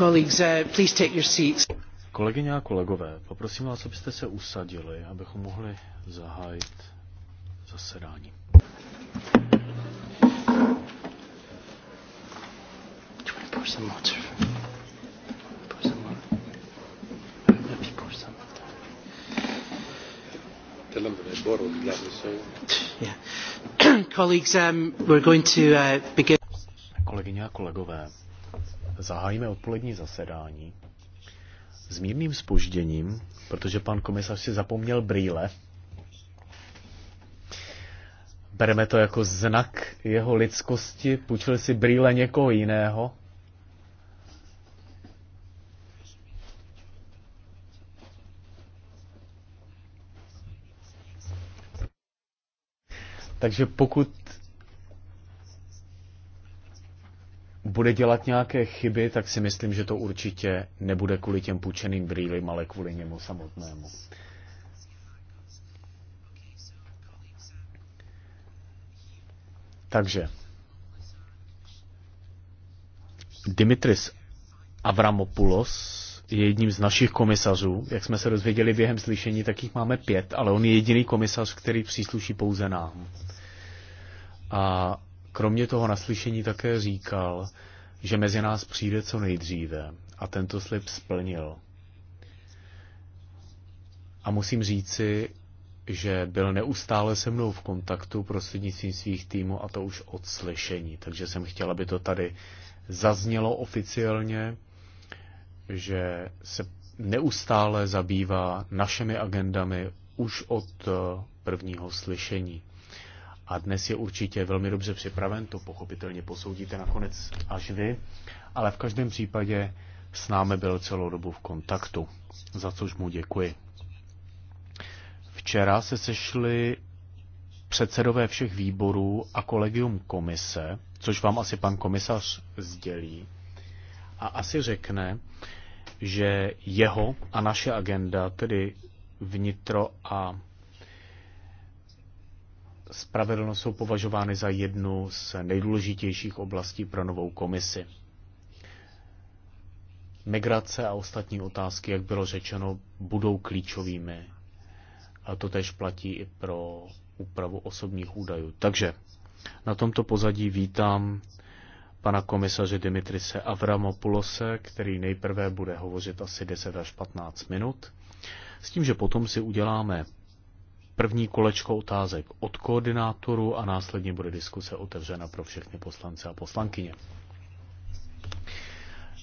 Uh, Kolegyně a kolegové, poprosím vás, abyste se usadili, abychom mohli zahájit zasedání. Um, uh, Kolegyně a kolegové, zahájíme odpolední zasedání s mírným spožděním, protože pan komisař si zapomněl brýle. Bereme to jako znak jeho lidskosti, půjčil si brýle někoho jiného. Takže pokud bude dělat nějaké chyby, tak si myslím, že to určitě nebude kvůli těm půjčeným brýlím, ale kvůli němu samotnému. Takže Dimitris Avramopoulos je jedním z našich komisařů. Jak jsme se dozvěděli během slyšení, tak jich máme pět, ale on je jediný komisař, který přísluší pouze nám. A Kromě toho naslyšení také říkal, že mezi nás přijde co nejdříve a tento slib splnil. A musím říci, že byl neustále se mnou v kontaktu prostřednictvím svých týmů a to už od slyšení. Takže jsem chtěla, aby to tady zaznělo oficiálně, že se neustále zabývá našimi agendami už od eh, prvního slyšení a dnes je určitě velmi dobře připraven, to pochopitelně posoudíte nakonec až vy, ale v každém případě s námi byl celou dobu v kontaktu, za což mu děkuji. Včera se sešli předsedové všech výborů a kolegium komise, což vám asi pan komisař sdělí, a asi řekne, že jeho a naše agenda, tedy vnitro a spravedlnost jsou považovány za jednu z nejdůležitějších oblastí pro novou komisi. Migrace a ostatní otázky, jak bylo řečeno, budou klíčovými. A to tež platí i pro úpravu osobních údajů. Takže na tomto pozadí vítám pana komisaře Dimitrise Avramopulose, který nejprve bude hovořit asi 10 až 15 minut, s tím, že potom si uděláme první kolečko otázek od koordinátoru a následně bude diskuse otevřena pro všechny poslance a poslankyně.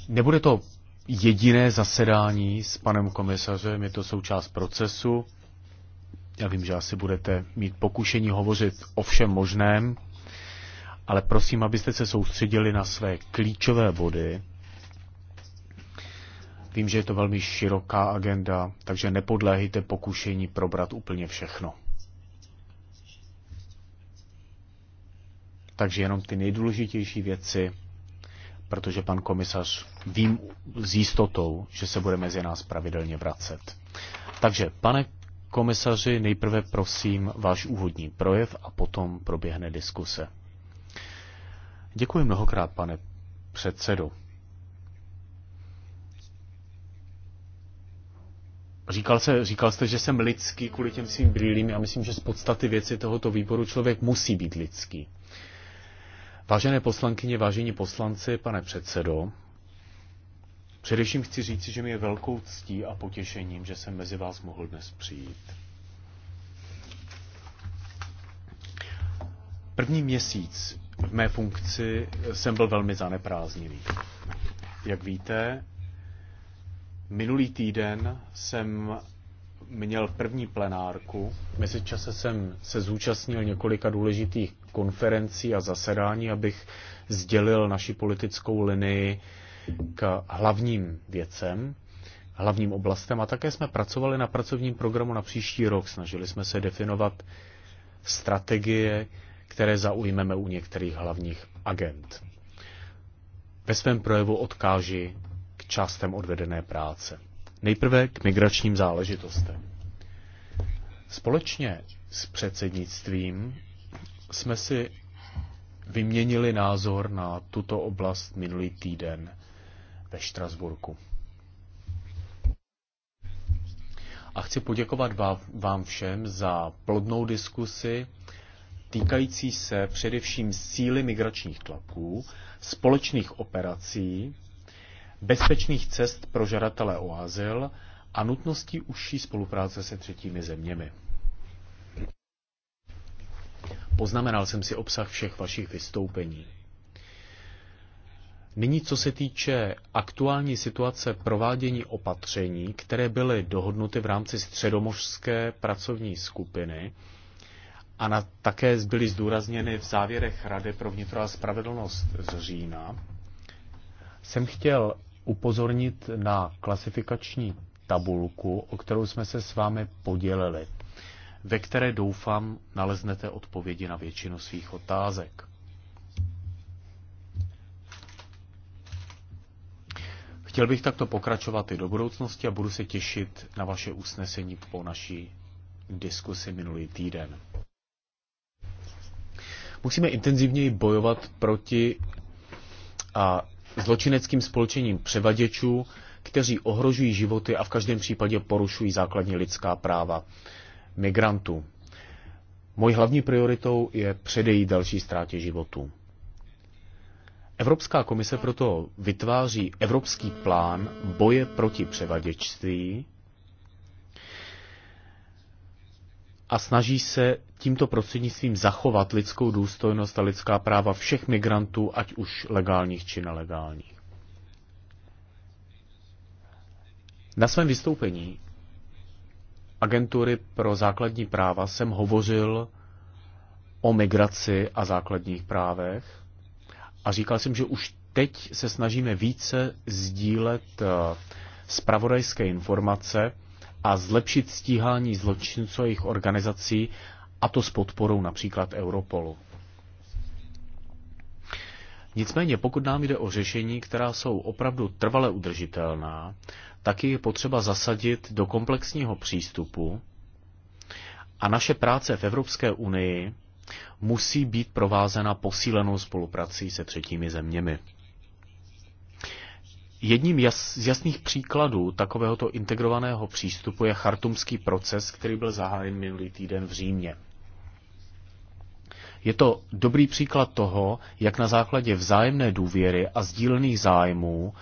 Nebude to jediné zasedání s panem komisařem, je to součást procesu. Já vím, že asi budete mít pokušení hovořit o všem možném, ale prosím, abyste se soustředili na své klíčové body, Vím, že je to velmi široká agenda, takže nepodléhejte pokušení probrat úplně všechno. Takže jenom ty nejdůležitější věci, protože pan komisař vím s jistotou, že se bude mezi nás pravidelně vracet. Takže, pane komisaři, nejprve prosím váš úvodní projev a potom proběhne diskuse. Děkuji mnohokrát, pane předsedo. Říkal, se, říkal jste, že jsem lidský kvůli těm svým brýlím. Já myslím, že z podstaty věci tohoto výboru člověk musí být lidský. Vážené poslankyně, vážení poslanci, pane předsedo, především chci říci, že mi je velkou ctí a potěšením, že jsem mezi vás mohl dnes přijít. První měsíc v mé funkci jsem byl velmi zaneprázdněný. Jak víte, Minulý týden jsem měl první plenárku. čase jsem se zúčastnil několika důležitých konferencí a zasedání, abych sdělil naši politickou linii k hlavním věcem, hlavním oblastem. A také jsme pracovali na pracovním programu na příští rok. Snažili jsme se definovat strategie, které zaujmeme u některých hlavních agent. Ve svém projevu odkáži částem odvedené práce. Nejprve k migračním záležitostem. Společně s předsednictvím jsme si vyměnili názor na tuto oblast minulý týden ve Štrasburku. A chci poděkovat vám všem za plodnou diskusi týkající se především síly migračních tlaků, společných operací bezpečných cest pro žadatele o azyl a nutností užší spolupráce se třetími zeměmi. Poznamenal jsem si obsah všech vašich vystoupení. Nyní, co se týče aktuální situace provádění opatření, které byly dohodnuty v rámci středomořské pracovní skupiny a na, také byly zdůrazněny v závěrech Rady pro vnitro a spravedlnost z října, jsem chtěl upozornit na klasifikační tabulku, o kterou jsme se s vámi podělili, ve které doufám naleznete odpovědi na většinu svých otázek. Chtěl bych takto pokračovat i do budoucnosti a budu se těšit na vaše usnesení po naší diskusi minulý týden. Musíme intenzivněji bojovat proti a zločineckým spolčením převaděčů, kteří ohrožují životy a v každém případě porušují základní lidská práva migrantů. Mojí hlavní prioritou je předejít další ztrátě životů. Evropská komise proto vytváří evropský plán boje proti převaděčství, a snaží se tímto prostřednictvím zachovat lidskou důstojnost a lidská práva všech migrantů, ať už legálních či nelegálních. Na svém vystoupení agentury pro základní práva jsem hovořil o migraci a základních právech a říkal jsem, že už teď se snažíme více sdílet spravodajské eh, informace, a zlepšit stíhání zločinců a jejich organizací, a to s podporou například Europolu. Nicméně, pokud nám jde o řešení, která jsou opravdu trvale udržitelná, tak je potřeba zasadit do komplexního přístupu a naše práce v Evropské unii musí být provázena posílenou spoluprací se třetími zeměmi. Jedním jas, z jasných příkladů takovéhoto integrovaného přístupu je chartumský proces, který byl zahájen minulý týden v Římě. Je to dobrý příklad toho, jak na základě vzájemné důvěry a sdílených zájmů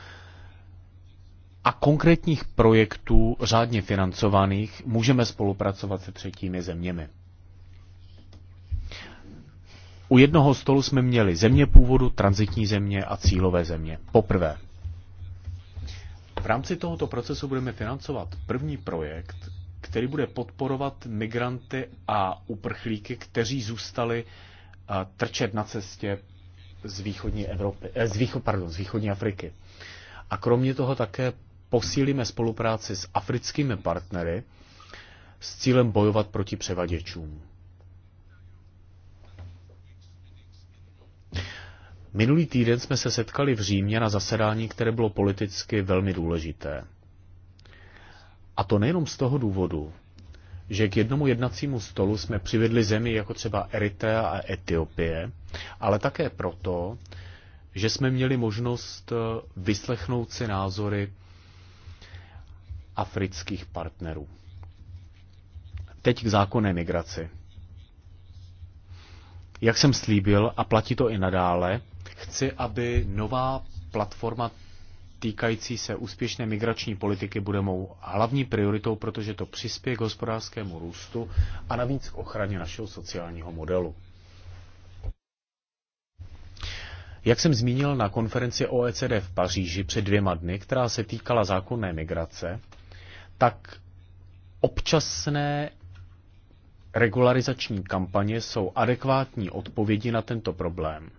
a konkrétních projektů řádně financovaných můžeme spolupracovat se třetími zeměmi. U jednoho stolu jsme měli země původu, transitní země a cílové země. Poprvé. V rámci tohoto procesu budeme financovat první projekt, který bude podporovat migranty a uprchlíky, kteří zůstali eh, trčet na cestě z východní, Evropy, eh, z, východ, pardon, z východní Afriky. A kromě toho také posílíme spolupráci s africkými partnery s cílem bojovat proti převaděčům. Minulý týden jsme se setkali v Římě na zasedání, které bylo politicky velmi důležité. A to nejenom z toho důvodu, že k jednomu jednacímu stolu jsme přivedli zemi jako třeba Eritrea a Etiopie, ale také proto, že jsme měli možnost eh, vyslechnout si názory afrických partnerů. Teď k zákonné migraci. Jak jsem slíbil, a platí to i nadále, Chci, aby nová platforma týkající se úspěšné migrační politiky bude mou hlavní prioritou, protože to přispěje k hospodářskému růstu a navíc k ochraně našeho sociálního modelu. Jak jsem zmínil na konferenci OECD v Paříži před dvěma dny, která se týkala zákonné migrace, tak občasné regularizační kampaně jsou adekvátní odpovědi na tento problém.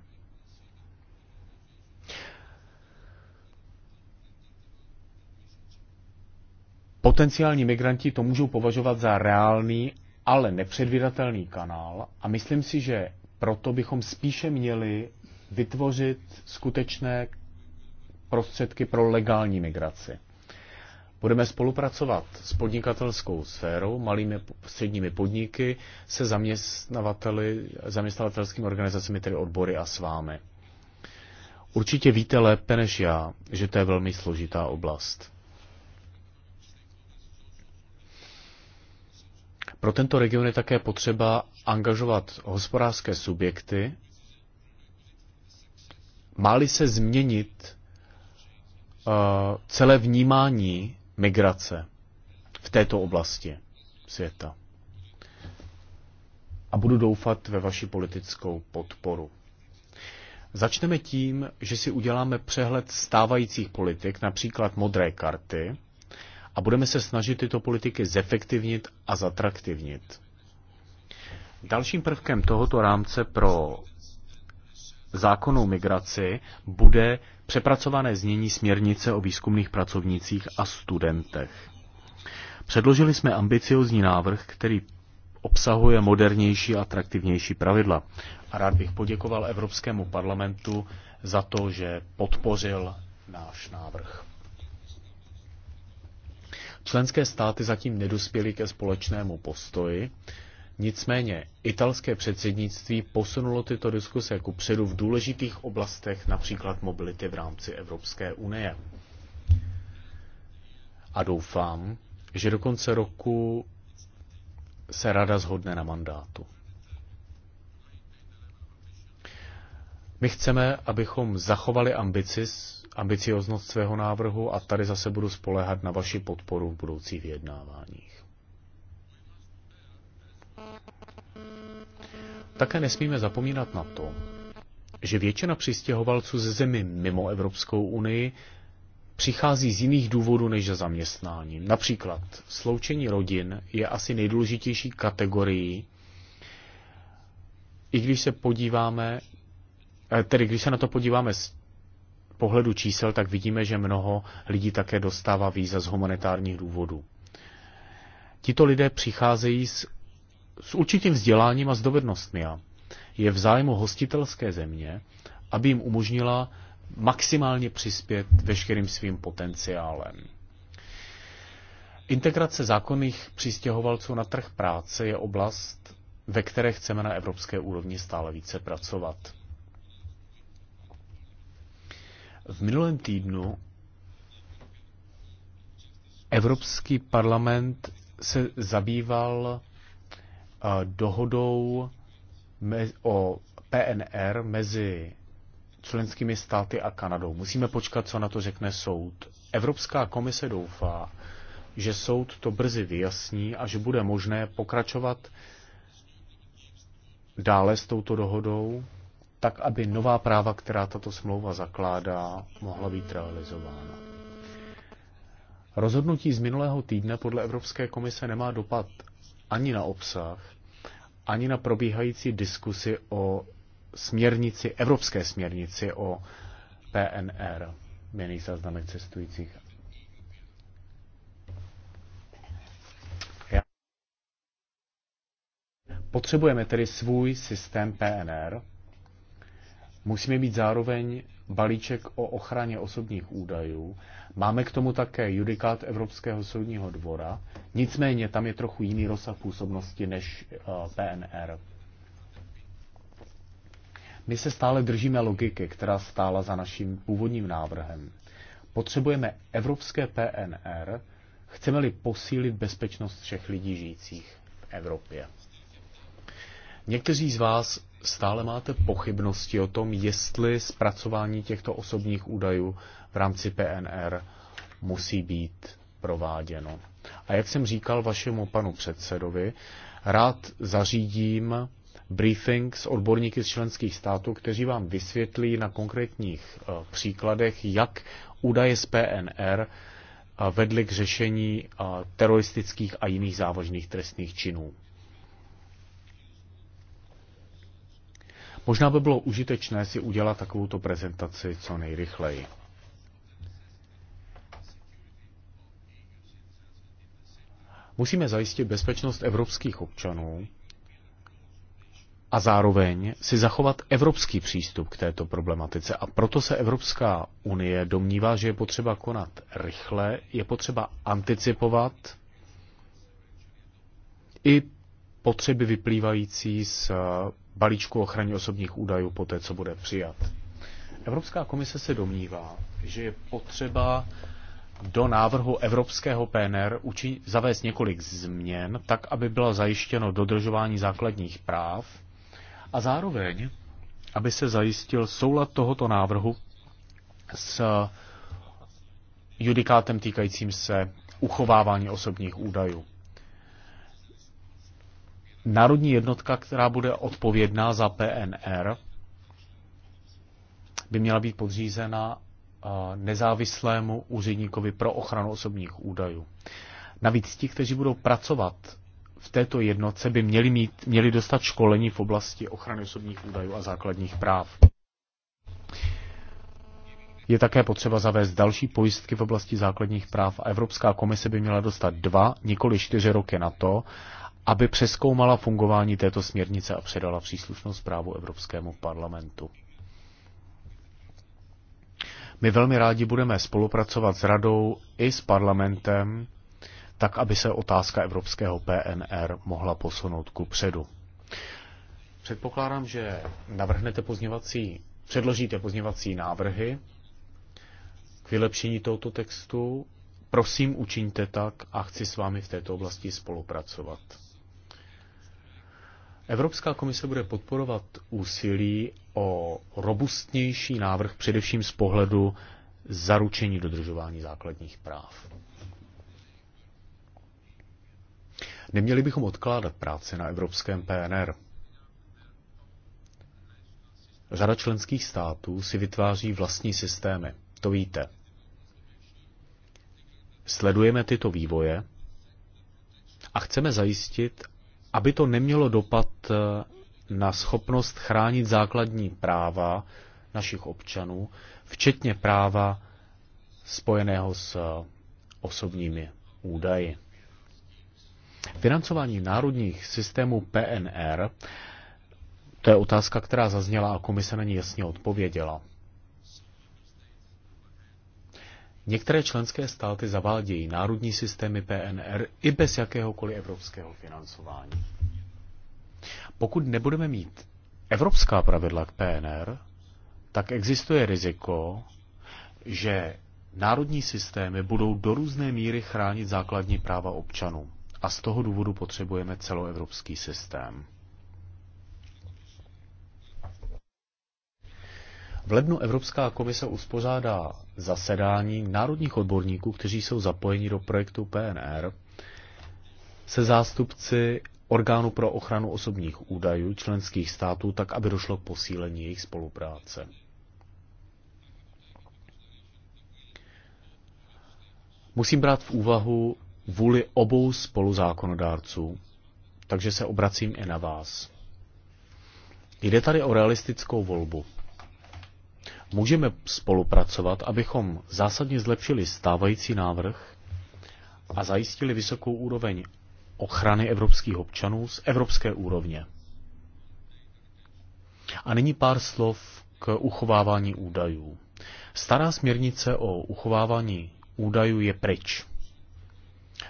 potenciální migranti to můžou považovat za reálný, ale nepředvídatelný kanál a myslím si, že proto bychom spíše měli vytvořit skutečné prostředky pro legální migraci. Budeme spolupracovat s podnikatelskou sférou, malými středními podniky, se zaměstnavateli, zaměstnavatelskými organizacemi, tedy odbory a s vámi. Určitě víte lépe než já, že to je velmi složitá oblast. Pro tento region je také potřeba angažovat hospodářské subjekty, má se změnit uh, celé vnímání migrace v této oblasti světa. A budu doufat ve vaši politickou podporu. Začneme tím, že si uděláme přehled stávajících politik, například modré karty, a budeme se snažit tyto politiky zefektivnit a zatraktivnit. Dalším prvkem tohoto rámce pro zákonnou migraci bude přepracované znění směrnice o výzkumných pracovnících a studentech. Předložili jsme ambiciozní návrh, který obsahuje modernější a atraktivnější pravidla. A rád bych poděkoval Evropskému parlamentu za to, že podpořil náš návrh. Členské státy zatím nedospěly ke společnému postoji, nicméně italské předsednictví posunulo tyto diskuse ku předu v důležitých oblastech, například mobility v rámci Evropské unie. A doufám, že do konce roku se rada zhodne na mandátu. My chceme, abychom zachovali ambici ambicioznost svého návrhu a tady zase budu spolehat na vaši podporu v budoucích vyjednáváních. Také nesmíme zapomínat na to, že většina přistěhovalců ze zemí mimo Evropskou unii přichází z jiných důvodů než za zaměstnáním. Například sloučení rodin je asi nejdůležitější kategorií, i když se podíváme, eh, tedy když se na to podíváme z pohledu čísel, tak vidíme, že mnoho lidí také dostává víza z humanitárních důvodů. Tito lidé přicházejí s, s určitým vzděláním a s dovednostmi. Je v zájmu hostitelské země, aby jim umožnila maximálně přispět veškerým svým potenciálem. Integrace zákonných přistěhovalců na trh práce je oblast, ve které chceme na evropské úrovni stále více pracovat. V minulém týdnu Evropský parlament se zabýval eh, dohodou o PNR mezi členskými státy a Kanadou. Musíme počkat, co na to řekne soud. Evropská komise doufá, že soud to brzy vyjasní a že bude možné pokračovat dále s touto dohodou tak aby nová práva, která tato smlouva zakládá, mohla být realizována. Rozhodnutí z minulého týdne podle Evropské komise nemá dopad ani na obsah, ani na probíhající diskusy o směrnici, evropské směrnici o PNR, měných záznamech cestujících. Potřebujeme tedy svůj systém PNR, Musíme mít zároveň balíček o ochraně osobních údajů. Máme k tomu také judikát Evropského soudního dvora, nicméně tam je trochu jiný rozsah působnosti než eh, PNR. My se stále držíme logiky, která stála za naším původním návrhem. Potřebujeme evropské PNR, chceme-li posílit bezpečnost všech lidí žijících v Evropě. Někteří z vás stále máte pochybnosti o tom, jestli zpracování těchto osobních údajů v rámci PNR musí být prováděno. A jak jsem říkal vašemu panu předsedovi, rád zařídím briefing s odborníky z členských států, kteří vám vysvětlí na konkrétních eh, příkladech, jak údaje z PNR eh, vedly k řešení eh, teroristických a jiných závažných trestných činů. Možná by bylo užitečné si udělat takovou prezentaci co nejrychleji. Musíme zajistit bezpečnost evropských občanů a zároveň si zachovat evropský přístup k této problematice. A proto se Evropská unie domnívá, že je potřeba konat rychle, je potřeba anticipovat i potřeby vyplývající z balíčku ochraně osobních údajů po té, co bude přijat. Evropská komise se domnívá, že je potřeba do návrhu evropského PNR uči- zavést několik změn, tak, aby bylo zajištěno dodržování základních práv a zároveň, aby se zajistil soulad tohoto návrhu s judikátem týkajícím se uchovávání osobních údajů národní jednotka, která bude odpovědná za PNR, by měla být podřízena nezávislému úředníkovi pro ochranu osobních údajů. Navíc ti, kteří budou pracovat v této jednotce, by měli, mít, měli dostat školení v oblasti ochrany osobních údajů a základních práv. Je také potřeba zavést další pojistky v oblasti základních práv a Evropská komise by měla dostat dva, nikoli čtyři roky na to, aby přeskoumala fungování této směrnice a předala příslušnou zprávu Evropskému parlamentu. My velmi rádi budeme spolupracovat s radou i s parlamentem, tak aby se otázka evropského PNR mohla posunout ku předu. Předpokládám, že navrhnete pozněvací, předložíte pozněvací návrhy k vylepšení tohoto textu. Prosím, učiňte tak a chci s vámi v této oblasti spolupracovat. Evropská komise bude podporovat úsilí o robustnější návrh především z pohledu zaručení dodržování základních práv. Neměli bychom odkládat práci na evropském PNR. Řada členských států si vytváří vlastní systémy, to víte. Sledujeme tyto vývoje a chceme zajistit, aby to nemělo dopad eh, na schopnost chránit základní práva našich občanů, včetně práva spojeného s eh, osobními údaji. Financování národních systémů PNR, to je otázka, která zazněla a komise na ní jasně odpověděla. Některé členské státy zavádějí národní systémy PNR i bez jakéhokoliv evropského financování. Pokud nebudeme mít evropská pravidla k PNR, tak existuje riziko, že národní systémy budou do různé míry chránit základní práva občanů. A z toho důvodu potřebujeme celoevropský systém. V lednu Evropská komise uspořádá zasedání národních odborníků, kteří jsou zapojeni do projektu PNR, se zástupci orgánu pro ochranu osobních údajů členských států, tak aby došlo k posílení jejich spolupráce. Musím brát v úvahu vůli obou spoluzákonodárců, takže se obracím i na vás. Jde tady o realistickou volbu můžeme spolupracovat, abychom zásadně zlepšili stávající návrh a zajistili vysokou úroveň ochrany evropských občanů z evropské úrovně. A nyní pár slov k uchovávání údajů. Stará směrnice o uchovávání údajů je pryč.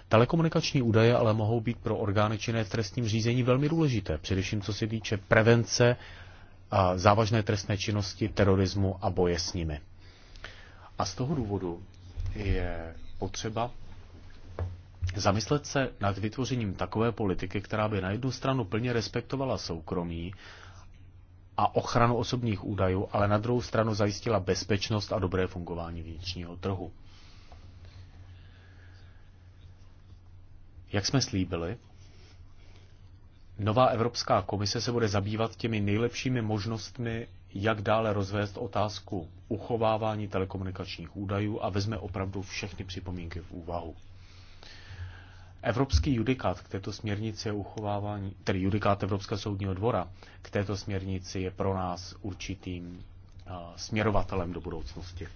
Telekomunikační údaje ale mohou být pro orgány činné v trestním řízení velmi důležité, především co se týče prevence závažné trestné činnosti, terorismu a boje s nimi. A z toho důvodu je potřeba zamyslet se nad vytvořením takové politiky, která by na jednu stranu plně respektovala soukromí a ochranu osobních údajů, ale na druhou stranu zajistila bezpečnost a dobré fungování vnitřního trhu. Jak jsme slíbili, nová Evropská komise se bude zabývat těmi nejlepšími možnostmi, jak dále rozvést otázku uchovávání telekomunikačních údajů a vezme opravdu všechny připomínky v úvahu. Evropský judikát k této směrnici je uchovávání, tedy judikát Evropského soudního dvora k této směrnici je pro nás určitým směrovatelem do budoucnosti.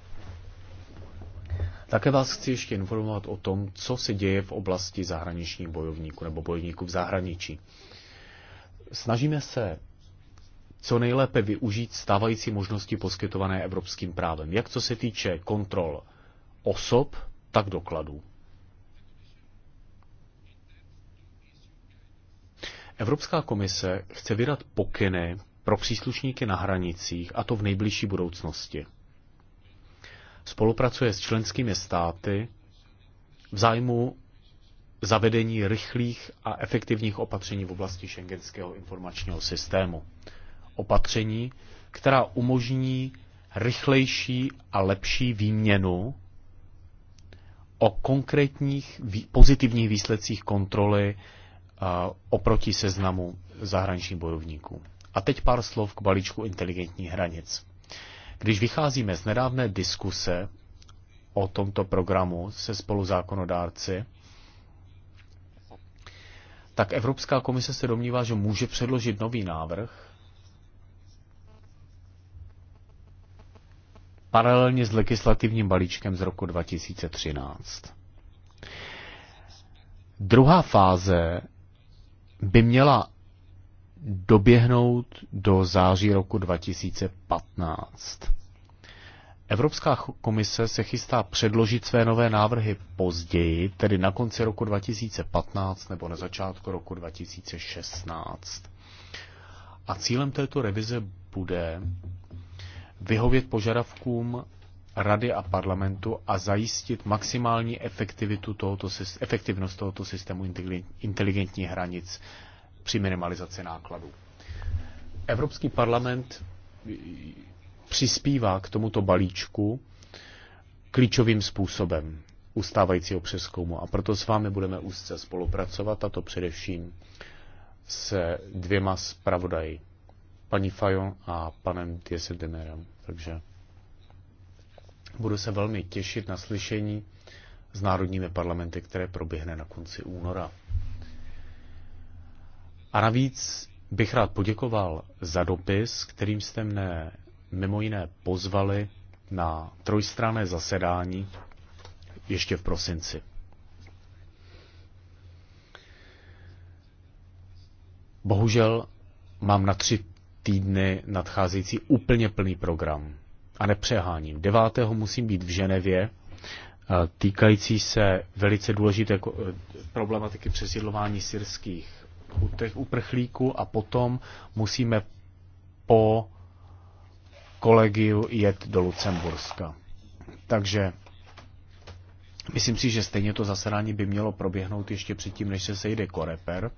Také vás chci ještě informovat o tom, co se děje v oblasti zahraničních bojovníků nebo bojovníků v zahraničí. Snažíme se co nejlépe využít stávající možnosti poskytované evropským právem, jak co se týče kontrol osob, tak dokladů. Evropská komise chce vydat pokyny pro příslušníky na hranicích, a to v nejbližší budoucnosti. Spolupracuje s členskými státy v zájmu zavedení rychlých a efektivních opatření v oblasti šengenského informačního systému. Opatření, která umožní rychlejší a lepší výměnu o konkrétních pozitivních výsledcích kontroly oproti seznamu zahraničních bojovníků. A teď pár slov k balíčku inteligentních hranic. Když vycházíme z nedávné diskuse o tomto programu se spoluzákonodárci, tak Evropská komise se domnívá, že může předložit nový návrh paralelně s legislativním balíčkem z roku 2013. Druhá fáze by měla doběhnout do září roku 2015. Evropská komise se chystá předložit své nové návrhy později, tedy na konci roku 2015 nebo na začátku roku 2016. A cílem této revize bude vyhovět požadavkům Rady a parlamentu a zajistit maximální efektivitu tohoto, efektivnost tohoto systému inteligentních hranic při minimalizaci nákladů. Evropský parlament přispívá k tomuto balíčku klíčovým způsobem ustávajícího přeskumu. A proto s vámi budeme úzce spolupracovat, a to především se dvěma zpravodaji, paní Fajon a panem Tiesedemerem. Takže budu se velmi těšit na slyšení s národními parlamenty, které proběhne na konci února. A navíc bych rád poděkoval za dopis, kterým jste mne mimo jiné pozvali na trojstranné zasedání ještě v prosinci. Bohužel mám na tři týdny nadcházející úplně plný program. A nepřeháním. Devátého musím být v Ženevě, e, týkající se velice důležité e, problematiky přesídlování syrských uprchlíků a potom musíme po kolegiu jet do Lucemburska. Takže myslím si, že stejně to zasedání by mělo proběhnout ještě předtím, než se sejde Koreper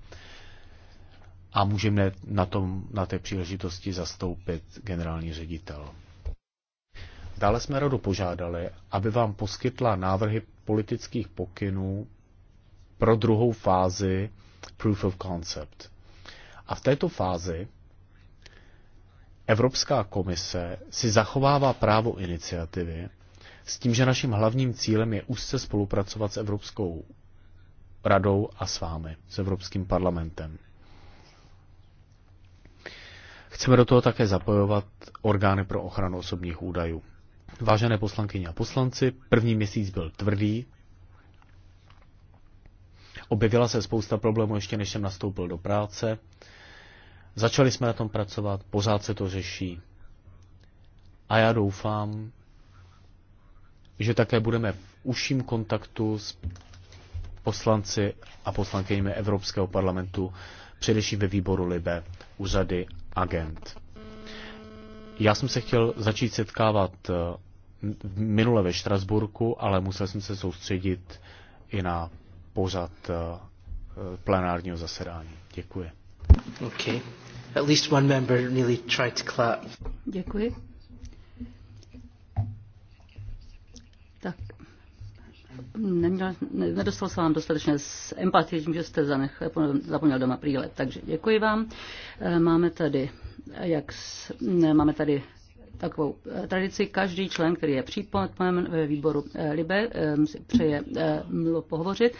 a můžeme na, tom, na té příležitosti zastoupit generální ředitel. Dále jsme Radu požádali, aby vám poskytla návrhy politických pokynů pro druhou fázi Proof of Concept. A v této fázi Evropská komise si zachovává právo iniciativy s tím, že naším hlavním cílem je úzce spolupracovat s Evropskou radou a s vámi, s Evropským parlamentem. Chceme do toho také zapojovat orgány pro ochranu osobních údajů. Vážené poslankyně a poslanci, první měsíc byl tvrdý. Objevila se spousta problémů ještě než jsem nastoupil do práce. Začali jsme na tom pracovat, pořád se to řeší. A já doufám, že také budeme v užším kontaktu s poslanci a poslankyněmi Evropského parlamentu, především ve výboru Libe, úřady agent. Já jsem se chtěl začít setkávat eh, minule ve Štrasburku, ale musel jsem se soustředit i na pořad eh, eh, plenárního zasedání. Děkuji. Okay. At least one member nearly tried to clap. Děkuji. Tak, neměl, nedostal jsem vám dostatečně s empatie, tím, že jste zanech, zapomněl doma prýlet. Takže děkuji vám. Eh, máme tady, jak, máme tady takovou eh, tradici. Každý člen, který je přítomný ve eh, výboru eh, Libe, si přeje pohovořit.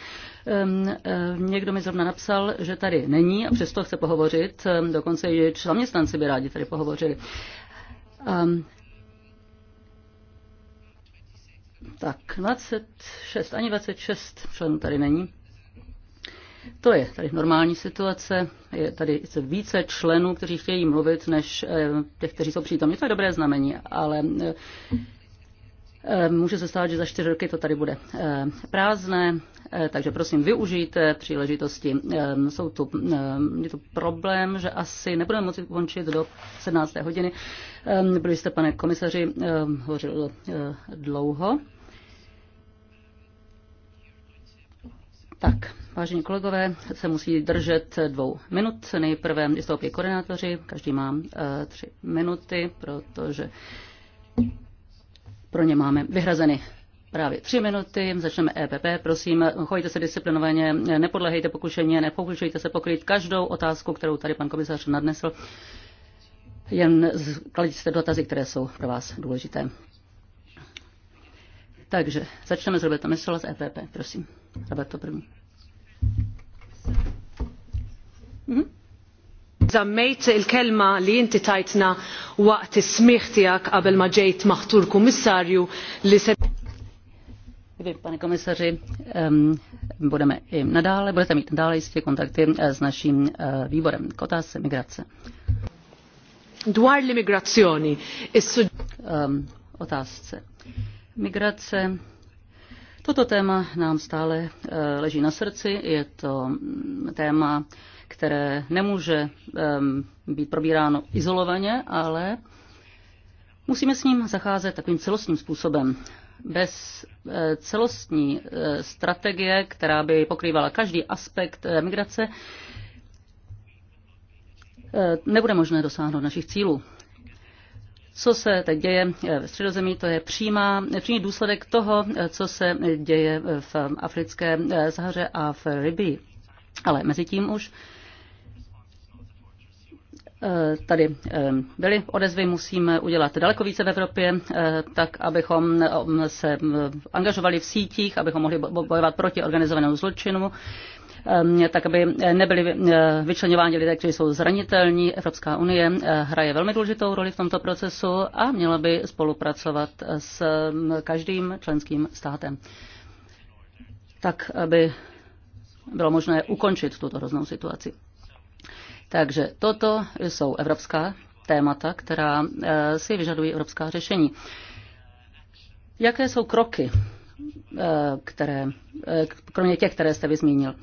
Ehm, někdo mi zrovna napsal, že tady není a přesto chce pohovořit. Ehm, dokonce i zaměstnanci by rádi tady pohovořili. Ehm, tak 26, ani 26 členů tady není. To je tady normální situace, je tady více členů, kteří chtějí mluvit, než eh, těch, kteří jsou přítomní. To je dobré znamení, ale eh, Může se stát, že za čtyři roky to tady bude eh, prázdné, takže prosím využijte příležitosti. Jsou tu, je tu problém, že asi nebudeme moci končit do 17. hodiny. Byli jste, pane komisaři, hovořil dlouho. Tak, Vážení kolegové, se musí držet dvou minut. Nejprve vystoupí koordinátoři, každý má uh, tři minuty, protože pro ně máme vyhrazeny právě tři minuty. Začneme EPP. Prosím, chovejte se disciplinovaně, nepodlehejte pokušení, nepokoušejte se pokrýt každou otázku, kterou tady pan komisař nadnesl. Jen kladíte dotazy, které jsou pro vás důležité. Takže začneme s Robertem Myslela z EPP. Prosím, Roberto první. Mm-hmm żammejt il-kelma li inti tajtna waqt is-smigħ tiegħek qabel ma ġejt maħtur kummissarju li se Pane komisaři, budeme i nadále, budete mít nadále jistě kontakty eh, s naším eh, výborem k otázce migrace. Dwar l-immigrazzjoni. otázce. Migrace Toto téma nám stále eh, leží na srdci. Je to mm, téma, které nemůže být probíráno izolovaně, ale musíme s ním zacházet takovým celostním způsobem. Bez eh, celostní eh, strategie, která by pokrývala každý aspekt migrace, nebude možné dosáhnout našich cílů. Co se teď děje eh, ve středozemí, to je přímá, přímý důsledek toho, eh, co se eh, děje v africké zahře a v Libii. Ale mezi tím už tady byly odezvy, musíme udělat daleko více v Evropě, tak abychom se angažovali v sítích, abychom mohli bojovat proti organizovanému zločinu Ehm, tak aby eh, nebyli eh, vyčlenováni lidé, kteří jsou zranitelní. Evropská unie eh, hraje velmi důležitou roli v tomto procesu a měla by spolupracovat s každým členským státem, tak aby bylo možné ukončit tuto hroznou situaci. Takže toto jsou evropská témata, která si vyžadují evropská řešení. Jaké jsou kroky, které, kromě těch, které jste vyzmínil?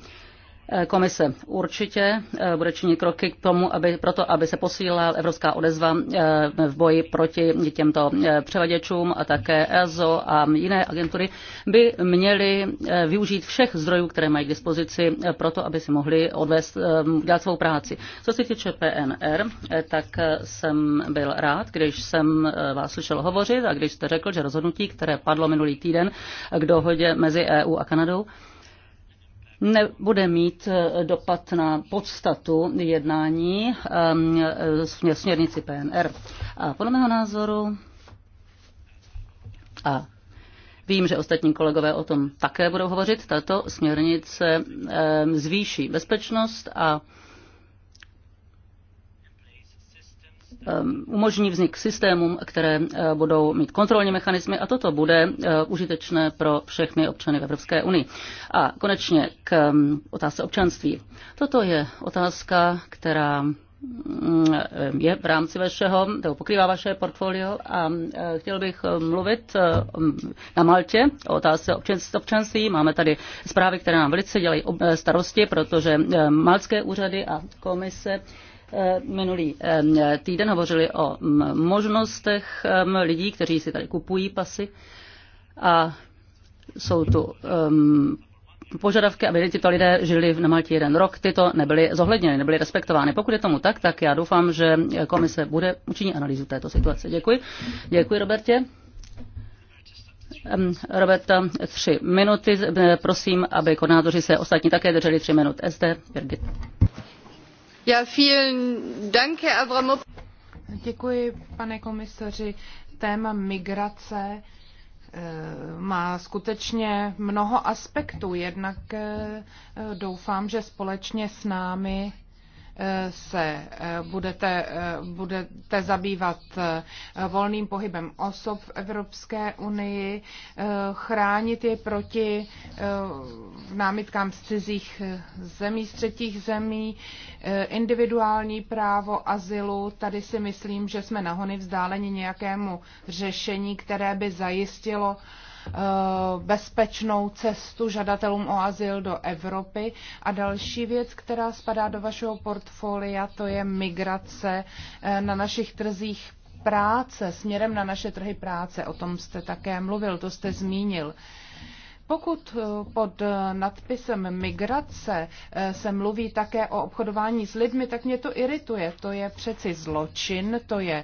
Eh, komise určitě eh, bude činit kroky k tomu, aby, proto, aby se posílila evropská odezva eh, v boji proti těmto převaděčům a také EZO a jiné agentury by měly využít všech zdrojů, které mají k dispozici, proto, aby si mohli odvést, dělat svou práci. Co se týče PNR, tak jsem byl rád, když jsem vás slyšel hovořit a když jste řekl, že rozhodnutí, které padlo minulý týden k dohodě mezi EU a Kanadou, nebude mít eh, dopad na podstatu jednání ehm, eh, směrnici PNR. A podle mého názoru a Vím, že ostatní kolegové o tom také budou hovořit. Tato směrnice ehm, zvýší bezpečnost a Um, umožní vznik systémů, které uh, budou mít kontrolní mechanismy a toto bude uh, užitečné pro všechny občany v Evropské unii. A konečně k um, otázce občanství. Toto je otázka, která um, je v rámci vašeho, nebo pokrývá vaše portfolio a uh, chtěl bych mluvit na Maltě o otázce občanství. Máme tady zprávy, které nám velice dělají starosti, protože maltské úřady a komise Eh, minulý eh, týden hovořili o mm, možnostech mm, lidí, kteří si tady kupují pasy a jsou tu um, požadavky, aby tyto lidé žili na Maltě jeden rok, tyto nebyly zohledněny, nebyly respektovány. Pokud je tomu tak, tak já doufám, že komise bude učinit analýzu této situace. Děkuji. Děkuji, Robertě. Roberta, tři minuty. Prosím, aby koordinátoři se ostatní také drželi tři minut. SD, Birgit. Děkuji, pane komisaři. Téma migrace eh, má skutečně mnoho aspektů. Jednak eh, doufám, že společně s námi Eh, se eh, budete, eh, budete zabývat volným pohybem osob v Evropské unii, chránit je proti námitkám z cizích zemí, z třetích zemí, individuální právo azylu. Tady si myslím, že jsme nahony vzdáleni nějakému řešení, které by zajistilo Eh, bezpečnou cestu žadatelům o azyl do Evropy. A další věc, která spadá do vašeho portfolia, to je migrace eh, na našich trzích práce, směrem na naše trhy práce. O tom jste také mluvil, to jste zmínil. Pokud eh, pod eh, nadpisem migrace eh, se mluví také o obchodování s lidmi, tak mě to irituje. To je přeci zločin, to je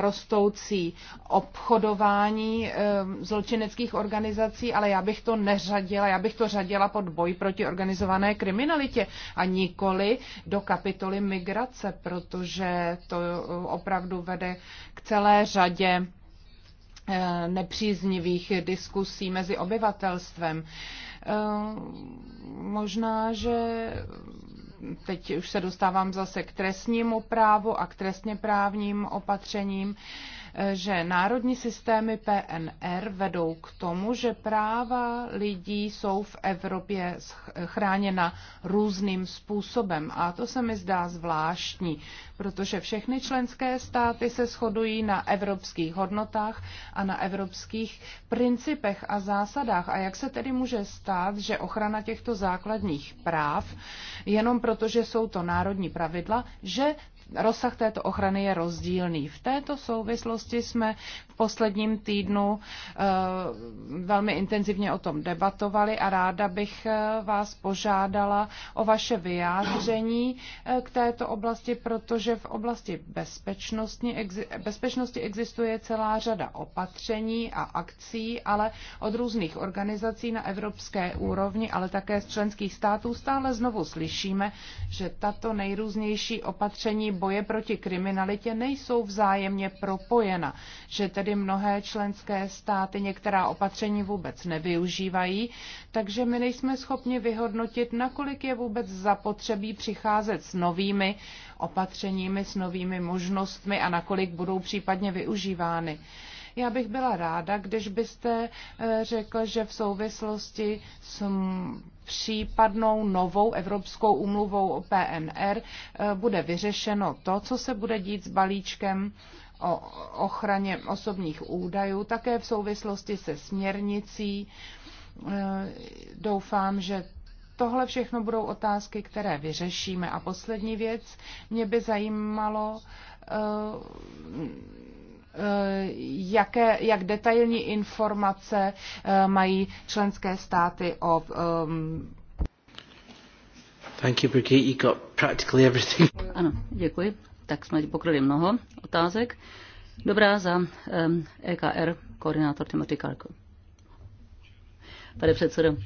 rostoucí obchodování zločineckých organizací, ale já bych to neřadila, já bych to řadila pod boj proti organizované kriminalitě a nikoli do kapitoly migrace, protože to opravdu vede k celé řadě Eh, nepříznivých diskusí mezi obyvatelstvem. Eh, možná, že teď už se dostávám zase k trestnímu právu a k trestně právním opatřením že národní systémy PNR vedou k tomu, že práva lidí jsou v Evropě chráněna různým způsobem. A to se mi zdá zvláštní, protože všechny členské státy se shodují na evropských hodnotách a na evropských principech a zásadách. A jak se tedy může stát, že ochrana těchto základních práv, jenom protože jsou to národní pravidla, že rozsah této ochrany je rozdílný. V této souvislosti jsme v posledním týdnu eh, velmi intenzivně o tom debatovali a ráda bych eh, vás požádala o vaše vyjádření eh, k této oblasti, protože v oblasti bezpečnosti, bezpečnosti existuje celá řada opatření a akcí, ale od různých organizací na evropské úrovni, ale také z členských států stále znovu slyšíme, že tato nejrůznější opatření boje proti kriminalitě nejsou vzájemně propojena, že tedy mnohé členské státy některá opatření vůbec nevyužívají, takže my nejsme schopni vyhodnotit, nakolik je vůbec zapotřebí přicházet s novými opatřeními, s novými možnostmi a nakolik budou případně využívány. Já bych byla ráda, když byste eh, řekl, že v souvislosti s případnou novou Evropskou umluvou o PNR eh, bude vyřešeno to, co se bude dít s balíčkem o ochraně osobních údajů, také v souvislosti se směrnicí. Eh, doufám, že tohle všechno budou otázky, které vyřešíme. A poslední věc, mě by zajímalo, Eh, jaké, jak detailní informace eh, mají členské státy o ehm, Thank you, Brigitte. You got practically everything. Ano, děkuji. Tak jsme pokryli mnoho otázek. Dobrá za um, ehm, EKR, koordinátor Timothy Karko. Pane předsedo,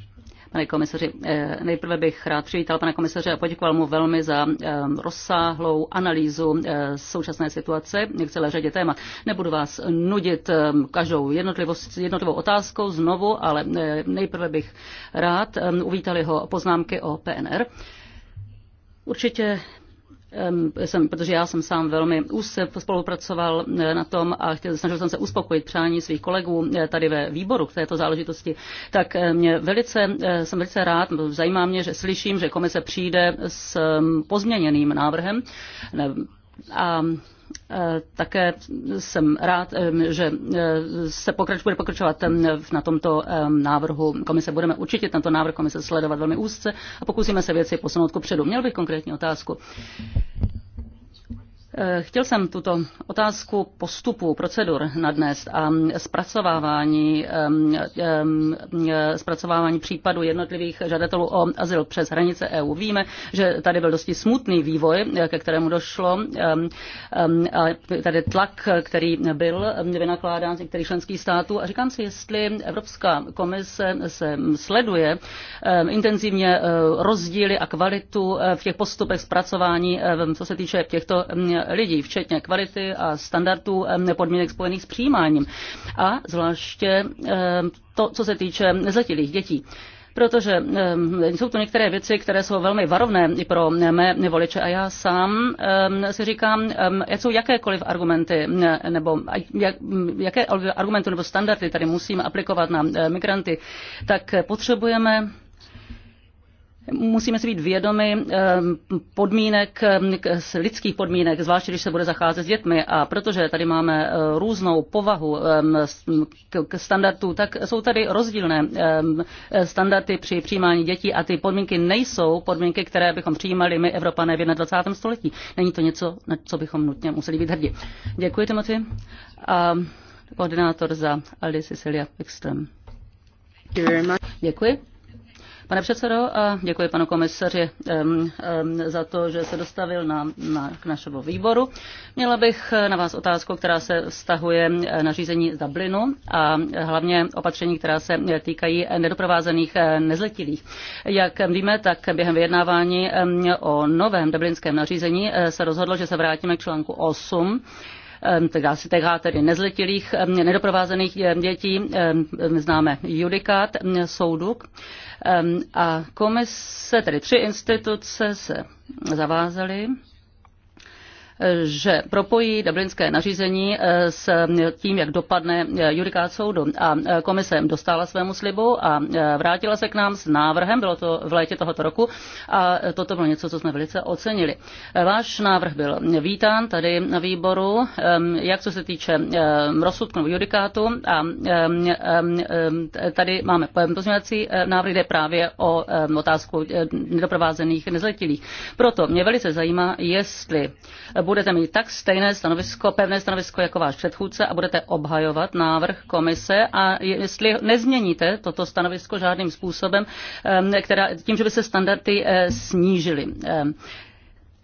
pane komisaři. Eh, nejprve bych rád přivítal pana komisaře a poděkoval mu velmi za eh, rozsáhlou analýzu eh, současné situace v celé řadě témat. Nebudu vás nudit každou jednotlivou otázkou znovu, ale nejprve bych rád uvítal jeho poznámky o PNR. Určitě jsem, protože já jsem sám velmi úzce spolupracoval eh, na tom a chtěl, snažil jsem se uspokojit přání svých kolegů eh, tady ve výboru k této záležitosti, tak eh, mě velice, jsem velice rád, zajímá mě, že slyším, že komise přijde s pozměněným návrhem a Eh, také jsem rád, že eh, se pokrač, bude pokračovat na tomto návrhu komise. Budeme určitě tento návrh komise sledovat velmi úzce a pokusíme se věci posunout ku předu. Měl bych konkrétní otázku. Eh, chtěl jsem tuto otázku postupu, procedur nadnést a zpracovávání, eh, zpracovávání případů jednotlivých žadatelů o azyl přes hranice EU. Víme, že tady byl dosti smutný vývoj, eh, ke kterému došlo. A tady tlak, který byl vynakládán z některých členských států. A říkám si, jestli Evropská komise se sleduje intenzivně rozdíly a kvalitu v těch postupech zpracování, co se týče těchto lidí, včetně kvality a standardů podmínek spojených s přijímáním a zvláště to, co se týče nezletilých dětí protože um, jsou to některé věci, které jsou velmi varovné i pro mé voliče a já sám um, si říkám, um, jsou jakékoliv argumenty nebo jak, jaké argumenty nebo standardy tady musíme aplikovat na eh, migranty, tak potřebujeme Musíme si být vědomi ehm, podmínek, ehm, lidských podmínek, zvláště když se bude zacházet s dětmi. A protože tady máme eh, různou povahu ehm, k standardů, tak jsou tady rozdílné standardy při přijímání dětí a ty podmínky nejsou podmínky, které bychom přijímali my, Evropané, v 21. století. Není to něco, na co bychom nutně museli být hrdí. Děkuji, Timothy. A koordinátor za Aldi Cecilia Ekström. Děkuji. Pane předsedo, a děkuji panu komisaři za to, že se dostavil na, na, k našemu výboru. Měla bych na vás otázku, která se vztahuje na řízení Dublinu a hlavně opatření, která se týkají nedoprovázených eh, nezletilých. Jak víme, tak během vyjednávání o novém dublinském nařízení eh, se rozhodlo, že se vrátíme k článku 8 dá se tehá tedy nezletilých, ehm, nedoprovázených ehm, dětí, ehm, známe judikát soudu. A komise, tedy tři instituce se zavázaly, že propojí dublinské nařízení eh, s tím, jak dopadne eh, judikát soudu. A eh, komise dostala svému slibu a vrátila se k nám s návrhem, bylo to v létě tohoto roku a toto bylo něco, co jsme velice ocenili. Váš návrh byl vítán tady na výboru, jak co se týče rozsudku nebo judikátu a tady máme pozměňovací návrh, jde právě o otázku nedoprovázených nezletilých. Proto mě velice zajímá, jestli budete mít tak stejné stanovisko, pevné stanovisko jako váš předchůdce a budete obhajovat návrh komise a jestli nezměníte toto stanovisko žádným způsobem, která, tím, že by se standardy eh, snížily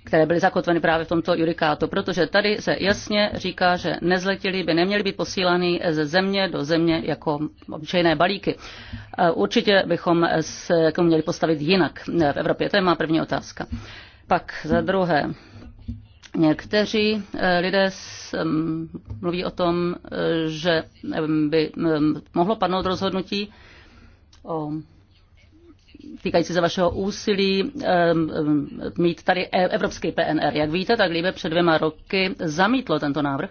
které byly zakotveny právě v tomto judikátu, protože tady se jasně říká, že nezletilí by neměli být posílány ze země do země jako obyčejné balíky. Eh, určitě bychom se k tomu měli postavit jinak eh, v Evropě. To je má první otázka. Pak za druhé, Někteří eh, lidé mluví o tom, eh, že by mohlo padnout rozhodnutí o týkající se vašeho úsilí mít tady e- evropský PNR. Jak víte, tak Líbe před dvěma roky zamítlo tento návrh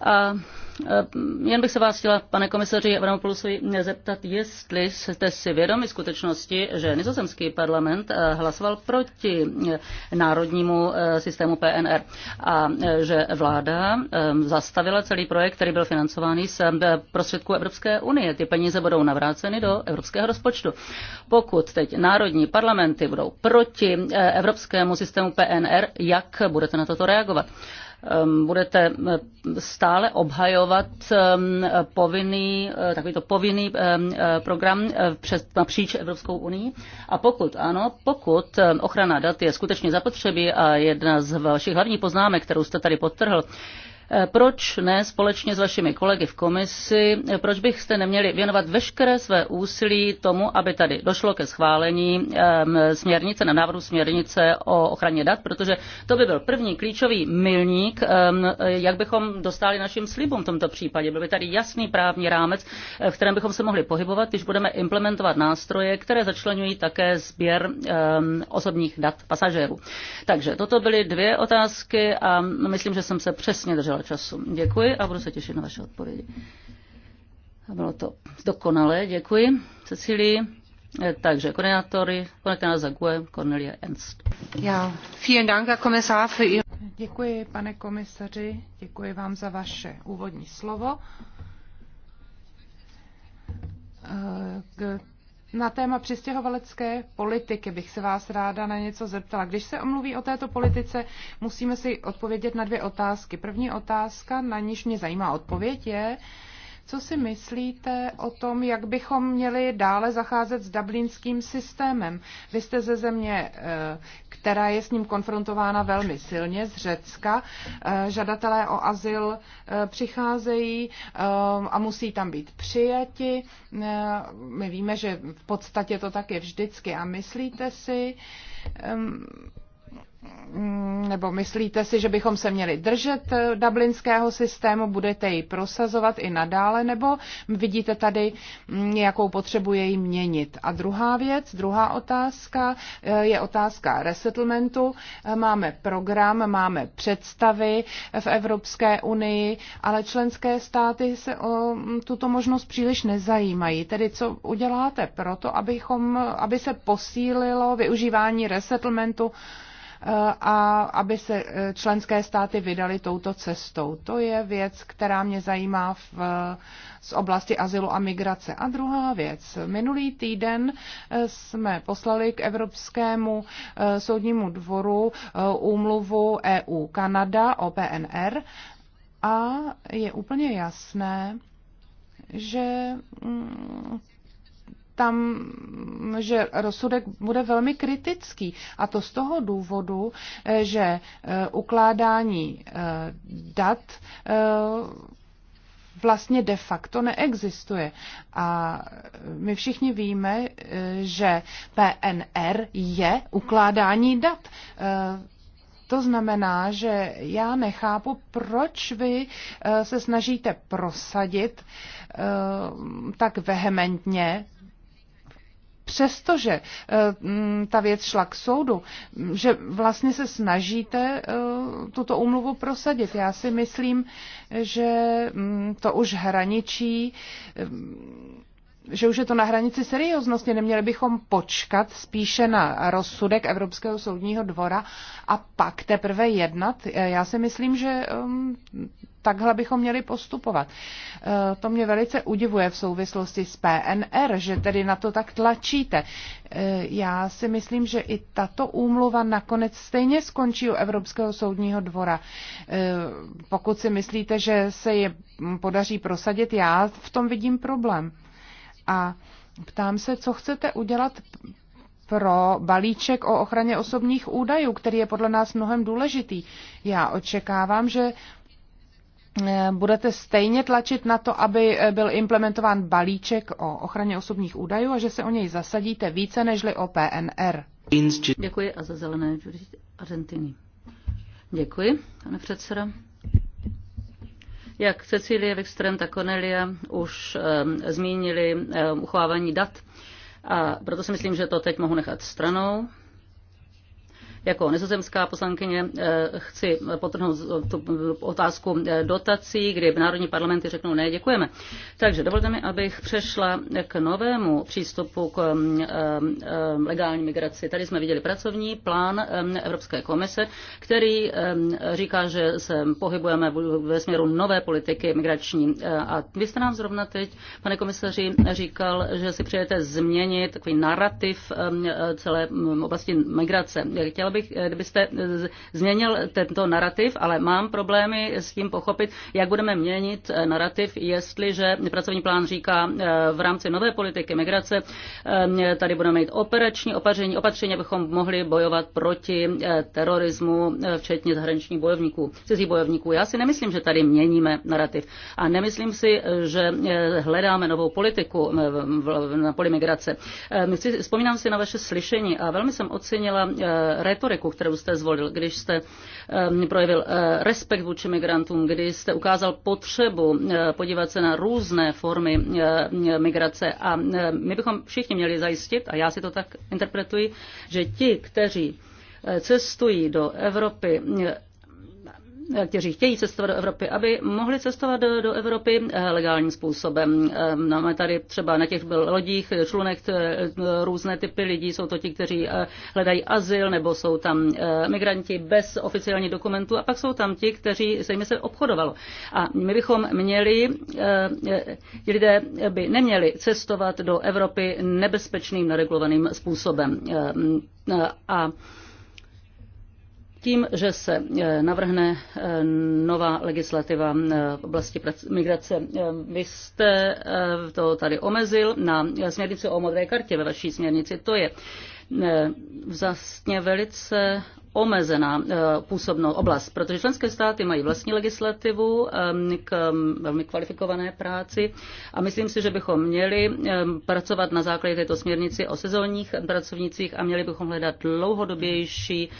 a eh, jen bych se vás chtěla, pane komisaři Avramopoulosovi, zeptat, jestli jste si vědomi skutečnosti, že nizozemský parlament eh, hlasoval proti eh, národnímu systému PNR a že vláda zastavila celý projekt, který byl financovaný z prostředků Evropské unie. Ty peníze budou navráceny do evropského rozpočtu. Pokud teď národní parlamenty budou proti evropskému systému PNR, jak budete na toto reagovat? Ehm, budete eh, stále obhajovat ehm, povinný, eh, takovýto povinný ehm, eh, program přes, napříč Evropskou unii? A pokud ano, pokud ochrana dat je skutečně zapotřebí a jedna z vašich hlavních poznámek, kterou jste tady podtrhl, Eh, proč ne společně s vašimi kolegy v komisi, eh, proč bychste neměli věnovat veškeré své úsilí tomu, aby tady došlo ke schválení ehm, směrnice, na návrhu směrnice o ochraně dat, protože to by byl první klíčový milník, ehm, eh, jak bychom dostali našim slibům v tomto případě. Byl by tady jasný právní rámec, v kterém bychom se mohli pohybovat, když budeme implementovat nástroje, které začlenují také sběr ehm, osobních dat pasažérů. Takže toto byly dvě otázky a myslím, že jsem se přesně držela dodržela času. Děkuji a budu se těšit na vaše odpovědi. A bylo to dokonalé, děkuji Cecílii. Eh, takže koordinátory, koordinátor za GUE, Cornelia Ernst. Já, vielen Dank, Herr Kommissar, für Děkuji, pane komisaři, děkuji vám za vaše úvodní slovo. Eh, na téma přistěhovalecké politiky bych se vás ráda na něco zeptala. Když se omluví o této politice, musíme si odpovědět na dvě otázky. První otázka, na níž mě zajímá odpověď, je, co si myslíte o tom, jak bychom měli dále zacházet s dublinským systémem? Vy jste ze země eh, která je s ním konfrontována velmi silně z Řecka. Eh, žadatelé o azyl eh, přicházejí eh, a musí tam být přijati. My víme, že v podstatě to tak je vždycky. A myslíte si, ehm, nebo myslíte si, že bychom se měli držet eh, dublinského systému, budete ji prosazovat i nadále, nebo vidíte tady nějakou mm, potřebu jej měnit? A druhá věc, druhá otázka eh, je otázka resettlementu. Eh, máme program, máme představy v Evropské unii, ale členské státy se o mm, tuto možnost příliš nezajímají. Tedy co uděláte proto, abychom, aby se posílilo využívání resettlementu a aby se e, členské státy vydaly touto cestou. To je věc, která mě zajímá v, z oblasti azylu a migrace. A druhá věc. Minulý týden e, jsme poslali k Evropskému e, soudnímu dvoru úmluvu EU-Kanada o PNR a je úplně jasné, že mm, tam, že rozsudek bude velmi kritický. A to z toho důvodu, eh, že eh, ukládání eh, dat vlastně de facto neexistuje. A my všichni víme, že PNR je ukládání dat. To znamená, že já nechápu, proč vy se snažíte prosadit tak vehementně přestože eh, mm, ta věc šla k soudu, mm, že vlastně se snažíte eh, tuto umluvu prosadit. Já si myslím, že mm, to už hraničí eh, že už je to na hranici serióznosti. Neměli bychom počkat spíše na rozsudek Evropského soudního dvora a pak teprve jednat. Eh, já si myslím, že ehm, takhle bychom měli postupovat. Eh, to mě velice udivuje v souvislosti s PNR, že tedy na to tak tlačíte. Eh, já si myslím, že i tato úmluva nakonec stejně skončí u Evropského soudního dvora. Pokud si myslíte, že se je hm, podaří prosadit, já v tom vidím problém. A ptám se, co chcete udělat pro balíček o ochraně osobních údajů, který je podle nás mnohem důležitý. Já očekávám, že eh, budete stejně tlačit na to, aby eh, byl implementován balíček o ochraně osobních údajů a že se o něj zasadíte více nežli o PNR. Děkuji a za zelené Argentiny. Děkuji, pane předsedo. Jak Cecilie Wikström, tak Cornelia už zmínili uchovávání dat. A proto si myslím, že to teď mohu nechat stranou. Jako nezozemská poslankyně eh, chci potrhnout tu otázku eh, dotací, kdy v národní parlamenty řeknou ne, děkujeme. Takže dovolte mi, abych přešla k novému přístupu k mm, eh, legální migraci. Tady jsme viděli pracovní plán Evropské komise, který říká, že se pohybujeme ve směru nové politiky migrační. A vy jste nám zrovna teď, pane komisaři, říkal, že si přejete změnit takový narrativ celé mm, oblasti migrace. Chtěla chtěla bych, eh, kdybyste eh, změnil tento narrativ, ale mám problémy s tím pochopit, jak budeme měnit eh, narrativ, jestliže pracovní plán říká v rámci nové politiky migrace, tady budeme mít operační opatření, opatření, abychom mohli bojovat proti terorismu, včetně zahraničních bojovníků, cizích bojovníků. Já si nemyslím, že tady měníme narrativ a nemyslím si, že hledáme novou politiku na poli migrace. Vzpomínám si na vaše slyšení a velmi jsem ocenila retoriku, kterou jste zvolil, když jste ehm, projevil eh, respekt vůči migrantům, kdy jste ukázal potřebu eh, podívat se na různé formy eh, migrace. A my bychom všichni měli zajistit, a já si to tak interpretuji, že ti, kteří cestují do Evropy, kteří chtějí cestovat do Evropy, aby mohli cestovat do, do Evropy eh, legálním způsobem. Eh, máme tady třeba na těch lodích, člunech eh, různé typy lidí, jsou to ti, kteří hledají azyl, nebo jsou tam migranti bez oficiálních dokumentů a pak jsou tam ti, kteří se jimi se obchodovalo. A my bychom měli, ti lidé by neměli cestovat do Evropy nebezpečným, neregulovaným způsobem. A tím, že se eh, navrhne eh, nová legislativa eh, v oblasti migrace. Vy jste to tady omezil na směrnici o modré kartě ve vaší směrnici. To je vlastně velice omezená eh, působnou oblast, protože členské státy mají vlastní legislativu ehm, k ehm, velmi kvalifikované práci a myslím si, že bychom měli ehm, pracovat na základě této směrnici o sezónních pracovnicích a měli bychom hledat dlouhodobější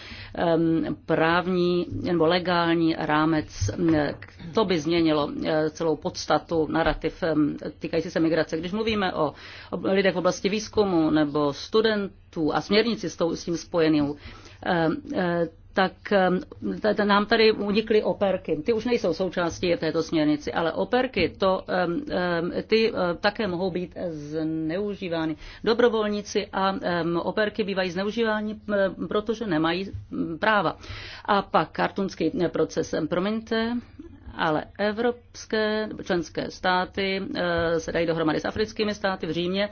právní nebo legální rámec. To by změnilo eh, celou podstatu, narrativ týkající se migrace. Když mluvíme o lidech v oblasti výzkumu nebo studentů a směrnici s, s tím spojenou, Ehm, eh, tak ehm, nám tady unikly operky. Ty už nejsou součástí této směrnici, ale operky, to, ehm, ty eh, také mohou být zneužívány. Dobrovolníci a operky bývají zneužívány, protože nemají práva. A pak kartunský proces. Promiňte, ale evropské členské státy eh, se dají dohromady s africkými státy v Římě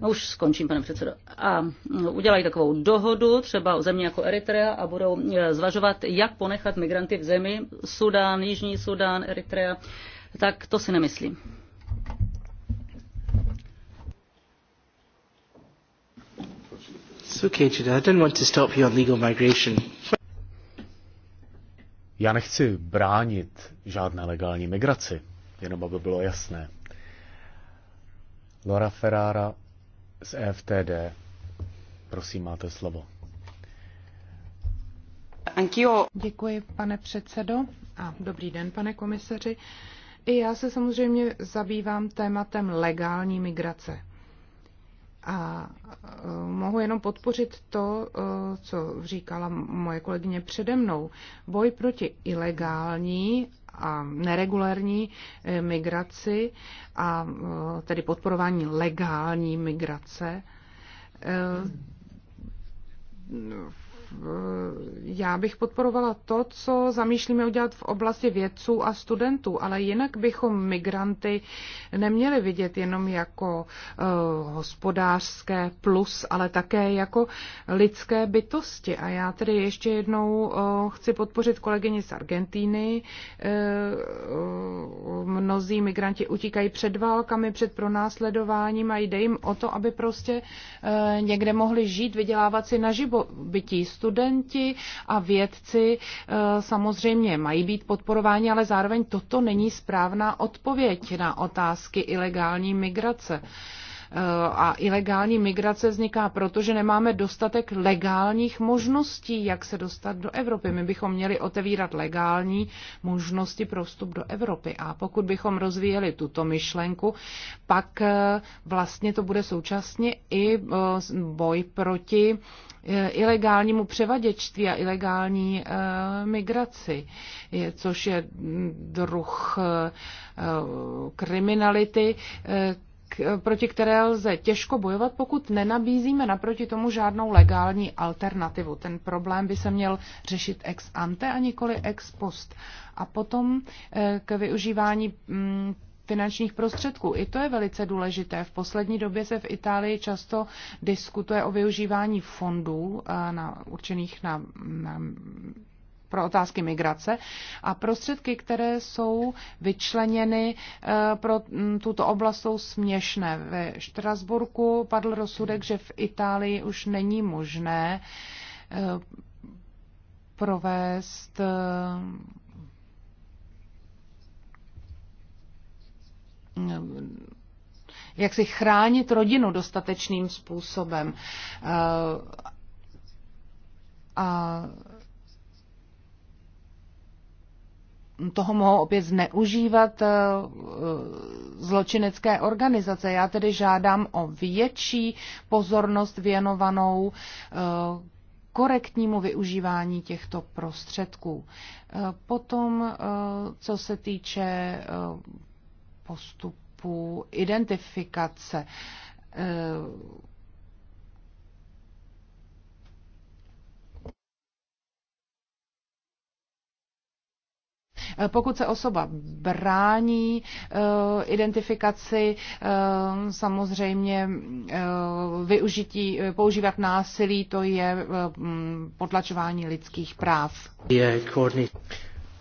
No, už skončím, pane předsedo. A udělají takovou dohodu třeba o země jako Eritrea a budou e, zvažovat, jak ponechat migranty v zemi Sudán, Jižní Sudán, Eritrea. Tak to si nemyslím. Já nechci bránit žádné legální migraci, jenom aby bylo jasné. Laura Ferrara z EFTD. Prosím, máte slovo. Děkuji, pane předsedo, a dobrý den, pane komisaři. I já se samozřejmě zabývám tématem legální migrace. A eh, mohu jenom podpořit to, eh, co říkala moje kolegyně přede mnou. Boj proti ilegální a neregulární eh, migraci a eh, tedy podporování legální migrace eh, Eh, já bych podporovala to, co zamýšlíme udělat v oblasti vědců a studentů, ale jinak bychom migranty neměli vidět jenom jako eh, hospodářské plus, ale také jako lidské bytosti. A já tedy ještě jednou eh, chci podpořit kolegyni z Argentíny. Mnozí migranti utíkají před válkami, před pronásledováním a jde jim o to, aby prostě někde mohli žít, vydělávat si na živobytí studenti a vědci eh, samozřejmě mají být podporováni, ale zároveň toto není správná odpověď na otázky ilegální migrace. Eh, a ilegální migrace vzniká proto, že nemáme dostatek legálních možností, jak se dostat do Evropy. My bychom měli otevírat legální možnosti pro vstup do Evropy. A pokud bychom rozvíjeli tuto myšlenku, pak eh, vlastně to bude současně i eh, boj proti ilegálnímu převaděčství a ilegální migraci, což je mm, druh kriminality, proti které lze těžko bojovat, pokud nenabízíme naproti tomu žádnou legální alternativu. Ten problém by se měl řešit ex ante a nikoli ex post. A potom eh, k využívání mm, finančních prostředků. I to je velice důležité. V poslední době se v Itálii často diskutuje o využívání fondů eh, na, určených na, na pro otázky migrace a prostředky, které jsou vyčleněny eh, pro mm, tuto oblast, jsou směšné. Ve Štrasburku padl rozsudek, že v Itálii už není možné eh, provést eh, jak si chránit rodinu dostatečným způsobem. A toho mohou opět zneužívat eh, zločinecké organizace. Já tedy žádám o větší pozornost věnovanou eh, korektnímu využívání těchto prostředků. Eh, potom, co se týče postupu identifikace, Eh, pokud se osoba brání eh, identifikaci, eh, samozřejmě využití, používat násilí, to je mm, potlačování lidských práv.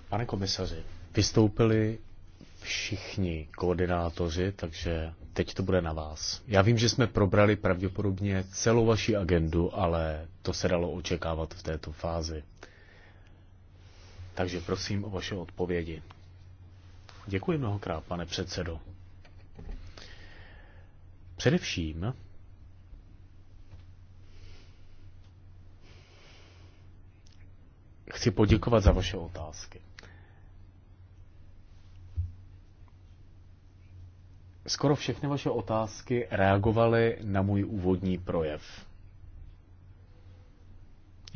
Pane komisaři, vystoupili všichni koordinátoři, takže teď to bude na vás. Já vím, že jsme probrali pravděpodobně celou vaši agendu, ale to se dalo očekávat v této fázi. Takže prosím o vaše odpovědi. Děkuji mnohokrát, pane předsedo. Především chci poděkovat za vaše otázky. Skoro všechny vaše otázky reagovaly na můj úvodní projev.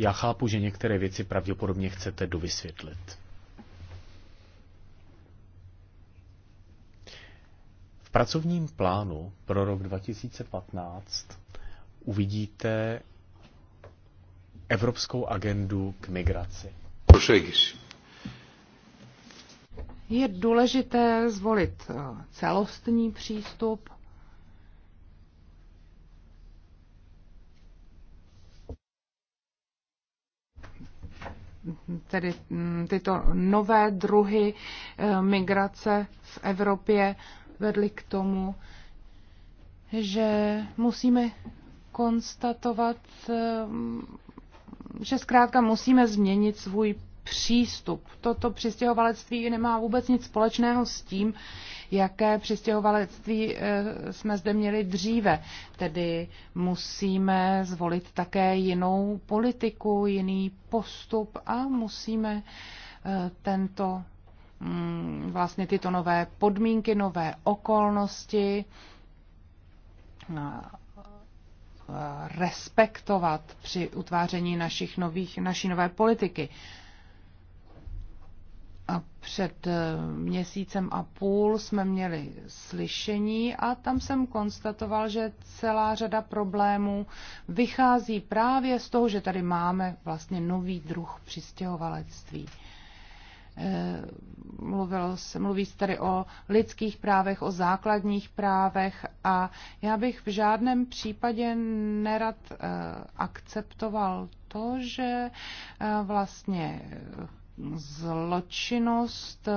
Já chápu, že některé věci pravděpodobně chcete dovysvětlit. V pracovním plánu pro rok 2015 uvidíte evropskou agendu k migraci. Je důležité zvolit eh, celostní přístup tedy mm, tyto nové druhy eh, migrace v Evropě vedly k tomu, že musíme konstatovat, eh, že zkrátka musíme změnit svůj přístup. Toto přistěhovalectví nemá vůbec nic společného s tím, jaké přistěhovalectví eh, jsme zde měli dříve. Tedy musíme zvolit také jinou politiku, jiný postup a musíme eh, tento mm, vlastně tyto nové podmínky, nové okolnosti eh, respektovat při utváření našich nových, naší nové politiky. A před eh, měsícem a půl jsme měli slyšení a tam jsem konstatoval, že celá řada problémů vychází právě z toho, že tady máme vlastně nový druh přistěhovalectví. Eh, Mluvil, mluví se tady o lidských právech, o základních právech a já bych v žádném případě nerad eh, akceptoval to, že vlastně zločinnost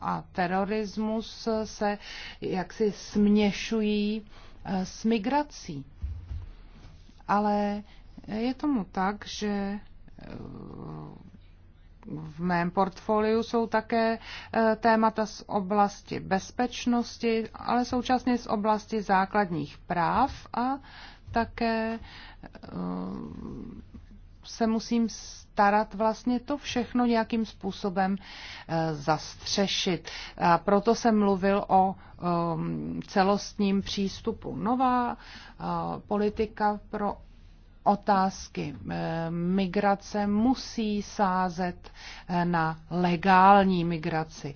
a terorismus se jaksi směšují eh, s migrací. Ale je tomu tak, že eh, v mém portfoliu jsou také eh, témata z oblasti bezpečnosti, ale současně z oblasti základních práv a také se musím starat vlastně to všechno nějakým způsobem eh, zastřešit. A proto jsem mluvil o ehm, celostním přístupu. Nová eh, politika pro otázky eh, migrace musí sázet na legální migraci.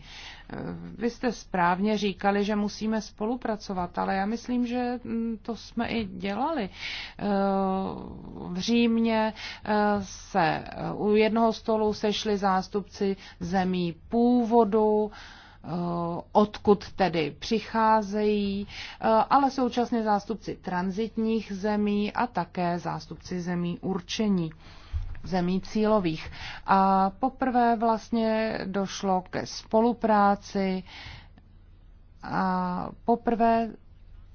Eh, vy jste správně říkali, že musíme spolupracovat, ale já myslím, že mm, to jsme i dělali. Eh, v Římě eh, se u jednoho stolu sešli zástupci zemí původu, odkud tedy přicházejí, ale současně zástupci transitních zemí a také zástupci zemí určení zemí cílových. A poprvé vlastně došlo ke spolupráci a poprvé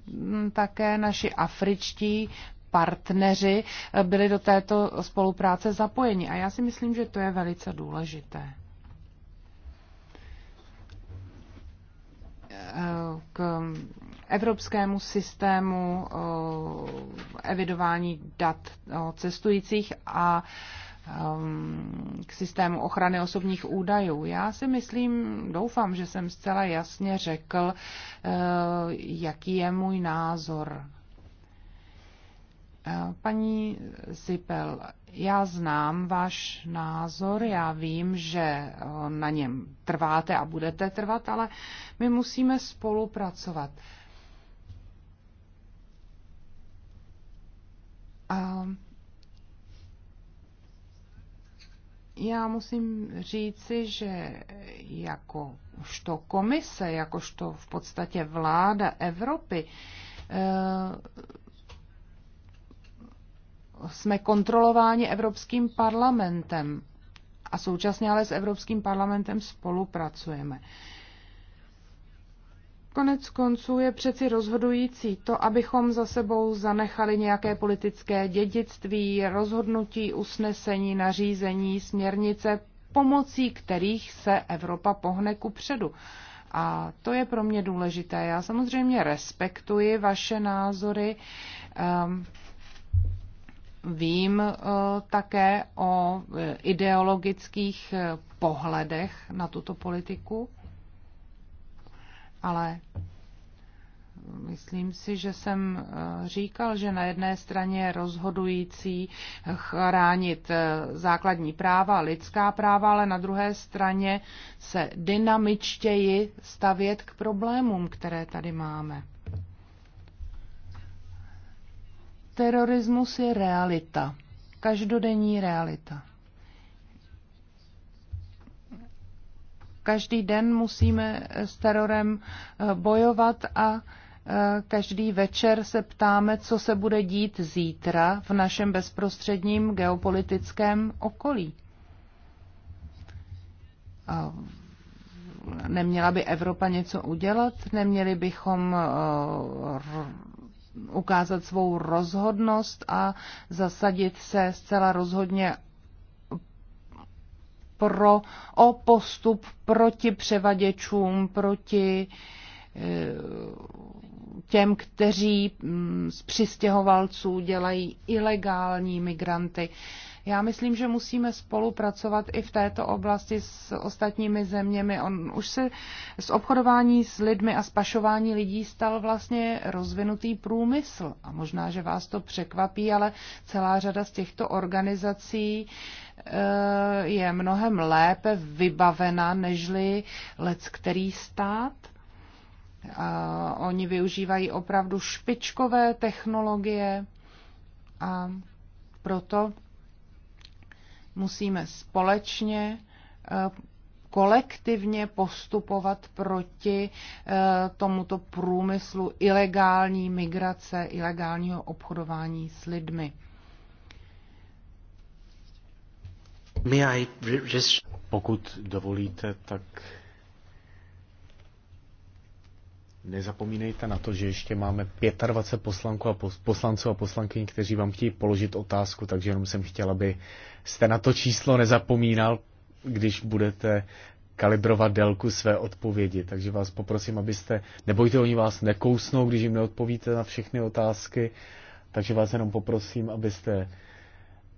mm, také naši afričtí partneři eh, byli do této spolupráce zapojeni. A já si myslím, že to je velice důležité. Eh, k evropskému systému eh, evidování dat cestujících a eh, k systému ochrany osobních údajů. Já si myslím, doufám, že jsem zcela jasně řekl, eh, jaký je můj názor. Paní Sipel, já znám váš názor, já vím, že na něm trváte a budete trvat, ale my musíme spolupracovat. A já musím říci, že jako to komise, jakožto v podstatě vláda Evropy, eh, jsme kontrolováni Evropským parlamentem a současně ale s Evropským parlamentem spolupracujeme. Uh, Konec konců je přeci rozhodující to, abychom za sebou zanechali nějaké politické dědictví, rozhodnutí, usnesení, nařízení, směrnice, pomocí kterých se Evropa pohne ku předu. A to je pro mě důležité. Já samozřejmě respektuji vaše názory. Um, Vím eh, také o eh, ideologických eh, pohledech na tuto politiku ale Myslím si, že jsem eh, říkal, že na jedné straně je rozhodující eh, chránit eh, základní práva, lidská práva, ale na druhé straně se dynamičtěji stavět k problémům, které tady máme. Terorismus je realita, každodenní realita. Každý den musíme s terorem eh, bojovat a eh, každý večer se ptáme, co se bude dít zítra v našem bezprostředním geopolitickém okolí. A neměla by Evropa něco udělat? Neměli bychom eh, ukázat svou rozhodnost a zasadit se zcela rozhodně pro, o postup proti převaděčům, proti eh, těm, kteří mm, z přistěhovalců dělají ilegální migranty. Já myslím, že musíme spolupracovat i v této oblasti s ostatními zeměmi. On už se z obchodování s lidmi a spašování lidí stal vlastně rozvinutý průmysl. A možná, že vás to překvapí, ale celá řada z těchto organizací eh, je mnohem lépe vybavena nežli lec který stát. A oni využívají opravdu špičkové technologie a proto Musíme společně eh, kolektivně postupovat proti eh, tomuto průmyslu ilegální migrace, ilegálního obchodování s lidmi. Pokud dovolíte, tak Nezapomínejte na to, že ještě máme 25 poslanců a poslanců a poslankyň, kteří vám chtějí položit otázku, takže jenom jsem chtěl, aby jste na to číslo nezapomínal, když budete kalibrovat délku své odpovědi. Takže vás poprosím, abyste, nebojte, oni vás nekousnou, když jim neodpovíte na všechny otázky, takže vás jenom poprosím, abyste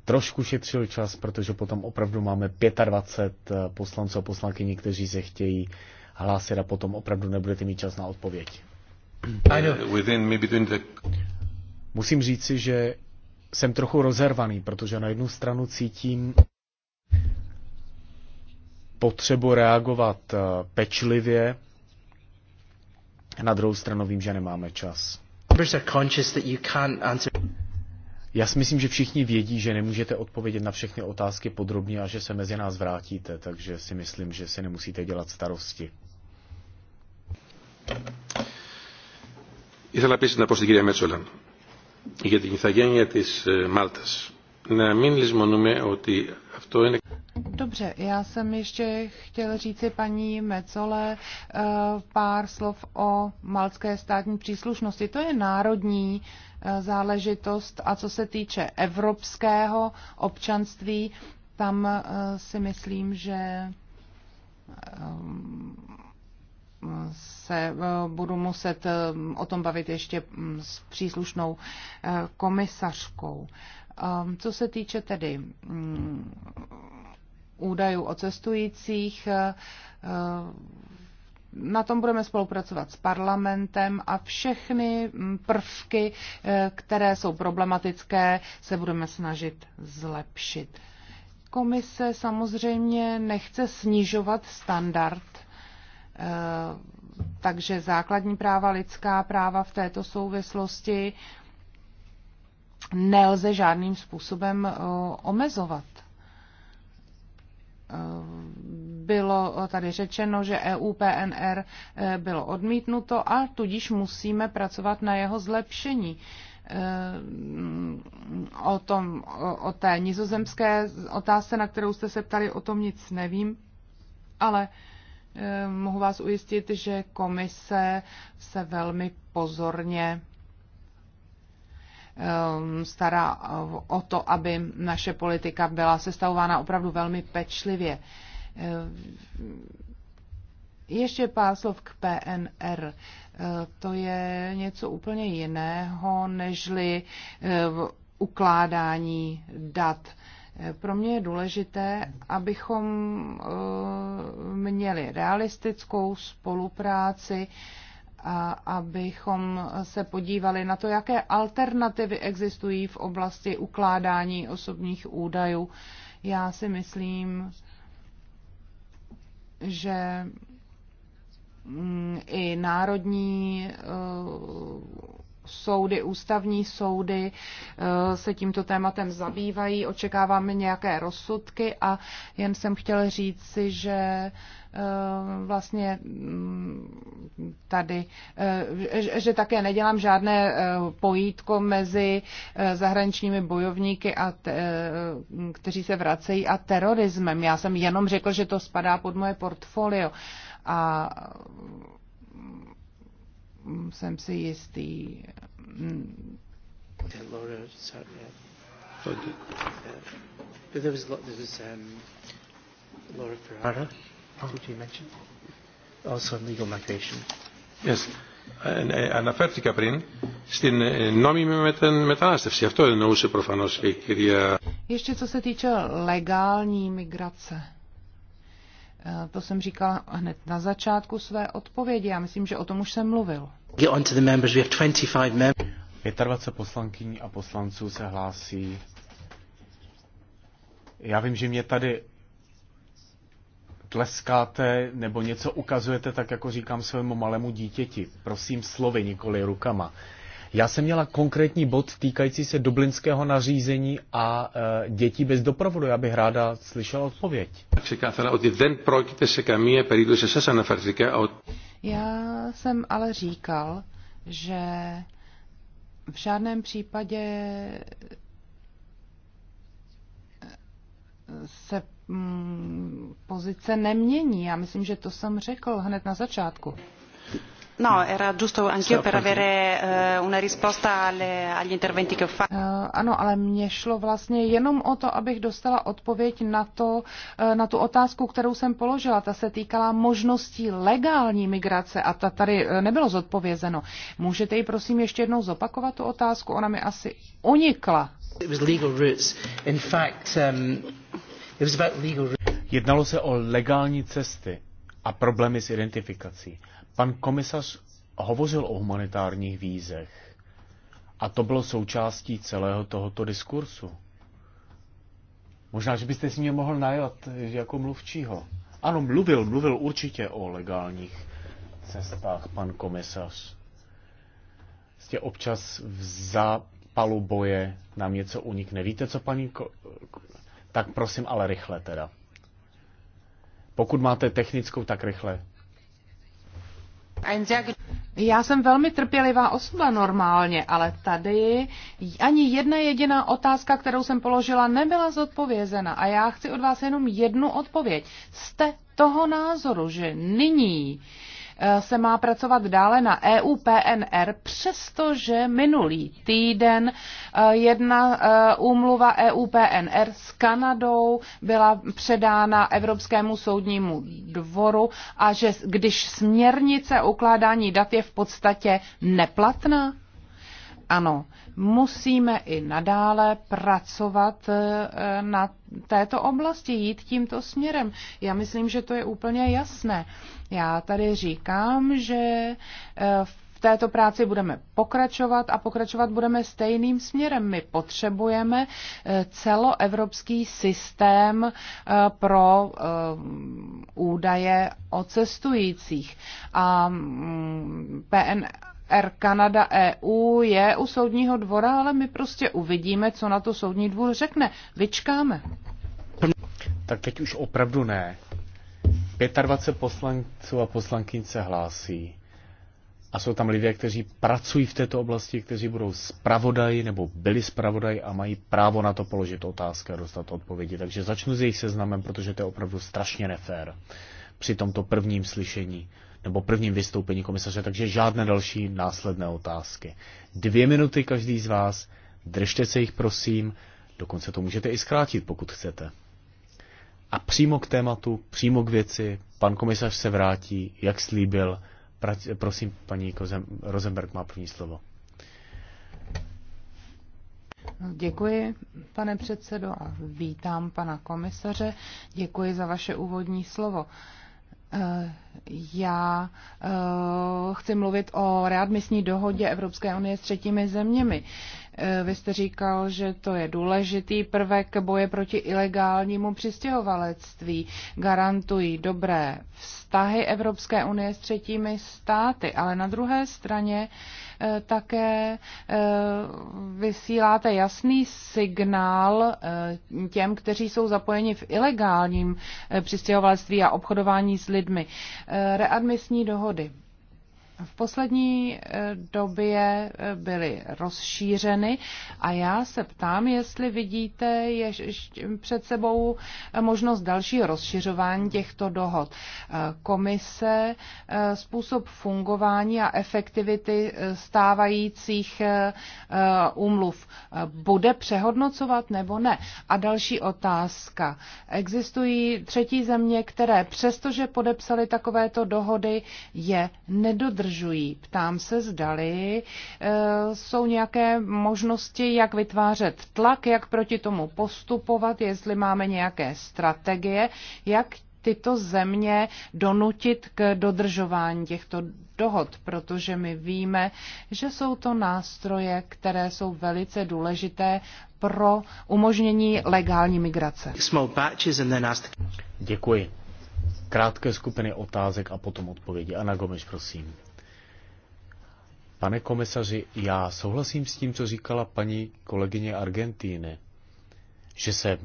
trošku šetřil čas, protože potom opravdu máme 25 eh, poslanců a poslankyní, kteří se chtějí uh, hlásit a potom opravdu nebudete mít čas na odpověď. Musím říci, že jsem trochu rozervaný, protože na jednu stranu cítím potřebu reagovat eh, pečlivě, na druhou stranu vím, že nemáme čas. Já si myslím, že všichni vědí, že nemůžete odpovědět na všechny otázky podrobně a že se mezi nás vrátíte, takže si myslím, že si nemusíte dělat starosti. Ήθελα επίση να πω στην κυρία Μέτσολα για την ηθαγένεια τη Μάλτα. Να μην λησμονούμε ότι αυτό είναι... Dobře, já jsem ještě chtěl říci paní Mecole eh, pár slov o malské státní příslušnosti. To je národní eh, záležitost a co se týče evropského občanství, tam eh, si myslím, že se eh, budu muset eh, o tom bavit ještě mm, s příslušnou eh, komisařkou. Co se týče tedy mm, údajů o cestujících, na tom budeme spolupracovat s parlamentem a všechny mm, prvky, které jsou problematické, se budeme snažit zlepšit. Komise samozřejmě nechce snižovat standard Eh, takže základní práva, lidská práva v této souvislosti nelze žádným způsobem eh, omezovat. Eh, bylo tady řečeno, že EU PNR bylo odmítnuto a tudíž musíme pracovat na jeho zlepšení o, tom, o, o té nizozemské otázce, na kterou jste se ptali, o tom nic nevím, ale Eh, mohu vás ujistit, že komise se velmi pozorně ehm, stará o to, aby naše politika byla sestavována opravdu velmi pečlivě. Eh, ještě pár slov k PNR. Eh, to je něco úplně jiného, nežli ukládání dat. Pro mě je důležité, abychom eh, měli realistickou spolupráci, a abychom se podívali na to, jaké alternativy existují v oblasti ukládání osobních údajů. Já si myslím, že mm, i národní eh, soudy, ústavní soudy eh, se tímto tématem zabývají, očekáváme nějaké rozsudky a jen jsem chtěl říct si, že eh, vlastně mm, tady, eh, že také nedělám žádné pojítko mezi zahraničními bojovníky, a te, kteří se vracejí, a terorismem. Já jsem jenom řekl, že to spadá pod moje portfolio. A jsem si jistý. Laura Ferrara, oh. did you mention? Also oh, legal migration. Yes. Αναφέρθηκα πριν στην eh, νόμιμη μετανάστευση. Αυτό εννοούσε προφανώς η κυρία. Ještě co se týče legální migrace. Eh, to jsem říkala hned na začátku své odpovědi. Já myslím, že o tom už jsem mluvil. 25 poslankyní a poslanců se hlásí. Já vím, že mě tady tleskáte nebo něco ukazujete, tak jako říkám svému malému dítěti. Prosím slovy, nikoli rukama. Já jsem měla konkrétní bod týkající se dublinského nařízení a e, dětí bez doprovodu. Já bych ráda slyšela odpověď. Já jsem ale říkal, že v žádném případě se mm, pozice nemění. Já myslím, že to jsem řekl hned na začátku. No, era giusto anch'io per avere eh, una risposta alle, agli interventi che ho fatto. Eh, ano, ale mě šlo vlastně jenom o to, abych dostala odpověď na, to, eh, na tu otázku, kterou jsem položila. Ta se týkala možností legální migrace a ta tady nebylo zodpovězeno. Můžete ji prosím ještě jednou zopakovat tu otázku? Ona mi asi unikla. Um, Jednalo se o legální cesty a problémy s identifikací. Pan komisař hovořil o humanitárních vízech a to bylo součástí celého tohoto diskursu. Možná, že byste si mě mohl najat jako mluvčího. Ano, mluvil, mluvil určitě o legálních cestách, pan komisař. Jste občas v zápalu boje nám něco unikne. Víte co, paní... Ko... Tak prosím, ale rychle teda. Pokud máte technickou, tak rychle. Já jsem velmi trpělivá osoba normálně, ale tady ani jedna jediná otázka, kterou jsem položila, nebyla zodpovězena. A já chci od vás jenom jednu odpověď. Jste toho názoru, že nyní Eh, se má pracovat dále na EU PNR, přestože minulý týden eh, jedna eh, úmluva EU PNR s Kanadou byla předána Evropskému soudnímu dvoru a že když směrnice o ukládání dat je v podstatě neplatná? Ano, musíme i nadále pracovat e, na této oblasti, jít tímto směrem. Já myslím, že to je úplně jasné. Já tady říkám, že e, v této práci budeme pokračovat a pokračovat budeme stejným směrem. My potřebujeme e, celoevropský systém pro údaje o cestujících. A mm, PN Air Canada EU je u soudního dvora, ale my prostě uvidíme, co na to soudní dvůr řekne. Vyčkáme. Tak teď už opravdu ne. 25 poslanců a poslankyň se hlásí. A jsou tam lidé, kteří pracují v této oblasti, kteří budou zpravodaji nebo byli zpravodaji a mají právo na to položit otázky a dostat odpovědi. Takže začnu s jejich seznamem, protože to je opravdu strašně nefér při tomto prvním slyšení nebo prvním vystoupení komisaře, takže žádné další následné otázky. Dvě minuty každý z vás, držte se jich prosím, dokonce to můžete i zkrátit, pokud chcete. A přímo k tématu, přímo k věci, pan komisař se vrátí, jak slíbil. Prosím, paní Rosenberg má první slovo. Děkuji, pane předsedo, a vítám pana komisaře. Děkuji za vaše úvodní slovo. Uh, Eh, já eh, chci mluvit o readmisní dohodě Evropské unie s třetími zeměmi. Eh, vy jste říkal, že to je důležitý prvek boje proti ilegálnímu přistěhovalectví. Garantují dobré vztahy Evropské unie s třetími státy, ale na druhé straně eh, také eh, vysíláte jasný signál těm, kteří jsou zapojeni v ilegálním přistěhovalectví a obchodování s lidmi. Readmisní dohody v poslední eh, době eh, byly rozšířeny a já se ptám, jestli vidíte ještě před sebou eh, možnost dalšího rozšiřování těchto dohod. Komise, způsob fungování a efektivity stávajících úmluv bude přehodnocovat nebo ne? A další otázka. Existují třetí země, které přestože podepsaly takovéto dohody, je nedodržují dodržují. Ptám se, zdali eh, jsou nějaké možnosti, jak vytvářet tlak, jak proti tomu postupovat, jestli máme nějaké strategie, jak tyto země donutit k dodržování těchto dohod, protože my víme, že jsou to nástroje, které jsou velice důležité pro umožnění legální migrace. Děkuji. Krátké skupiny otázek a potom odpovědi. Ana Gomes, prosím. Pane komisaři, já souhlasím s tím, co říkala paní kolegyně Argentíny, že se,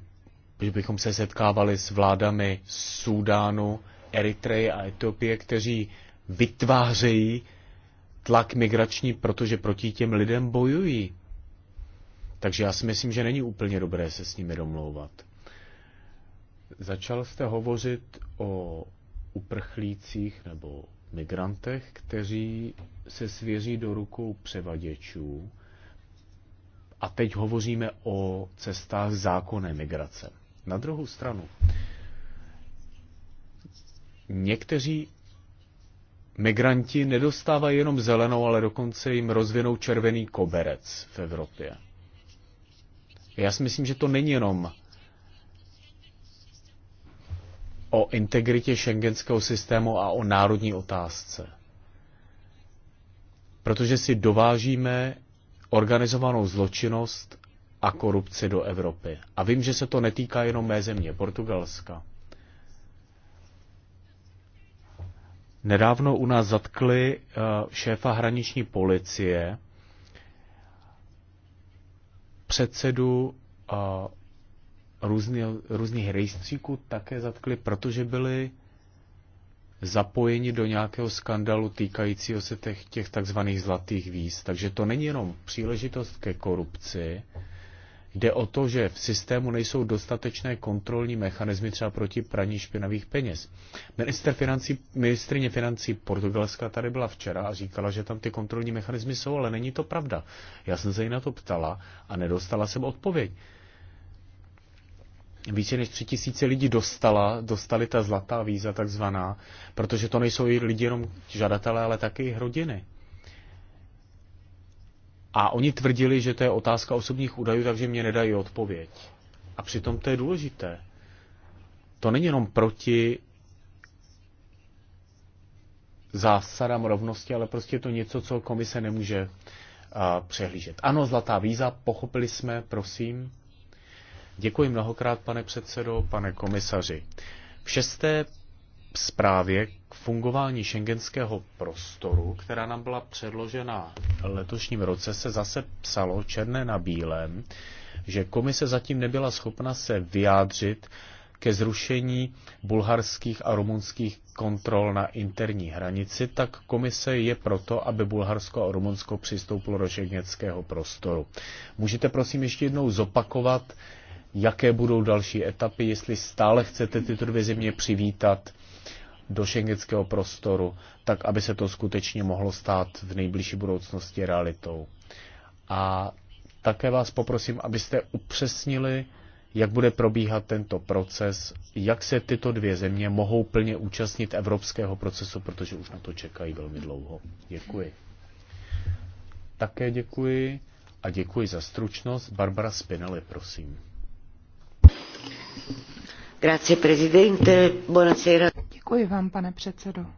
že bychom se setkávali s vládami Súdánu, Eritreje a Etiopie, kteří vytvářejí tlak migrační, protože proti těm lidem bojují. Takže já si myslím, že není úplně dobré se s nimi domlouvat. Začal jste hovořit o uprchlících nebo migrantech, kteří se svěří do rukou převaděčů. A teď hovoříme o cestách zákonné migrace. Na druhou stranu, někteří migranti nedostávají jenom zelenou, ale dokonce jim rozvinou červený koberec v Evropě. Já si myslím, že to není jenom o integritě šengenského systému a o národní otázce. Protože si dovážíme organizovanou zločinnost a korupci do Evropy. A vím, že se to netýká jenom mé země, Portugalska. Nedávno u nás zatkli eh, šéfa hraniční policie, předsedu eh, různý, různých rejstříků také zatkli, protože byli zapojeni do nějakého skandalu týkajícího se těch, těch takzvaných zlatých víz. Takže to není jenom příležitost ke korupci, jde o to, že v systému nejsou dostatečné kontrolní mechanismy třeba proti praní špinavých peněz. Minister financí, ministrině financí Portugalska tady byla včera a říkala, že tam ty kontrolní mechanismy jsou, ale není to pravda. Já jsem se jí na to ptala a nedostala jsem odpověď více než tři tisíce lidí dostala, dostali ta zlatá víza takzvaná, protože to nejsou lidi jenom žadatelé, ale taky i rodiny. A oni tvrdili, že to je otázka osobních údajů, takže mě nedají odpověď. A přitom to je důležité. To není jenom proti zásadám rovnosti, ale prostě je to něco, co komise nemůže uh, přehlížet. Ano, zlatá víza, pochopili jsme, prosím. Děkuji mnohokrát, pane předsedo, pane komisaři. V šesté zprávě k fungování šengenského prostoru, která nám byla předložena letošním roce, se zase psalo černé na bílém, že komise zatím nebyla schopna se vyjádřit ke zrušení bulharských a rumunských kontrol na interní hranici, tak komise je proto, aby Bulharsko a Rumunsko přistoupilo do šengenského prostoru. Můžete prosím ještě jednou zopakovat, jaké budou další etapy, jestli stále chcete tyto dvě země přivítat do šengenského prostoru, tak aby se to skutečně mohlo stát v nejbližší budoucnosti realitou. A také vás poprosím, abyste upřesnili, jak bude probíhat tento proces, jak se tyto dvě země mohou plně účastnit evropského procesu, protože už na to čekají velmi dlouho. Děkuji. Také děkuji a děkuji za stručnost. Barbara Spinelli, prosím. Děkuji vám, pane předsedající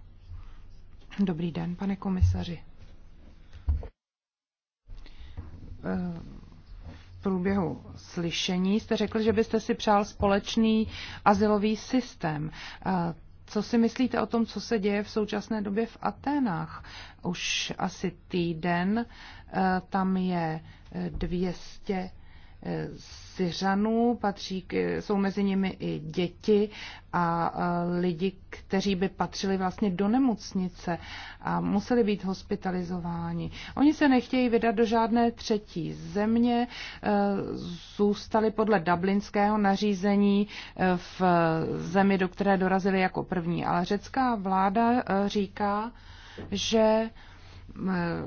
Dobrý den, pane komisaři. Eh, v průběhu slyšení jste řekl, že byste si přál společný azylový systém. Eh, co si myslíte o tom, co se děje v současné době v Aténách? Už asi týden eh, tam je 200 Syřanů, patří k, jsou mezi nimi i děti a lidi, kteří by patřili vlastně do nemocnice a museli být hospitalizováni. Oni se nechtějí vydat do žádné třetí země, e, zůstali podle dublinského nařízení e, v zemi, do které dorazili jako první. Ale řecká vláda e, říká, že Eh,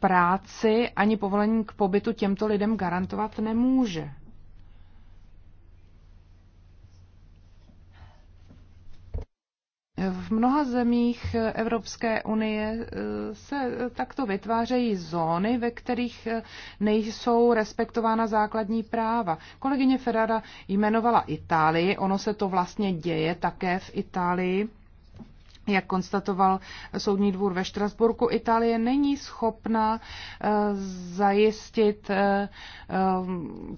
práci ani povolení k pobytu těmto lidem garantovat nemůže. V mnoha zemích Evropské unie eh, se takto vytvářejí zóny, ve kterých eh, nejsou respektována základní práva. Kolegyně Ferrara jmenovala Itálii, ono se to vlastně děje také v Itálii. Jak konstatoval Soudní dvůr ve Štrasburku, Itálie není schopna eh, zajistit eh, eh,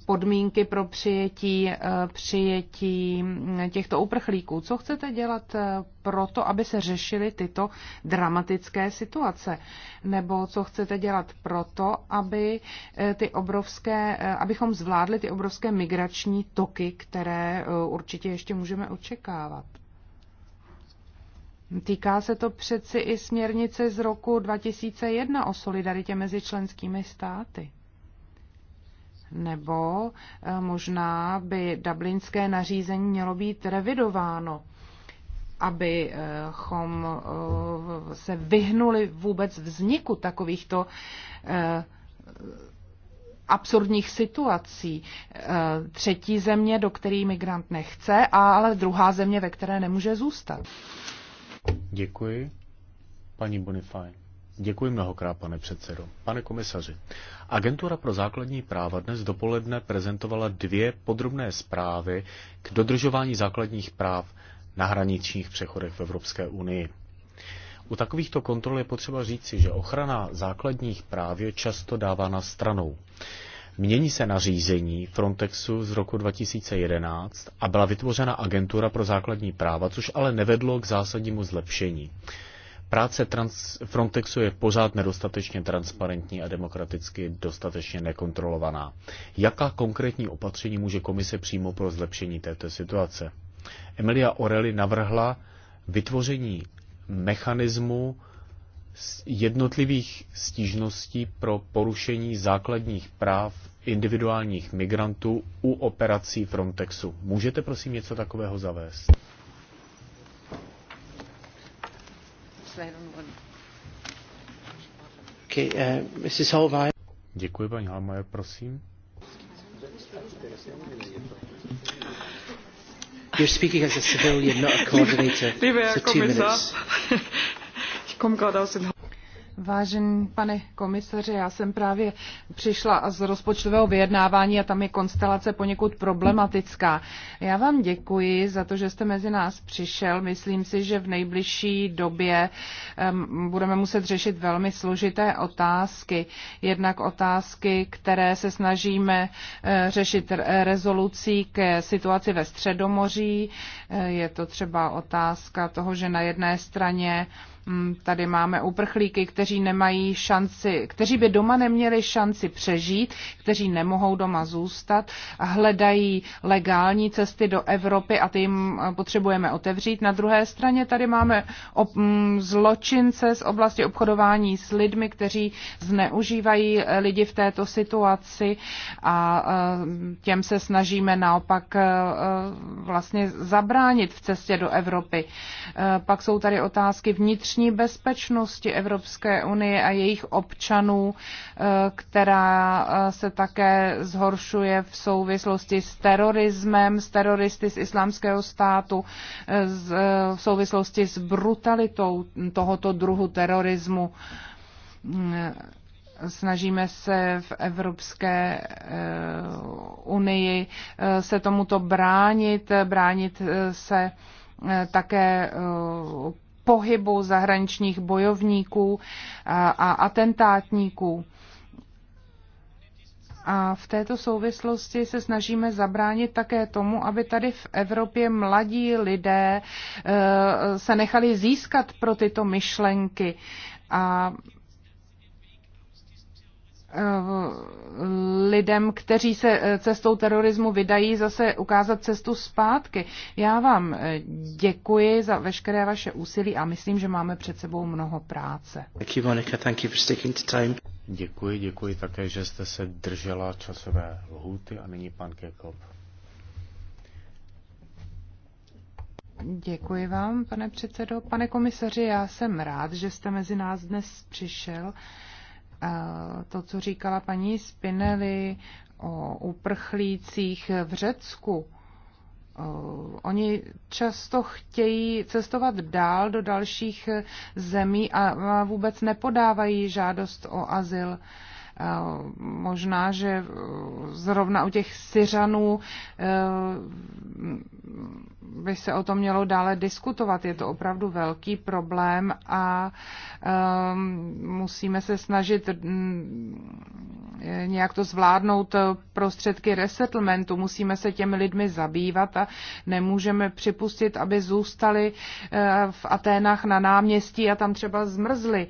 podmínky pro přijetí, přijetí mm, těchto uprchlíků. Co chcete dělat pro to, aby se řešily tyto dramatické situace? Nebo co chcete dělat pro to, aby ty obrovské, abychom zvládli ty obrovské migrační toky, které určitě ještě můžeme očekávat? Týká se to přeci i směrnice z roku 2001 o solidaritě mezi členskými státy. Nebo eh, možná by dublinské nařízení mělo být revidováno, abychom eh, se vyhnuli vůbec vzniku takovýchto eh, absurdních situací. Třetí země, do které migrant nechce, ale druhá země, ve které nemůže zůstat. Děkuji. Paní Bonifaj. Děkuji mnohokrát, pane předsedo. Pane komisaři, Agentura pro základní práva dnes dopoledne prezentovala dvě podrobné zprávy k dodržování základních práv na hraničních přechodech v Evropské unii. U takovýchto kontrol je potřeba říci, že ochrana základních práv je často dávána stranou. Mění se nařízení Frontexu z roku 2011 a byla vytvořena agentura pro základní práva, což ale nevedlo k zásadnímu zlepšení. Práce trans- Frontexu je pořád nedostatečně transparentní a demokraticky dostatečně nekontrolovaná. Jaká konkrétní opatření může komise přímo pro zlepšení této situace? Emilia Orelli navrhla vytvoření mechanismu jednotlivých stížností pro porušení základních práv individuálních migrantů u operací Frontexu. Můžete prosím něco takového zavést? Uh, Mrs. Děkuji, paní Halmaje, prosím. You're speaking as a civilian, not a coordinator. Lieber jako Herr Vážený pane komisaře, já jsem právě přišla z rozpočtového vyjednávání a tam je konstelace poněkud problematická. Já vám děkuji za to, že jste mezi nás přišel. Myslím si, že v nejbližší době um, budeme muset řešit velmi složité otázky. Jednak otázky, které se snažíme uh, řešit rezolucí k situaci ve Středomoří. Uh, je to třeba otázka toho, že na jedné straně uh, Mm, tady máme uprchlíky, kteří nemají šanci, kteří by doma neměli šanci přežít, kteří nemohou doma zůstat, hledají legální cesty do Evropy a ty jim eh, potřebujeme otevřít. Na druhé straně tady máme mm, zločince z oblasti obchodování s lidmi, kteří zneužívají eh, lidi v této situaci a eh, těm se snažíme naopak vlastně zabránit v cestě do Evropy. Pak jsou tady otázky vnitř vnitřní bezpečnosti Evropské unie a jejich občanů, eh, která eh, se také zhoršuje v souvislosti s terorismem, s teroristy z islámského státu, eh, v souvislosti s brutalitou tohoto druhu terorismu snažíme se v Evropské unii se tomuto bránit, bránit se také pohybu zahraničních bojovníků a atentátníků. A v této souvislosti se snažíme zabránit také tomu, aby tady v Evropě mladí lidé eh, se nechali získat pro tyto myšlenky. A Eh, lidem, kteří se eh, cestou terorismu vydají, zase ukázat cestu zpátky. Já vám eh, děkuji za veškeré vaše úsilí a myslím, že máme před sebou mnoho práce. Thank you, Monica. Thank you for sticking to time. Děkuji, děkuji také, že jste se držela časové lhůty a nyní pan Kekop. Děkuji vám, pane předsedo. Pane komisaři, já jsem rád, že jste mezi nás dnes přišel to, co říkala paní Spinelli o uprchlících v Řecku. Oni často chtějí cestovat dál do dalších zemí a vůbec nepodávají žádost o azyl. Eh, možná, že eh, zrovna u těch Syřanů eh, by se o tom mělo dále diskutovat. Je to opravdu velký problém a musíme se snažit mm, nějak to zvládnout prostředky resettlementu. Musíme se těmi lidmi zabývat a nemůžeme připustit, aby zůstali v Aténách na náměstí a tam třeba zmrzli.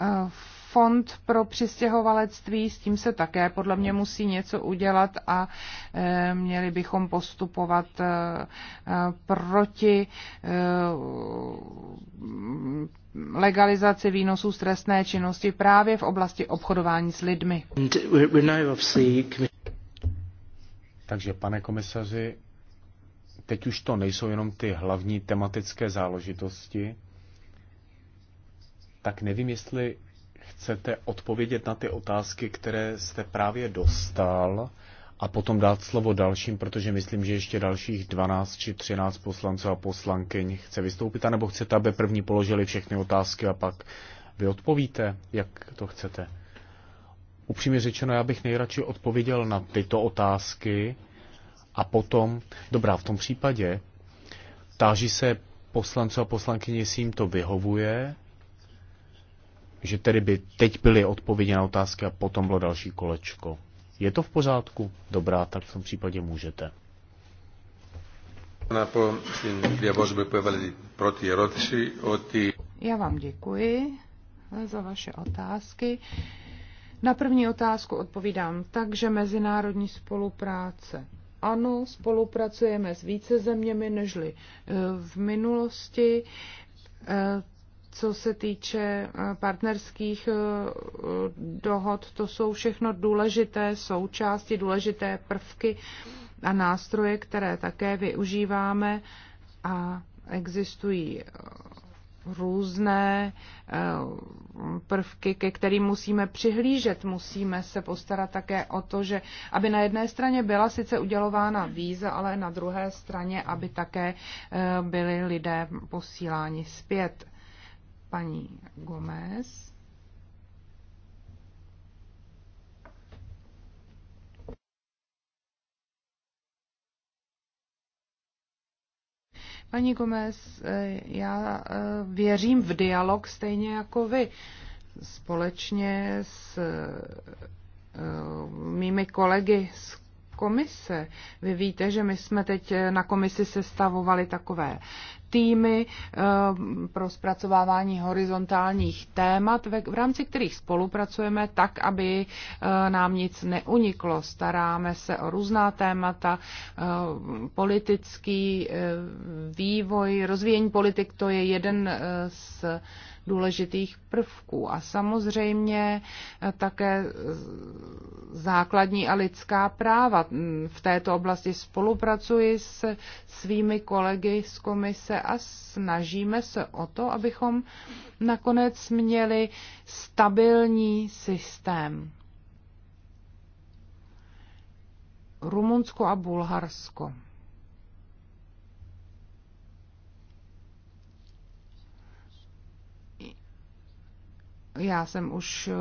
Eh, fond pro přistěhovalectví, s tím se také podle mě musí něco udělat a eh, měli bychom postupovat eh, proti legalizaci výnosů z trestné činnosti právě v oblasti obchodování s lidmi. Takže pane komisaři, teď už to nejsou jenom ty hlavní tematické záležitosti, tak nevím, jestli chcete odpovědět na ty otázky, které jste právě dostal a potom dát slovo dalším, protože myslím, že ještě dalších 12 či 13 poslanců a poslankyň chce vystoupit, anebo chcete, aby první položili všechny otázky a pak vy odpovíte, jak to chcete. Upřímně řečeno, já bych nejradši odpověděl na tyto otázky a potom, dobrá, v tom případě táží se poslanců a poslankyně, jestli jim to vyhovuje, že tedy by teď byly odpovědi na otázky a potom bylo další kolečko. Je to v pořádku? Dobrá, tak v tom případě můžete. Já vám děkuji za vaše otázky. Na první otázku odpovídám tak, že mezinárodní spolupráce. Ano, spolupracujeme s více zeměmi nežli eh, v minulosti eh, co se týče eh, partnerských eh, dohod, to jsou všechno důležité součásti, důležité prvky a nástroje, které také využíváme a existují eh, různé prvky, ke kterým musíme přihlížet. Musíme se postarat také o to, že aby na jedné straně byla sice udělována víza, ale na druhé straně, aby také byli lidé posíláni zpět paní Gomez. Paní Gomez, eh, já eh, věřím v dialog stejně jako vy. Společně s eh, mými kolegy z komise. Vy víte, že my jsme teď eh, na komisi sestavovali takové týmy eh, pro zpracovávání horizontálních témat, v rámci kterých spolupracujeme tak, aby eh, nám nic neuniklo. Staráme se o různá témata, politický vývoj, rozvíjení politik, to je jeden z důležitých prvků. A samozřejmě eh, také eh, základní a lidská práva. Mm, v této oblasti spolupracuji s svými kolegy z komise a snažíme se o to, abychom nakonec měli stabilní systém. Rumunsko a Bulharsko. Já jsem už eh,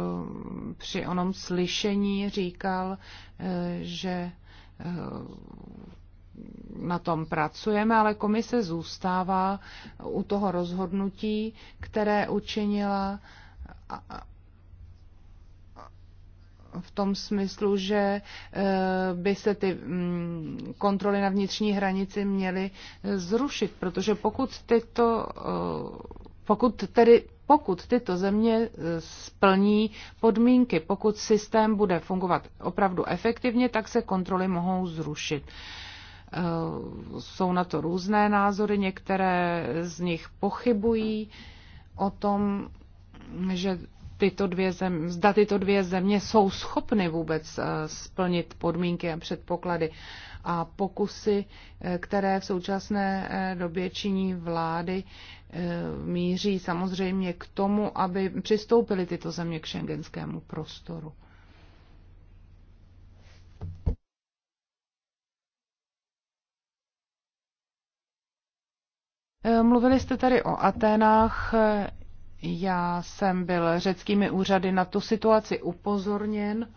při onom slyšení říkal, eh, že eh, na tom pracujeme, ale komise zůstává u toho rozhodnutí, které učinila v tom smyslu, že by se ty mm, kontroly na vnitřní hranici měly zrušit, protože pokud tyto pokud tedy pokud tyto země e, splní podmínky, pokud systém bude fungovat opravdu efektivně, tak se kontroly mohou zrušit. E, jsou na to různé názory, některé z nich pochybují o tom, že tyto dvě země, zda tyto dvě země jsou schopny vůbec e, splnit podmínky a předpoklady a pokusy, které v současné době činí vlády, Eh, míří samozřejmě k tomu, aby přistoupily tyto země k šengenskému prostoru. Eh, mluvili jste tady o aténách. Já jsem byl řeckými úřady na tu situaci upozorněn.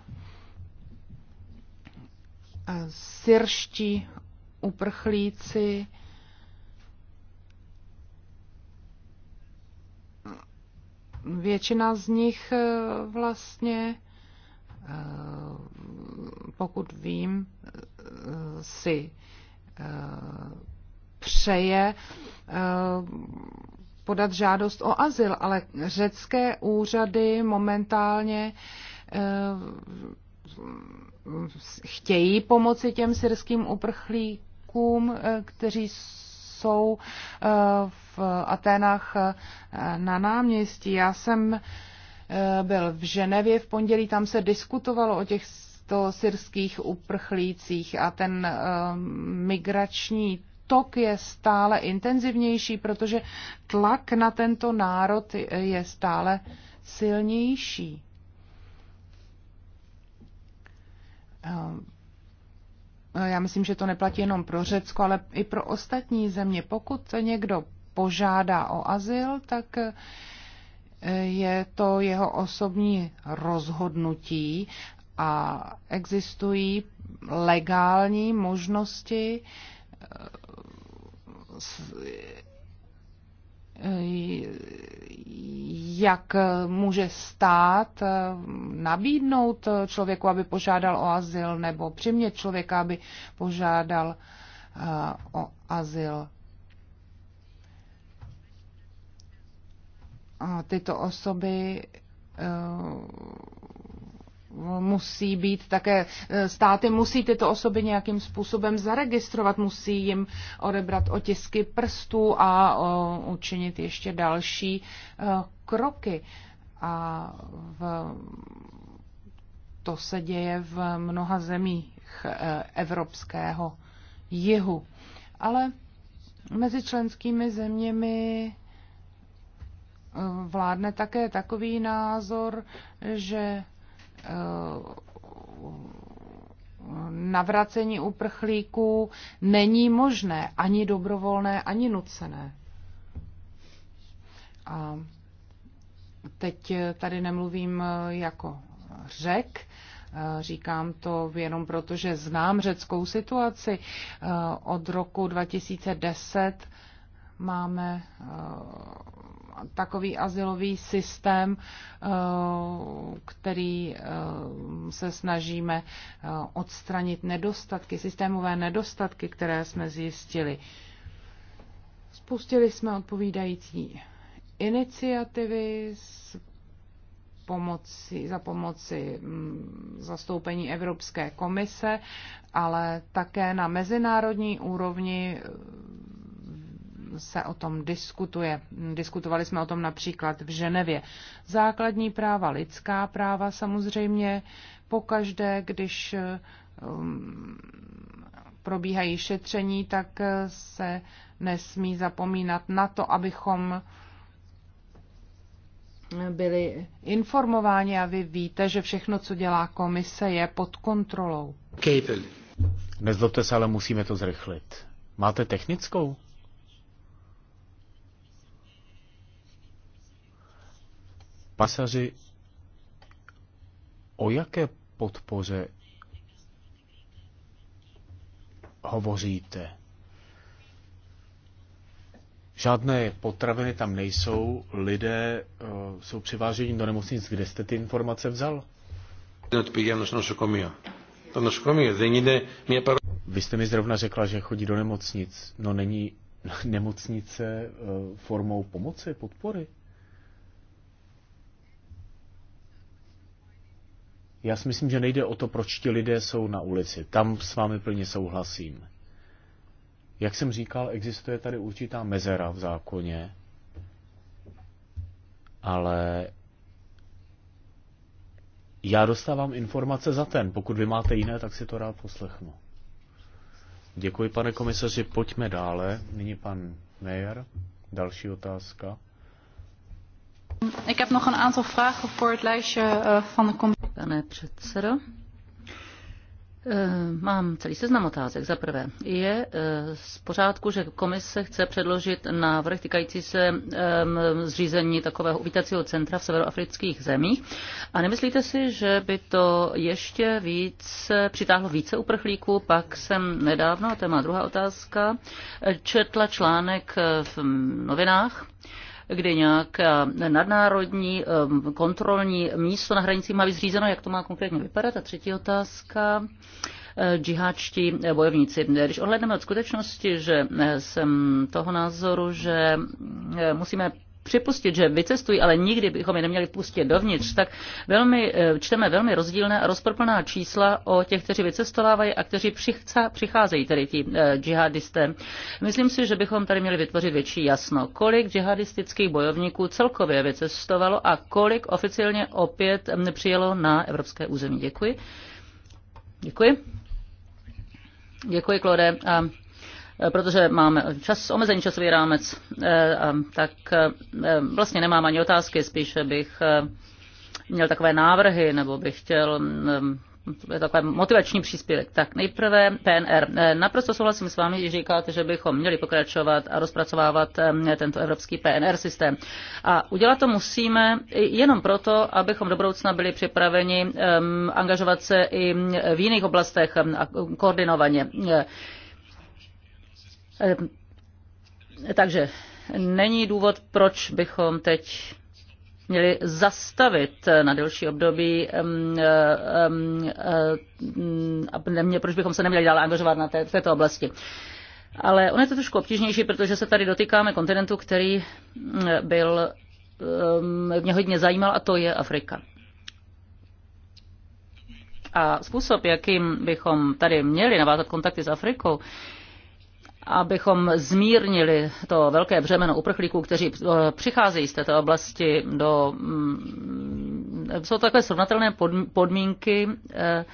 Eh, syrští uprchlíci většina z nich eh, vlastně, eh, pokud vím, eh, si přeje podat žádost o azyl, ale řecké úřady momentálně chtějí pomoci těm syrským uprchlíkům, kteří jsou eh, v Aténách eh, na náměstí. Já jsem eh, byl v Ženevě v pondělí, tam se diskutovalo o těch to syrských uprchlících a ten migrační tok je stále intenzivnější, protože tlak na tento národ je stále silnější. Eh, já myslím, že to neplatí jenom pro Řecko, ale i pro ostatní země. Pokud někdo požádá o azyl, tak eh, je to jeho osobní rozhodnutí a existují legální možnosti eh, jak může stát nabídnout člověku, aby požádal o azyl, nebo přimět člověka, aby požádal eh, o azyl. A tyto osoby eh, musí být také, eh, státy musí tyto osoby nějakým způsobem zaregistrovat, musí jim odebrat otisky prstů a učinit ještě další eh, kroky. A v, to se děje v mnoha zemích eh, evropského jihu. Ale mezi členskými zeměmi vládne také takový názor, že Eh, navracení uprchlíků není možné, ani dobrovolné, ani nucené. A teď tady nemluvím eh, jako řek, eh, Říkám to jenom proto, že znám řeckou situaci. Od roku 2010 máme takový asilový systém, eh, který eh, se snažíme eh, odstranit nedostatky, systémové nedostatky, které jsme zjistili. Spustili jsme odpovídající iniciativy s pomoci, za pomoci mm, zastoupení Evropské komise, ale také na mezinárodní úrovni se o tom diskutuje. Diskutovali jsme o tom například v Ženevě. Základní práva, lidská práva samozřejmě, pokaždé, když um, probíhají šetření, tak se nesmí zapomínat na to, abychom byli informováni a vy víte, že všechno, co dělá komise, je pod kontrolou. Nezlobte se, ale musíme to zrychlit. Máte technickou? Pasaři, o jaké podpoře hovoříte? Žádné potraviny tam nejsou, lidé uh, jsou přiváženi do nemocnic. Kde jste ty informace vzal? Vy jste mi zrovna řekla, že chodí do nemocnic. No není nemocnice uh, formou pomoci, podpory? Já si myslím, že nejde o to, proč ti lidé jsou na ulici. Tam s vámi plně souhlasím. Jak jsem říkal, existuje tady určitá mezera v zákoně, ale já dostávám informace za ten. Pokud vy máte jiné, tak si to rád poslechnu. Děkuji, pane komisaři. Pojďme dále. Nyní pan Mayer. Další otázka. Ik heb nog een aantal vragen voor het lijstje eh, van de pane předsedo. Eh, mám celý seznam otázek. Za prvé, je eh, z pořádku, že komise chce předložit návrh týkající se eh, zřízení takového uvítacího centra v severoafrických zemích. A nemyslíte si, že by to ještě víc přitáhlo více uprchlíků? Pak jsem nedávno, a to je má druhá otázka, četla článek v novinách, kde nějak eh, nadnárodní eh, kontrolní místo na hranicích má být zřízeno, jak to má konkrétně vypadat. A třetí otázka eh, džihádští bojovníci. Když ohledneme od skutečnosti, že jsem toho názoru, že musíme připustit, že vycestují, ale nikdy bychom je neměli pustit dovnitř, tak velmi, eh, čteme velmi rozdílné a rozproplná čísla o těch, kteří vycestovávají a kteří přicházejí, tedy ti eh, džihadisté. Myslím si, že bychom tady měli vytvořit větší jasno, kolik džihadistických bojovníků celkově vycestovalo a kolik oficiálně opět mm, přijelo na evropské území. Děkuji. Děkuji. Děkuji, Klode. A Eh, protože máme čas, omezený časový rámec, eh, tak eh, vlastně nemám ani otázky, spíše bych měl takové návrhy, nebo bych chtěl mm, takové motivační příspěvek. Tak nejprve PNR. Naprosto souhlasím s vámi, když říkáte, že bychom měli pokračovat a rozpracovávat tento evropský PNR systém. A udělat to musíme jenom proto, abychom do budoucna byli připraveni angažovat se i v jiných oblastech a koordinovaně. Ehm, takže není důvod, proč bychom teď měli zastavit na delší období, ehm, ehm, proč bychom se neměli dále angažovat na té, v této oblasti. Ale ono je to trošku obtížnější, protože se tady dotýkáme kontinentu, který byl, mě hodně zajímal, a to je Afrika. A způsob, jakým bychom tady měli navázat kontakty s Afrikou, abychom zmírnili to velké břemeno uprchlíků, kteří eh, přicházejí z této oblasti do... Mm, jsou takové srovnatelné podmínky, eh,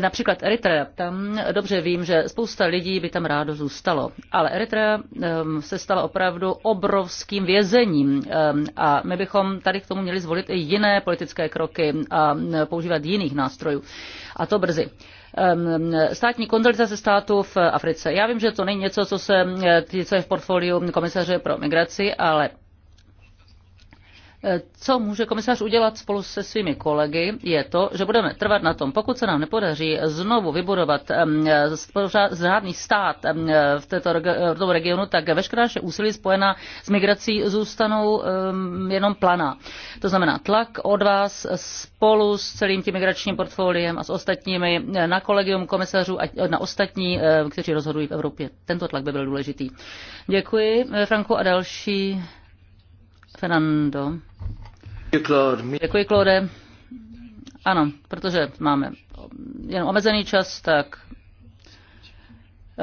například Eritrea, tam dobře vím, že spousta lidí by tam rádo zůstalo, ale Eritrea eh, se stala opravdu obrovským vězením a my bychom tady k tomu měli zvolit i jiné politické kroky a používat jiných nástrojů. A to brzy státní kontrolizace státu v Africe. Já vím, že to není něco, co, se, eh, co je v portfoliu komisaře pro migraci, ale co může komisař udělat spolu se svými kolegy, je to, že budeme trvat na tom, pokud se nám nepodaří znovu vybudovat žádný stát v, této, v tom regionu, tak veškerá naše úsilí spojená s migrací zůstanou jenom plana. To znamená tlak od vás spolu s celým tím migračním portfoliem a s ostatními na kolegium komisařů a na ostatní, kteří rozhodují v Evropě. Tento tlak by byl důležitý. Děkuji, Franku, a další Fernando. Děkuji, Claude. Ano, protože máme jen omezený čas, tak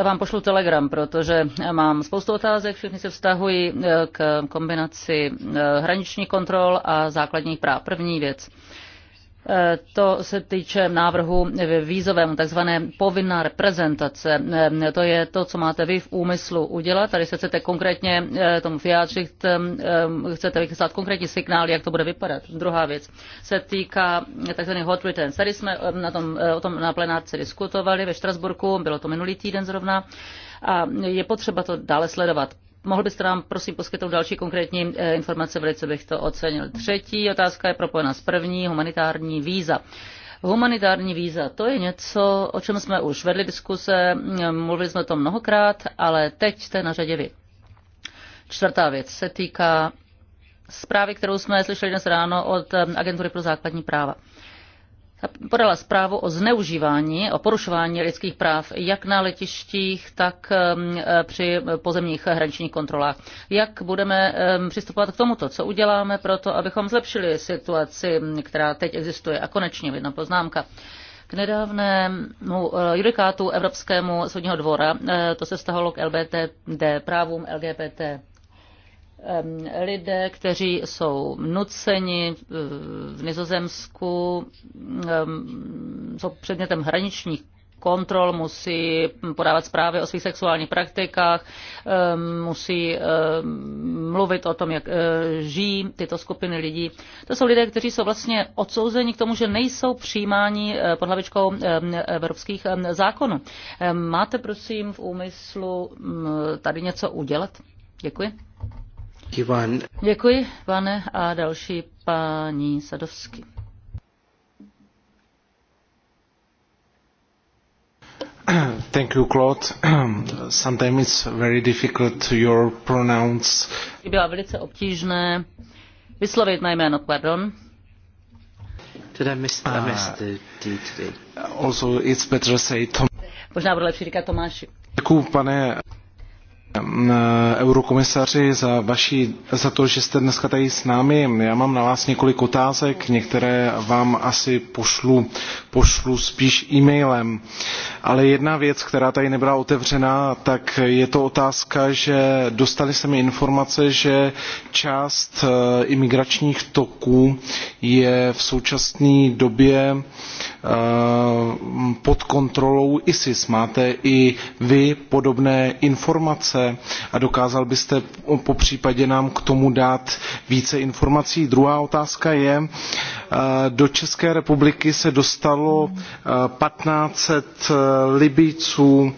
vám pošlu telegram, protože mám spoustu otázek, všechny se vztahují k kombinaci eh, hraničních kontrol a základních práv. První věc. Eh, to se týče návrhu vízovému, takzvané povinná reprezentace. Eh, to je to, co máte vy v úmyslu udělat. Tady se chcete konkrétně eh, tomu vyjádřit, chcete vyslat konkrétní signál, jak to bude vypadat. Druhá věc se týká takzvaných hot returns. Tady jsme na tom, o tom na plenárce diskutovali ve Štrasburku, bylo to minulý týden zrovna a je potřeba to dále sledovat mohl byste nám prosím poskytnout další konkrétní eh, informace, velice bych to ocenil. Třetí otázka je propojena s první, humanitární víza. Humanitární víza, to je něco, o čem jsme už vedli diskuse, mm, mluvili jsme o tom mnohokrát, ale teď jste na řadě vy. Čtvrtá věc se týká zprávy, kterou jsme slyšeli dnes ráno od eh, Agentury pro základní práva podala zprávu o zneužívání, o porušování lidských práv jak na letištích, tak eh, při pozemních hraničních kontrolách. Jak budeme přistupovat k tomuto? Co uděláme pro to, abychom zlepšili situaci, která teď existuje? A konečně jedna poznámka k nedávnému eh, judikátu Evropskému soudního dvora, eh, to se stahalo k LBTD právům LGBT lidé, kteří jsou nuceni eh, v Nizozemsku, jsou předmětem hraničních kontrol, musí podávat zprávy o svých sexuálních praktikách, musí mluvit o tom, jak eh, žijí tyto skupiny lidí. To jsou lidé, kteří jsou vlastně odsouzeni k tomu, že nejsou přijímáni eh, pod hlavičkou evropských zákonů. Máte prosím v úmyslu tady něco udělat? Děkuji. Děkuji, pane, a další paní Sadovsky. Thank you, Claude. Sometimes it's very difficult to your pronounce. Bylo velice obtížné vyslovit na jméno, pardon. Did I miss, I the D today. Also, it's better say Tom. Možná bude lepší říkat Tomáši. Děkuji, pane Eh, eurokomisaři, za, vaši, za to, že jste dneska tady s námi. Já mám na vás několik otázek, některé vám asi pošlu, pošlu spíš e-mailem. Ale jedna věc, která tady nebyla otevřená, tak je to otázka, že dostali se mi informace, že část eh, imigračních toků je v současné době eh, pod kontrolou ISIS. Máte i vy podobné informace? práce a dokázal byste po případě nám k tomu dát více informací. Druhá otázka je, eh, do České republiky se dostalo 1500 eh, eh, Libijců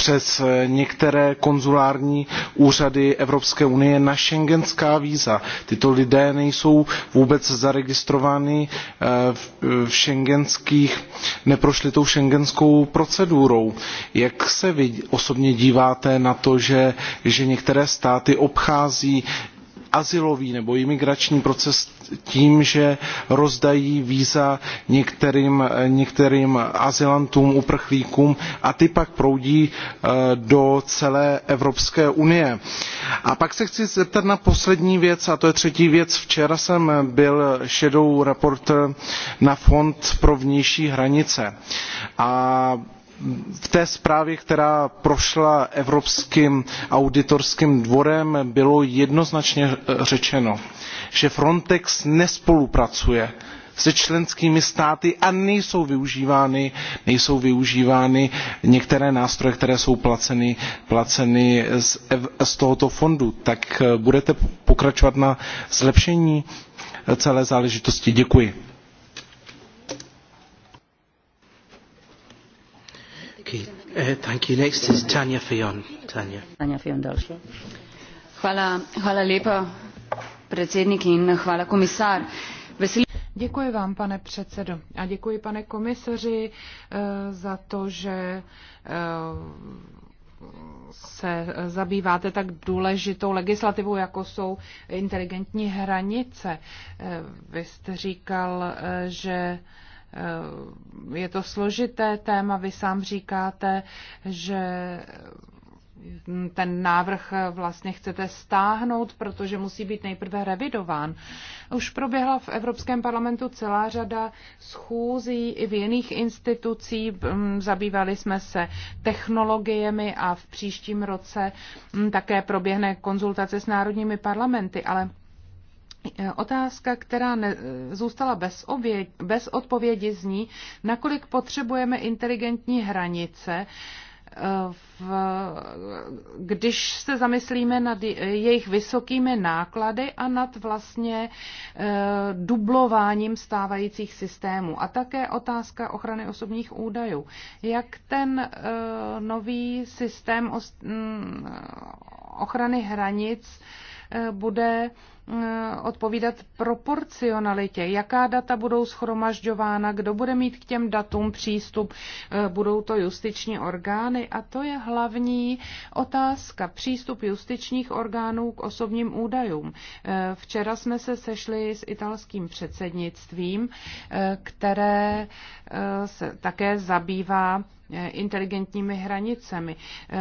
přes některé konzulární úřady Evropské unie na šengenská víza. Tyto lidé nejsou vůbec zaregistrovány eh, v šengenských, neprošli tou šengenskou procedurou. Jak se vy osobně díváte na to, že, že některé státy obchází azylový nebo imigrační proces tím, že rozdají víza některým, některým azylantům, uprchlíkům a ty pak proudí eh, do celé Evropské unie. A pak se chci zeptat na poslední věc, a to je třetí věc. Včera jsem byl shadow reporter na Fond pro vnější hranice. A v té zprávě která prošla evropským auditorským dvorem bylo jednoznačně eh, řečeno že frontex nespolupracuje se členskými státy a nejsou využívány, nejsou využívány některé nástroje, které jsou placeny, placeny z, z tohoto fondu. Tak eh, budete pokračovat na zlepšení eh, celé záležitosti. Děkuji. Uh, thank you. Next is další. Hvala, hvala lepa, predsednik, in hvala komisar. Veselí... Děkuji vám, pane předsedo. A děkuji, pane komisaři, eh, za to, že eh, se zabýváte tak důležitou legislativou, jako jsou inteligentní hranice. Eh, vy jste říkal, že Eh, je to složité téma, vy sám říkáte, že ten návrh vlastně chcete stáhnout, protože musí být nejprve revidován. Už proběhla v Evropském parlamentu celá řada schůzí i v jiných institucí. Mm, zabývali jsme se technologiemi a v příštím roce mm, také proběhne konzultace s národními parlamenty, ale Eh, otázka, která ne, eh, zůstala bez, obě, bez odpovědi, zní, nakolik potřebujeme inteligentní hranice, eh, v, když se zamyslíme nad jejich vysokými náklady a nad vlastně dublováním stávajících systémů. A také otázka ochrany osobních údajů. Jak ten nový systém mm, ochrany hranic bude Eh, odpovídat proporcionalitě. Jaká data budou schromažďována, kdo bude mít k těm datům přístup, eh, budou to justiční orgány a to je hlavní otázka. Přístup justičních orgánů k osobním údajům. Eh, včera jsme se sešli s italským předsednictvím, které se také zabývá Eh, inteligentními hranicemi. Eh,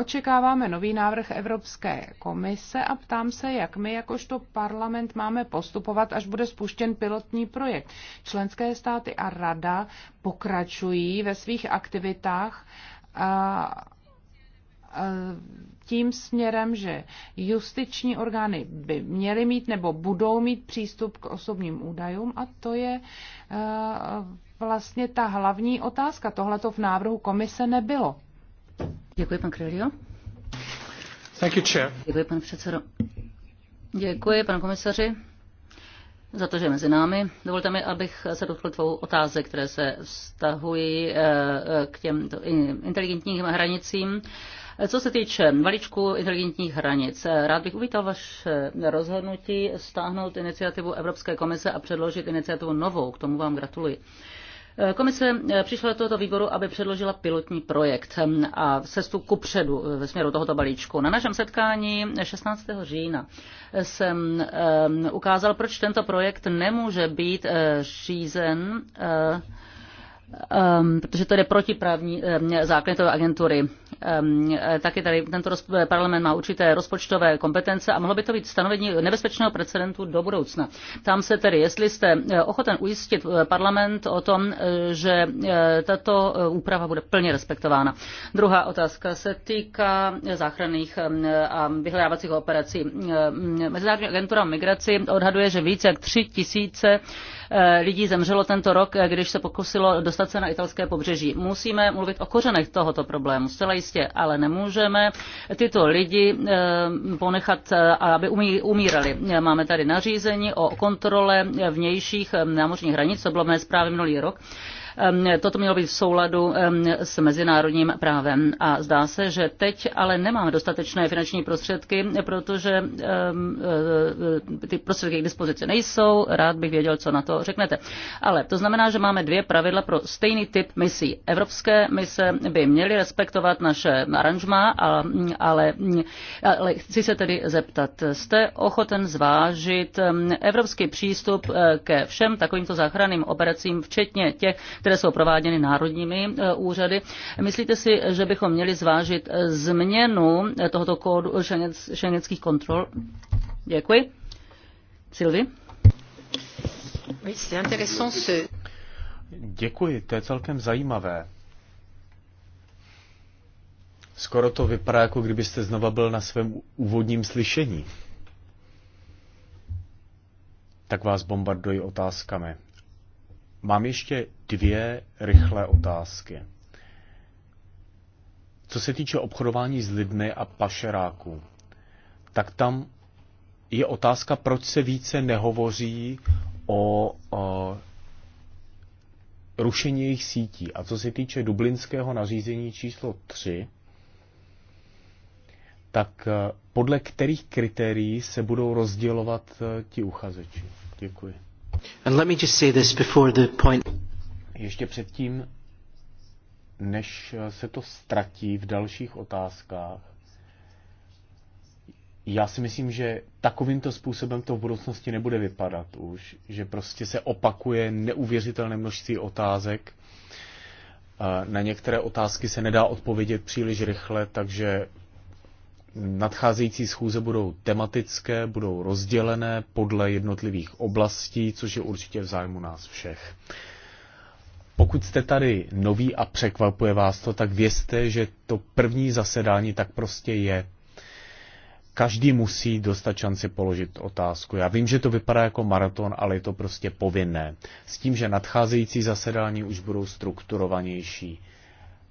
očekáváme nový návrh Evropské komise a ptám se, jak my jakožto parlament máme postupovat, až bude spuštěn pilotní projekt. Členské státy a rada pokračují ve svých aktivitách a Eh, tím směrem, že justiční orgány by měly mít nebo budou mít přístup k osobním údajům a to je eh, vlastně ta hlavní otázka. Tohle to v návrhu komise nebylo. Děkuji, pan Krylio. Thank you, chair. Děkuji, pane předsedo. Děkuji, pane komisaři za to, že je mezi námi. Dovolte mi, abych se dotkl tvou otázek, které se vztahují eh, k těm inteligentním hranicím. Co se týče maličku inteligentních hranic, rád bych uvítal vaše rozhodnutí stáhnout iniciativu Evropské komise a předložit iniciativu novou. K tomu vám gratuluji. Komise přišla do tohoto výboru, aby předložila pilotní projekt a cestu ku předu ve směru tohoto balíčku. Na našem setkání 16. října jsem eh, ukázal, proč tento projekt nemůže být eh, řízen eh, um, protože to jde proti právní um, základní agentury. Um, taky tady tento parlament má určité rozpočtové kompetence a mohlo by to být stanovení nebezpečného precedentu do budoucna. Tam se tedy, jestli jste uh, ochoten ujistit uh, parlament o tom, uh, že tato úprava bude plně respektována. Druhá otázka se týká záchranných um, a vyhledávacích operací. Mezinárodní agentura migraci odhaduje, že více jak tři tisíce lidí zemřelo tento rok, když se pokusilo dostat devastace na italské pobřeží. Musíme mluvit o kořenech tohoto problému, zcela jistě, ale nemůžeme tyto lidi eh, ponechat, eh, aby umírali. Máme tady nařízení o kontrole vnějších eh, námořních hranic, co bylo mé zprávy minulý rok Ehm, toto mělo být v souladu ehm, s mezinárodním právem. A zdá se, že teď ale nemáme dostatečné finanční prostředky, protože ehm, eh, ty prostředky k dispozici nejsou. Rád bych věděl, co na to řeknete. Ale to znamená, že máme dvě pravidla pro stejný typ misí. Evropské mise by měly respektovat naše aranžma, ale, ale chci se tedy zeptat, jste ochoten zvážit evropský přístup eh, ke všem takovýmto záchranným operacím, včetně těch, které jsou prováděny národními eh, úřady. Myslíte si, že bychom měli zvážit eh, změnu eh, tohoto kódu šengenských kontrol? Děkuji. Silvi. Děkuji, to je celkem zajímavé. Skoro to vypadá, jako kdybyste znova byl na svém úvodním slyšení. Tak vás bombarduji otázkami. Mám ještě dvě rychlé otázky. Co se týče obchodování s lidmi a pašeráků, tak tam je otázka, proč se více nehovoří o, o rušení jejich sítí. A co se týče dublinského nařízení číslo 3, tak eh, podle kterých kritérií se budou rozdělovat eh, ti uchazeči? Děkuji. And let me just say this before the point... Ještě předtím, než se to ztratí v dalších otázkách, já si myslím, že takovýmto způsobem to v budoucnosti nebude vypadat už, že prostě se opakuje neuvěřitelné množství otázek. Eh, na některé otázky se nedá odpovědět příliš rychle, takže Nadcházející schůze budou tematické, budou rozdělené podle jednotlivých oblastí, což je určitě v zájmu nás všech. Pokud jste tady noví a překvapuje vás to, tak vězte, že to první zasedání tak prostě je. Každý musí dostat šanci položit otázku. Já vím, že to vypadá jako maraton, ale je to prostě povinné. S tím, že nadcházející zasedání už budou strukturovanější.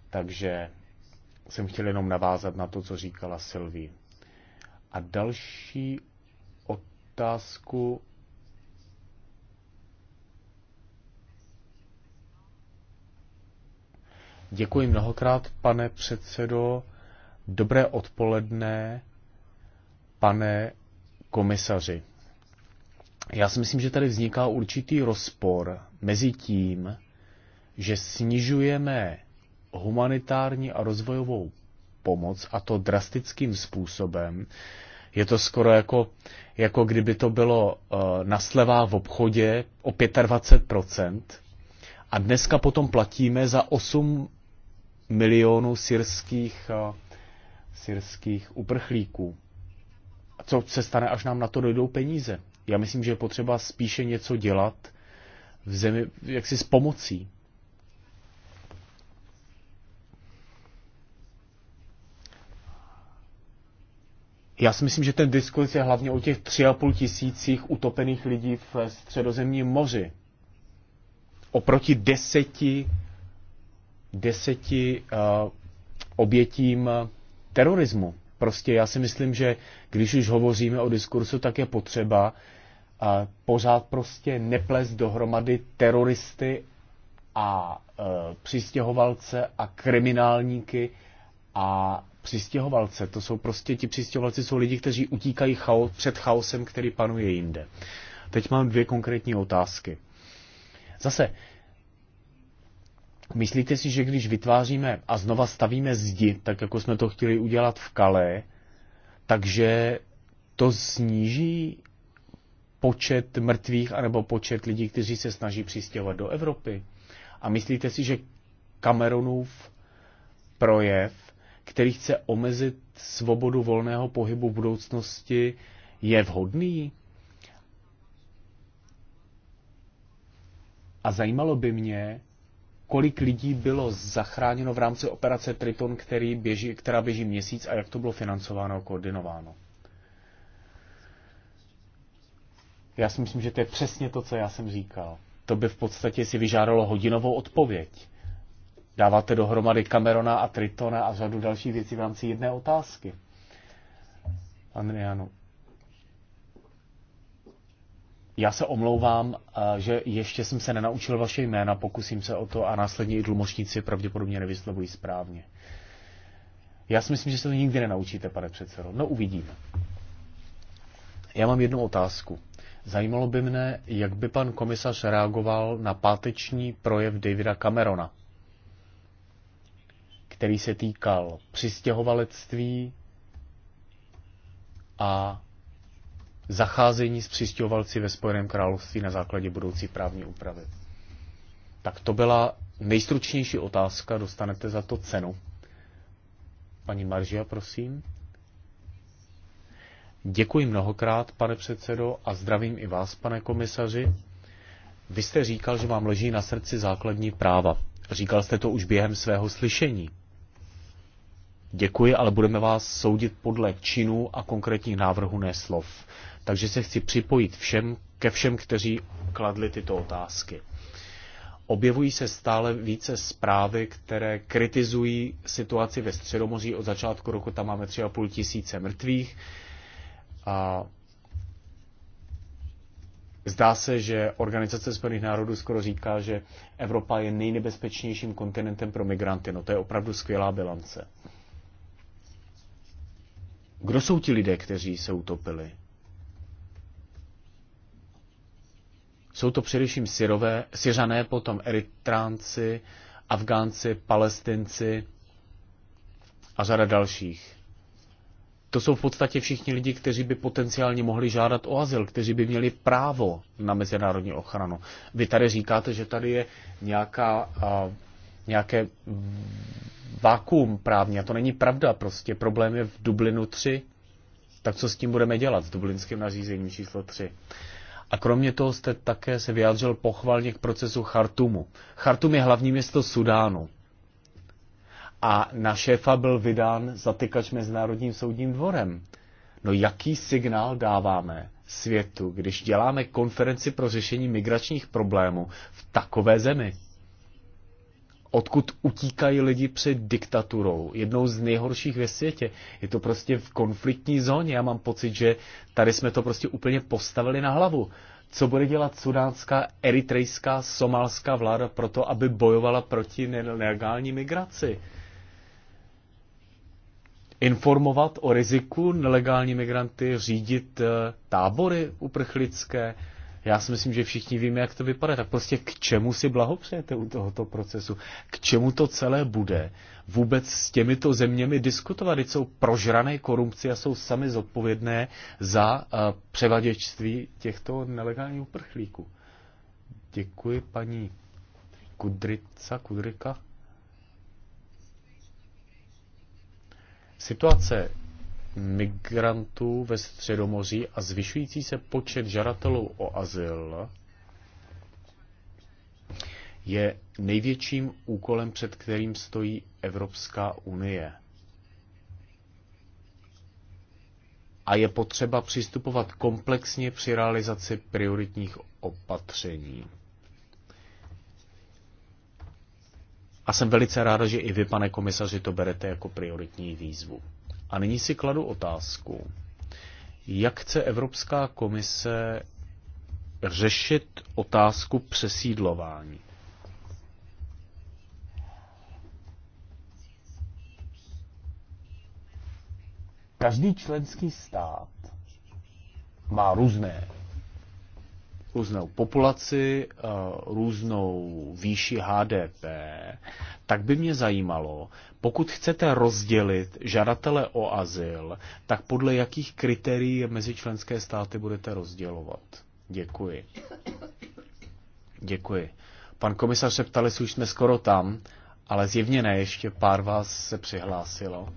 Takže jsem chtěl jenom navázat na to, co říkala Silví. A další otázku Děkuji mnohokrát, pane předsedo. Dobré odpoledne, pane komisaři. Já si myslím, že tady vzniká určitý rozpor mezi tím, že snižujeme humanitární a rozvojovou pomoc a to drastickým způsobem. Je to skoro jako, jako kdyby to bylo uh, na v obchodě o 25%. A dneska potom platíme za 8 milionů syrských, uh, syrských uprchlíků. Co se stane, až nám na to dojdou peníze? Já myslím, že je potřeba spíše něco dělat v zemi, jaksi s pomocí, Já si myslím, že ten diskurs je hlavně o těch tři a půl tisících utopených lidí v středozemním moři. Oproti deseti, deseti uh, obětím eh, terorismu. Prostě já si myslím, že když už hovoříme o diskursu, tak je potřeba uh, pořád prostě neplést dohromady teroristy a uh, přistěhovalce a kriminálníky a přistěhovalce. To jsou prostě, ti přistěhovalci jsou lidi, kteří utíkají chao, před chaosem, který panuje jinde. Teď mám dvě konkrétní otázky. Zase, myslíte si, že když vytváříme a znova stavíme zdi, tak jako jsme to chtěli udělat v Kalé, takže to sníží počet mrtvých anebo počet lidí, kteří se snaží přistěhovat do Evropy? A myslíte si, že Cameronův projev který chce omezit svobodu volného pohybu v budoucnosti, je vhodný? A zajímalo by mě, kolik lidí bylo zachráněno v rámci operace Triton, který běží, která běží měsíc a jak to bylo financováno a koordinováno. Já si myslím, že to je přesně to, co já jsem říkal. To by v podstatě si vyžádalo hodinovou odpověď. Dáváte dohromady Camerona a Tritona a řadu dalších věcí v rámci jedné otázky. Andriano. Já se omlouvám, eh, že ještě jsem se nenaučil vaše jména, pokusím se o to a následně i tlumočníci pravděpodobně nevyslovují správně. Já si myslím, že se to nikdy nenaučíte, pane předsedo. No uvidíme. Já mám jednu otázku. Zajímalo by mne, jak by pan komisař reagoval na páteční projev Davida Camerona který se týkal přistěhovalectví a zacházení s přistěhovalci ve Spojeném království na základě budoucí právní úpravy. Tak to byla nejstručnější otázka, dostanete za to cenu. Paní Maržia, prosím. Děkuji mnohokrát, pane předsedo, a zdravím i vás, pane komisaři. Vy jste říkal, že vám leží na srdci základní práva. Říkal jste to už během svého slyšení. Děkuji, ale budeme vás soudit podle činů a konkrétních návrhů, ne slov. Takže se chci připojit všem, ke všem, kteří kladli tyto otázky. Objevují se stále více zprávy, které kritizují situaci ve Středomoří. Od začátku roku tam máme 3,5 tisíce mrtvých. A Zdá se, že Organizace spojených národů skoro říká, že Evropa je nejnebezpečnějším kontinentem pro migranty. No to je opravdu skvělá bilance. Kdo jsou ti lidé, kteří se utopili? Jsou to především Syrové, Syřané, potom Eritránci, Afgánci, Palestinci a řada dalších. To jsou v podstatě všichni lidi, kteří by potenciálně mohli žádat o azyl, kteří by měli právo na mezinárodní ochranu. Vy tady říkáte, že tady je nějaká nějaké vákuum právně. A to není pravda prostě. Problém je v Dublinu 3. Tak co s tím budeme dělat, s dublinským nařízením číslo 3? A kromě toho jste také se vyjádřil pochvalně k procesu Chartumu. Chartum je hlavní město Sudánu. A na šéfa byl vydán zatykač Mezinárodním soudním dvorem. No jaký signál dáváme světu, když děláme konferenci pro řešení migračních problémů v takové zemi? odkud utíkají lidi před diktaturou, jednou z nejhorších ve světě. Je to prostě v konfliktní zóně. Já mám pocit, že tady jsme to prostě úplně postavili na hlavu. Co bude dělat sudánská, eritrejská, somálská vláda pro to, aby bojovala proti nelegální migraci? Informovat o riziku nelegální migranty, řídit eh, tábory uprchlické, já si myslím, že všichni víme, jak to vypadá. Tak prostě k čemu si blahopřejete u tohoto procesu? K čemu to celé bude? Vůbec s těmito zeměmi diskutovat, když jsou prožrané korupci a jsou sami zodpovědné za eh, převaděčství těchto nelegálních uprchlíků. Děkuji paní Kudrica, Kudrika. Situace migrantů ve Středomoří a zvyšující se počet žadatelů o azyl je největším úkolem, před kterým stojí Evropská unie. A je potřeba přistupovat komplexně při realizaci prioritních opatření. A jsem velice ráda, že i vy, pane komisaři, to berete jako prioritní výzvu. A nyní si kladu otázku, jak chce Evropská komise řešit otázku přesídlování. Každý členský stát má různé různou populaci, eh, různou výši HDP, tak by mě zajímalo, pokud chcete rozdělit žadatele o azyl, tak podle jakých kritérií je mezi členské státy budete rozdělovat? Děkuji. Děkuji. Pan komisař se ptal, už jsme skoro tam, ale zjevně ne, ještě pár vás se přihlásilo.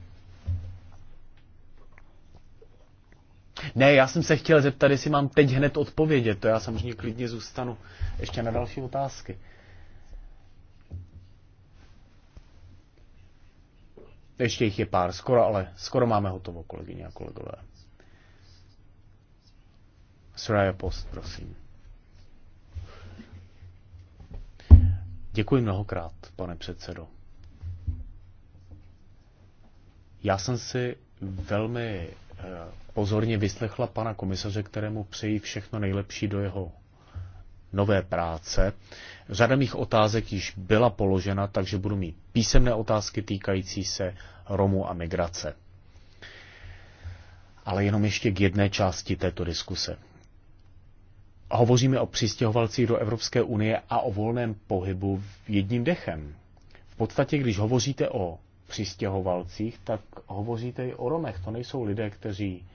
Ne, já jsem se chtěl zeptat, jestli mám teď hned odpovědět. To já samozřejmě klidně zůstanu ještě na další otázky. Ještě jich je pár, skoro, ale skoro máme hotovo, kolegyně a kolegové. Sraje Post, prosím. Děkuji mnohokrát, pane předsedo. Já jsem si velmi pozorně vyslechla pana komisaře, kterému přeji všechno nejlepší do jeho nové práce. Řada mých otázek již byla položena, takže budu mít písemné otázky týkající se Romů a migrace. Ale jenom ještě k jedné části této diskuse. Hovoříme o přistěhovalcích do Evropské unie a o volném pohybu jedním dechem. V podstatě, když hovoříte o přistěhovalcích, tak hovoříte i o Romech. To nejsou lidé, kteří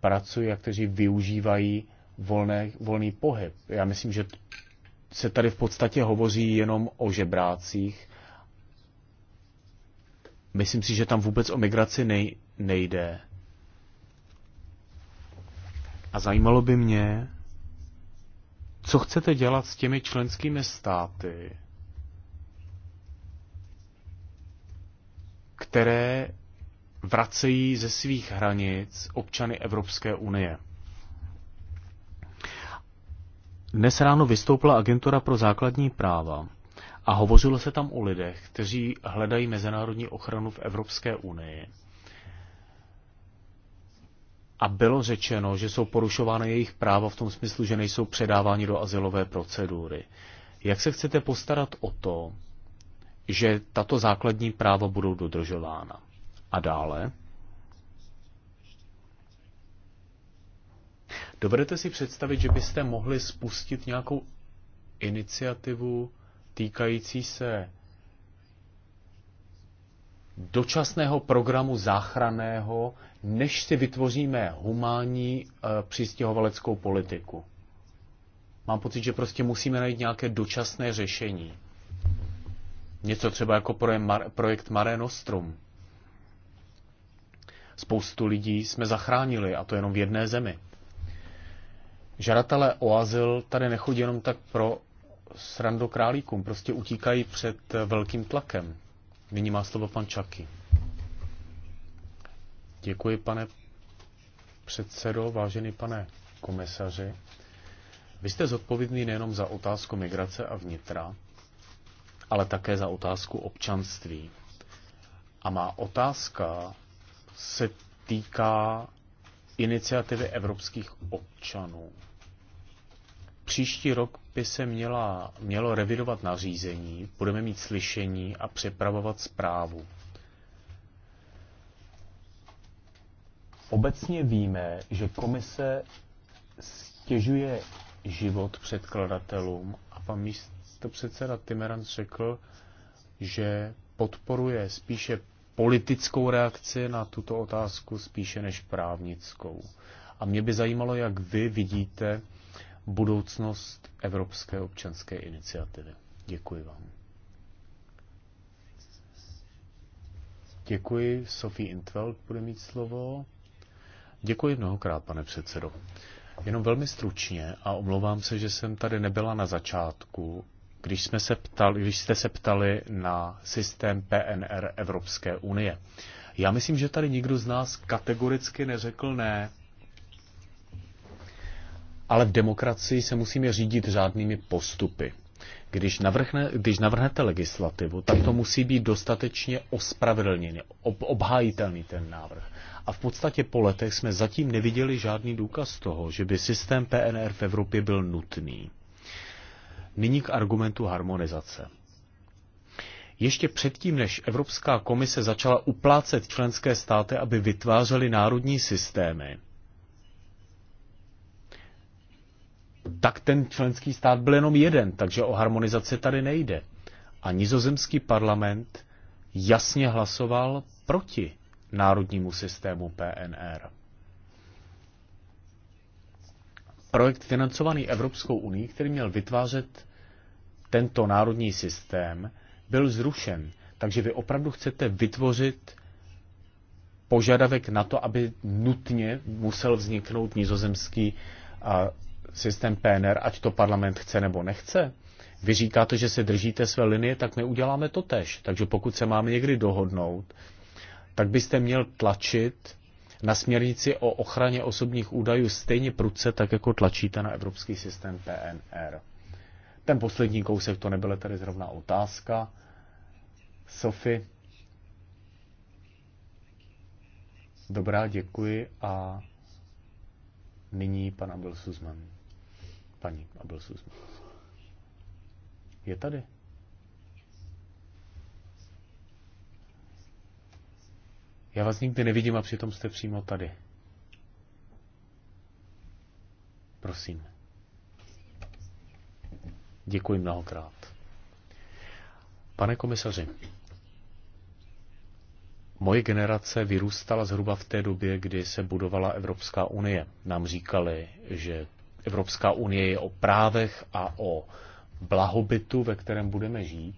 pracují a kteří využívají volné, volný pohyb. Já myslím, že se tady v podstatě hovoří jenom o žebrácích. Myslím si, že tam vůbec o migraci nej, nejde. A zajímalo by mě, co chcete dělat s těmi členskými státy, které vracejí ze svých hranic občany Evropské unie. Dnes ráno vystoupila agentura pro základní práva a hovořilo se tam o lidech, kteří hledají mezinárodní ochranu v Evropské unii. A bylo řečeno, že jsou porušována jejich práva v tom smyslu, že nejsou předáváni do asilové procedury. Jak se chcete postarat o to, že tato základní práva budou dodržována. A dále. Dovedete si představit, že byste mohli spustit nějakou iniciativu týkající se dočasného programu záchraného, než si vytvoříme humánní e, přistěhovaleckou politiku. Mám pocit, že prostě musíme najít nějaké dočasné řešení. Něco třeba jako projekt Mare Nostrum. Spoustu lidí jsme zachránili, a to jenom v jedné zemi. Žadatelé o azyl tady nechodí jenom tak pro srandu králíkům, prostě utíkají před velkým tlakem. Nyní má slovo pan Čaky. Děkuji, pane předsedo, vážený pane komisaři. Vy jste zodpovědný nejenom za otázku migrace a vnitra, ale také za otázku občanství. A má otázka se týká iniciativy evropských občanů. Příští rok by se měla, mělo revidovat nařízení, budeme mít slyšení a připravovat zprávu. Obecně víme, že komise stěžuje život předkladatelům a pan míst, místopředseda Timerans řekl, že podporuje spíše politickou reakci na tuto otázku spíše než právnickou. A mě by zajímalo, jak vy vidíte budoucnost Evropské občanské iniciativy. Děkuji vám. Děkuji. Sophie Intveld bude mít slovo. Děkuji mnohokrát, pane předsedo. Jenom velmi stručně a omlouvám se, že jsem tady nebyla na začátku když, jsme se ptali, když jste se ptali na systém PNR Evropské unie. Já myslím, že tady nikdo z nás kategoricky neřekl ne, ale v demokracii se musíme řídit řádnými postupy. Když, navrhne, když navrhnete legislativu, tak to musí být dostatečně ospravedlněný, ob, obhájitelný ten návrh. A v podstatě po letech jsme zatím neviděli žádný důkaz toho, že by systém PNR v Evropě byl nutný. Nyní k argumentu harmonizace. Ještě předtím, než Evropská komise začala uplácet členské státy, aby vytvářely národní systémy, tak ten členský stát byl jenom jeden, takže o harmonizaci tady nejde. A nizozemský parlament jasně hlasoval proti národnímu systému PNR. projekt financovaný Evropskou unii, který měl vytvářet tento národní systém, byl zrušen. Takže vy opravdu chcete vytvořit požadavek na to, aby nutně musel vzniknout nizozemský systém PNR, ať to parlament chce nebo nechce? Vy říkáte, že se držíte své linie, tak my uděláme to tež. Takže pokud se máme někdy dohodnout, tak byste měl tlačit na směrnici o ochraně osobních údajů stejně prudce, tak jako tlačíte na evropský systém PNR. Ten poslední kousek, to nebyla tady zrovna otázka. Sofie. Dobrá, děkuji a nyní pan Abel Suzman. Paní Abel Suzman. Je tady? Já vás nikdy nevidím a přitom jste přímo tady. Prosím. Děkuji mnohokrát. Pane komisaři, moje generace vyrůstala zhruba v té době, kdy se budovala Evropská unie. Nám říkali, že Evropská unie je o právech a o blahobytu, ve kterém budeme žít.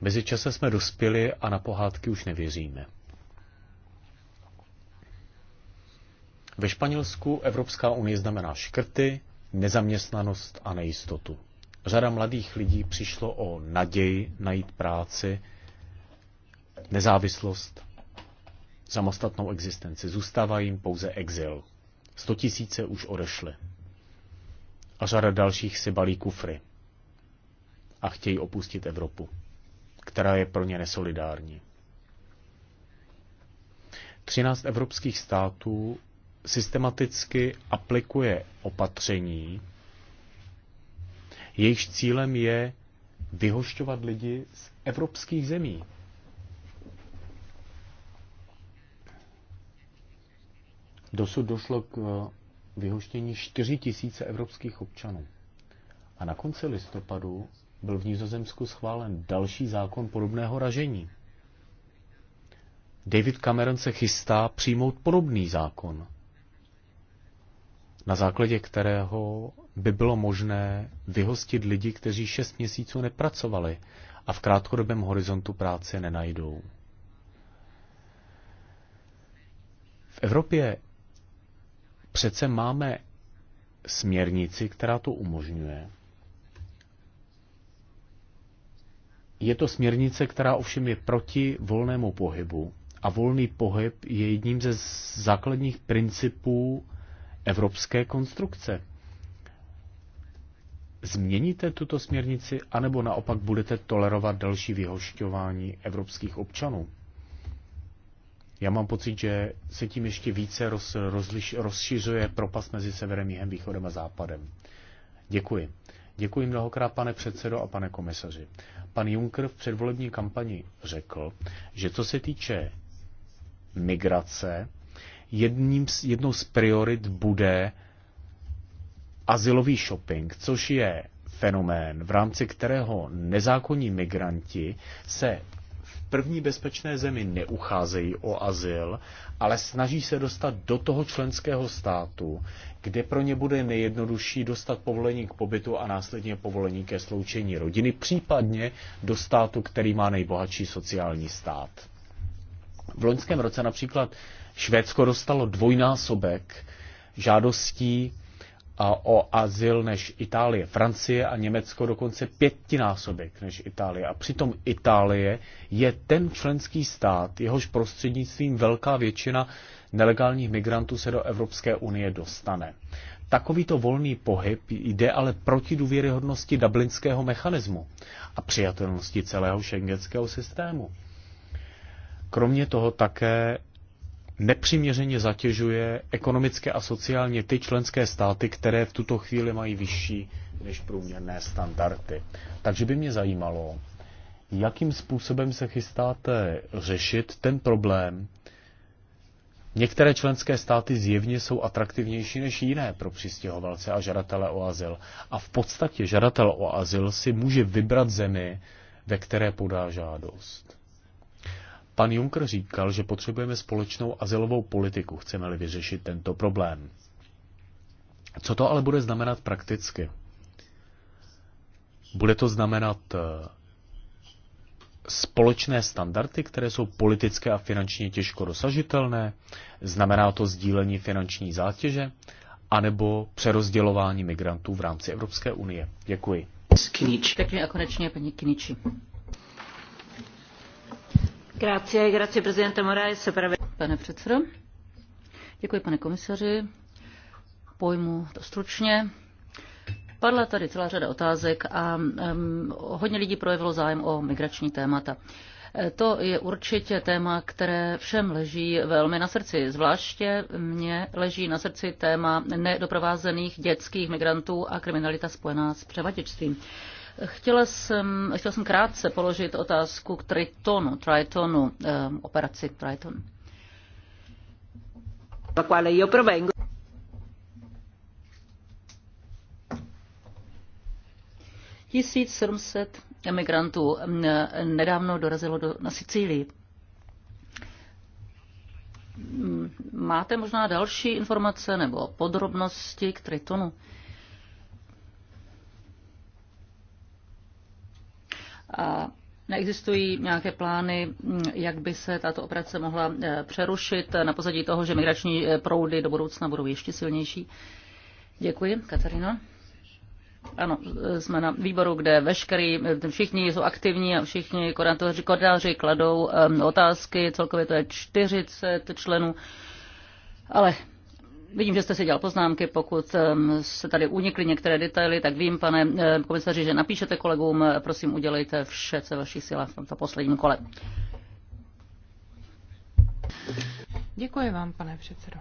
Mezi čase jsme dospěli a na pohádky už nevěříme. Ve Španělsku Evropská unie znamená škrty, nezaměstnanost a nejistotu. Řada mladých lidí přišlo o naději najít práci, nezávislost, samostatnou existenci. Zůstává jim pouze exil. Sto tisíce už odešly. A řada dalších si balí kufry a chtějí opustit Evropu, která je pro ně nesolidární. Třináct evropských států systematicky aplikuje opatření, jejichž cílem je vyhošťovat lidi z evropských zemí. Dosud došlo k vyhoštění 4 tisíce evropských občanů. A na konci listopadu byl v Nizozemsku schválen další zákon podobného ražení. David Cameron se chystá přijmout podobný zákon na základě kterého by bylo možné vyhostit lidi, kteří šest měsíců nepracovali a v krátkodobém horizontu práce nenajdou. V Evropě přece máme směrnici, která to umožňuje. Je to směrnice, která ovšem je proti volnému pohybu a volný pohyb je jedním ze základních principů evropské konstrukce. Změníte tuto směrnici, anebo naopak budete tolerovat další vyhošťování evropských občanů? Já mám pocit, že se tím ještě více roz, rozliš, rozšiřuje propast mezi severem, jihem, východem a západem. Děkuji. Děkuji mnohokrát, pane předsedo a pane komisaři. Pan Juncker v předvolební kampani řekl, že co se týče migrace, jedním z, jednou z priorit bude asilový shopping, což je fenomén, v rámci kterého nezákonní migranti se v první bezpečné zemi neucházejí o azyl, ale snaží se dostat do toho členského státu, kde pro ně bude nejjednodušší dostat povolení k pobytu a následně povolení ke sloučení rodiny, případně do státu, který má nejbohatší sociální stát. V loňském roce například Švédsko dostalo dvojnásobek žádostí o azyl než Itálie. Francie a Německo dokonce pětinásobek než Itálie. A přitom Itálie je ten členský stát, jehož prostřednictvím velká většina nelegálních migrantů se do Evropské unie dostane. Takovýto volný pohyb jde ale proti důvěryhodnosti dublinského mechanismu a přijatelnosti celého šengenského systému. Kromě toho také nepřiměřeně zatěžuje ekonomické a sociálně ty členské státy, které v tuto chvíli mají vyšší než průměrné standardy. Takže by mě zajímalo, jakým způsobem se chystáte řešit ten problém. Některé členské státy zjevně jsou atraktivnější než jiné pro přistěhovalce a žadatele o azyl. A v podstatě žadatel o azyl si může vybrat zemi, ve které podá žádost. Pan Juncker říkal, že potřebujeme společnou azylovou politiku, chceme-li vyřešit tento problém. Co to ale bude znamenat prakticky? Bude to znamenat eh, společné standardy, které jsou politické a finančně těžko dosažitelné? Znamená to sdílení finanční zátěže? anebo přerozdělování migrantů v rámci Evropské unie. Děkuji. Kiniči. Pěkně a konečně paní Kiniči. Pane předsedající děkuji pane komisaři. Pojmu to stručně. Padla tady celá řada otázek a hodně lidí projevilo zájem o migrační témata. E, to je určitě téma, které všem leží velmi na srdci. Zvláště mně leží na srdci téma nedoprovázených dětských migrantů a kriminalita spojená s převaděčstvím. Chtěla jsem, chtěla jsem krátce položit otázku k Tritonu, Tritonu, eh, operaci Triton. Tisíc sedmset emigrantů eh, nedávno dorazilo do, na Sicílii. Hmm, máte možná další informace nebo podrobnosti k Tritonu? a Neexistují nějaké plány, mm, jak by se tato operace mohla eh, přerušit na pozadí toho, že migrační eh, proudy do budoucna budou ještě silnější? Děkuji, Katarina. Ano, eh, jsme na výboru, kde veškerý, všichni jsou aktivní a všichni koordinátoři, koordinátoři kladou um, otázky, celkově to je 40 členů. Ale Vidím, že jste si dělal poznámky, pokud ehm, se tady unikly některé detaily, tak vím, pane ehm, komisaři, že napíšete kolegům, eh, prosím, udělejte vše, co vašich silách v tomto posledním kole. Děkuji vám, pane předsedo.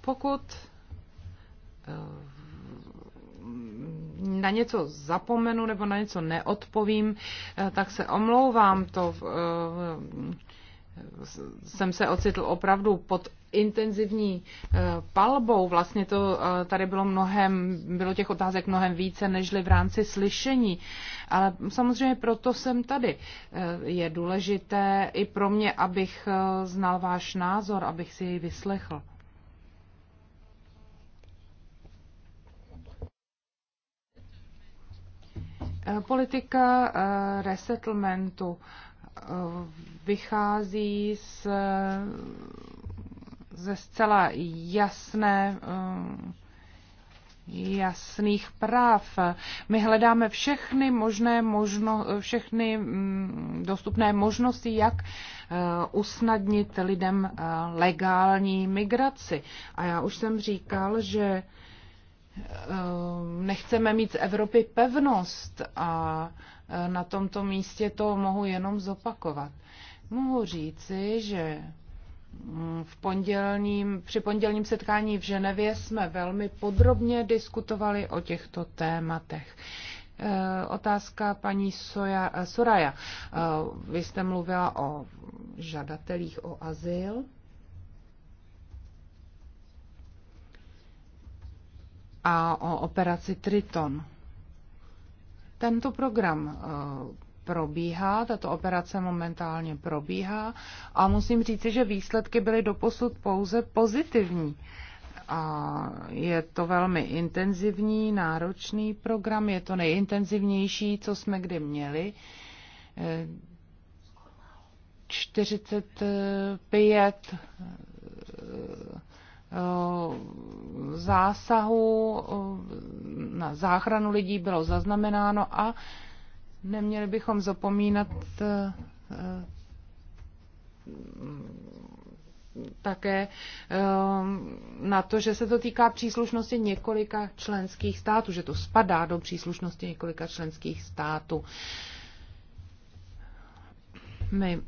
Pokud ehm, na něco zapomenu nebo na něco neodpovím, eh, tak se omlouvám to jsem se ocitl opravdu pod intenzivní eh, palbou. Vlastně to eh, tady bylo mnohem, bylo těch otázek mnohem více, nežli v rámci slyšení. Ale samozřejmě proto jsem tady. Eh, je důležité i pro mě, abych znal váš názor, abych si jej vyslechl. Politika resettlementu vychází z, ze zcela jasné eh, jasných práv. My hledáme všechny možné možno, všechny mm, dostupné možnosti, jak eh, usnadnit lidem eh, legální migraci. A já už jsem říkal, že nechceme mít z Evropy pevnost a Eh, na tomto místě to mohu jenom zopakovat. Mohu říci, že mm, v pondělním, při pondělním setkání v Ženevě jsme velmi podrobně diskutovali o těchto tématech. Eh, otázka paní Soja, eh, Soraya. Vy jste mluvila o žadatelích o azyl. a o operaci Triton. Tento program eh, probíhá, tato operace momentálně probíhá a musím říci, že výsledky byly doposud pouze pozitivní. A je to velmi intenzivní, náročný program, je to nejintenzivnější, co jsme kdy měli. 45 eh, Eh, zásahu eh, na záchranu lidí bylo zaznamenáno a neměli bychom zapomínat eh, také na to, že se to týká příslušnosti několika členských států, že to spadá do příslušnosti několika členských států. My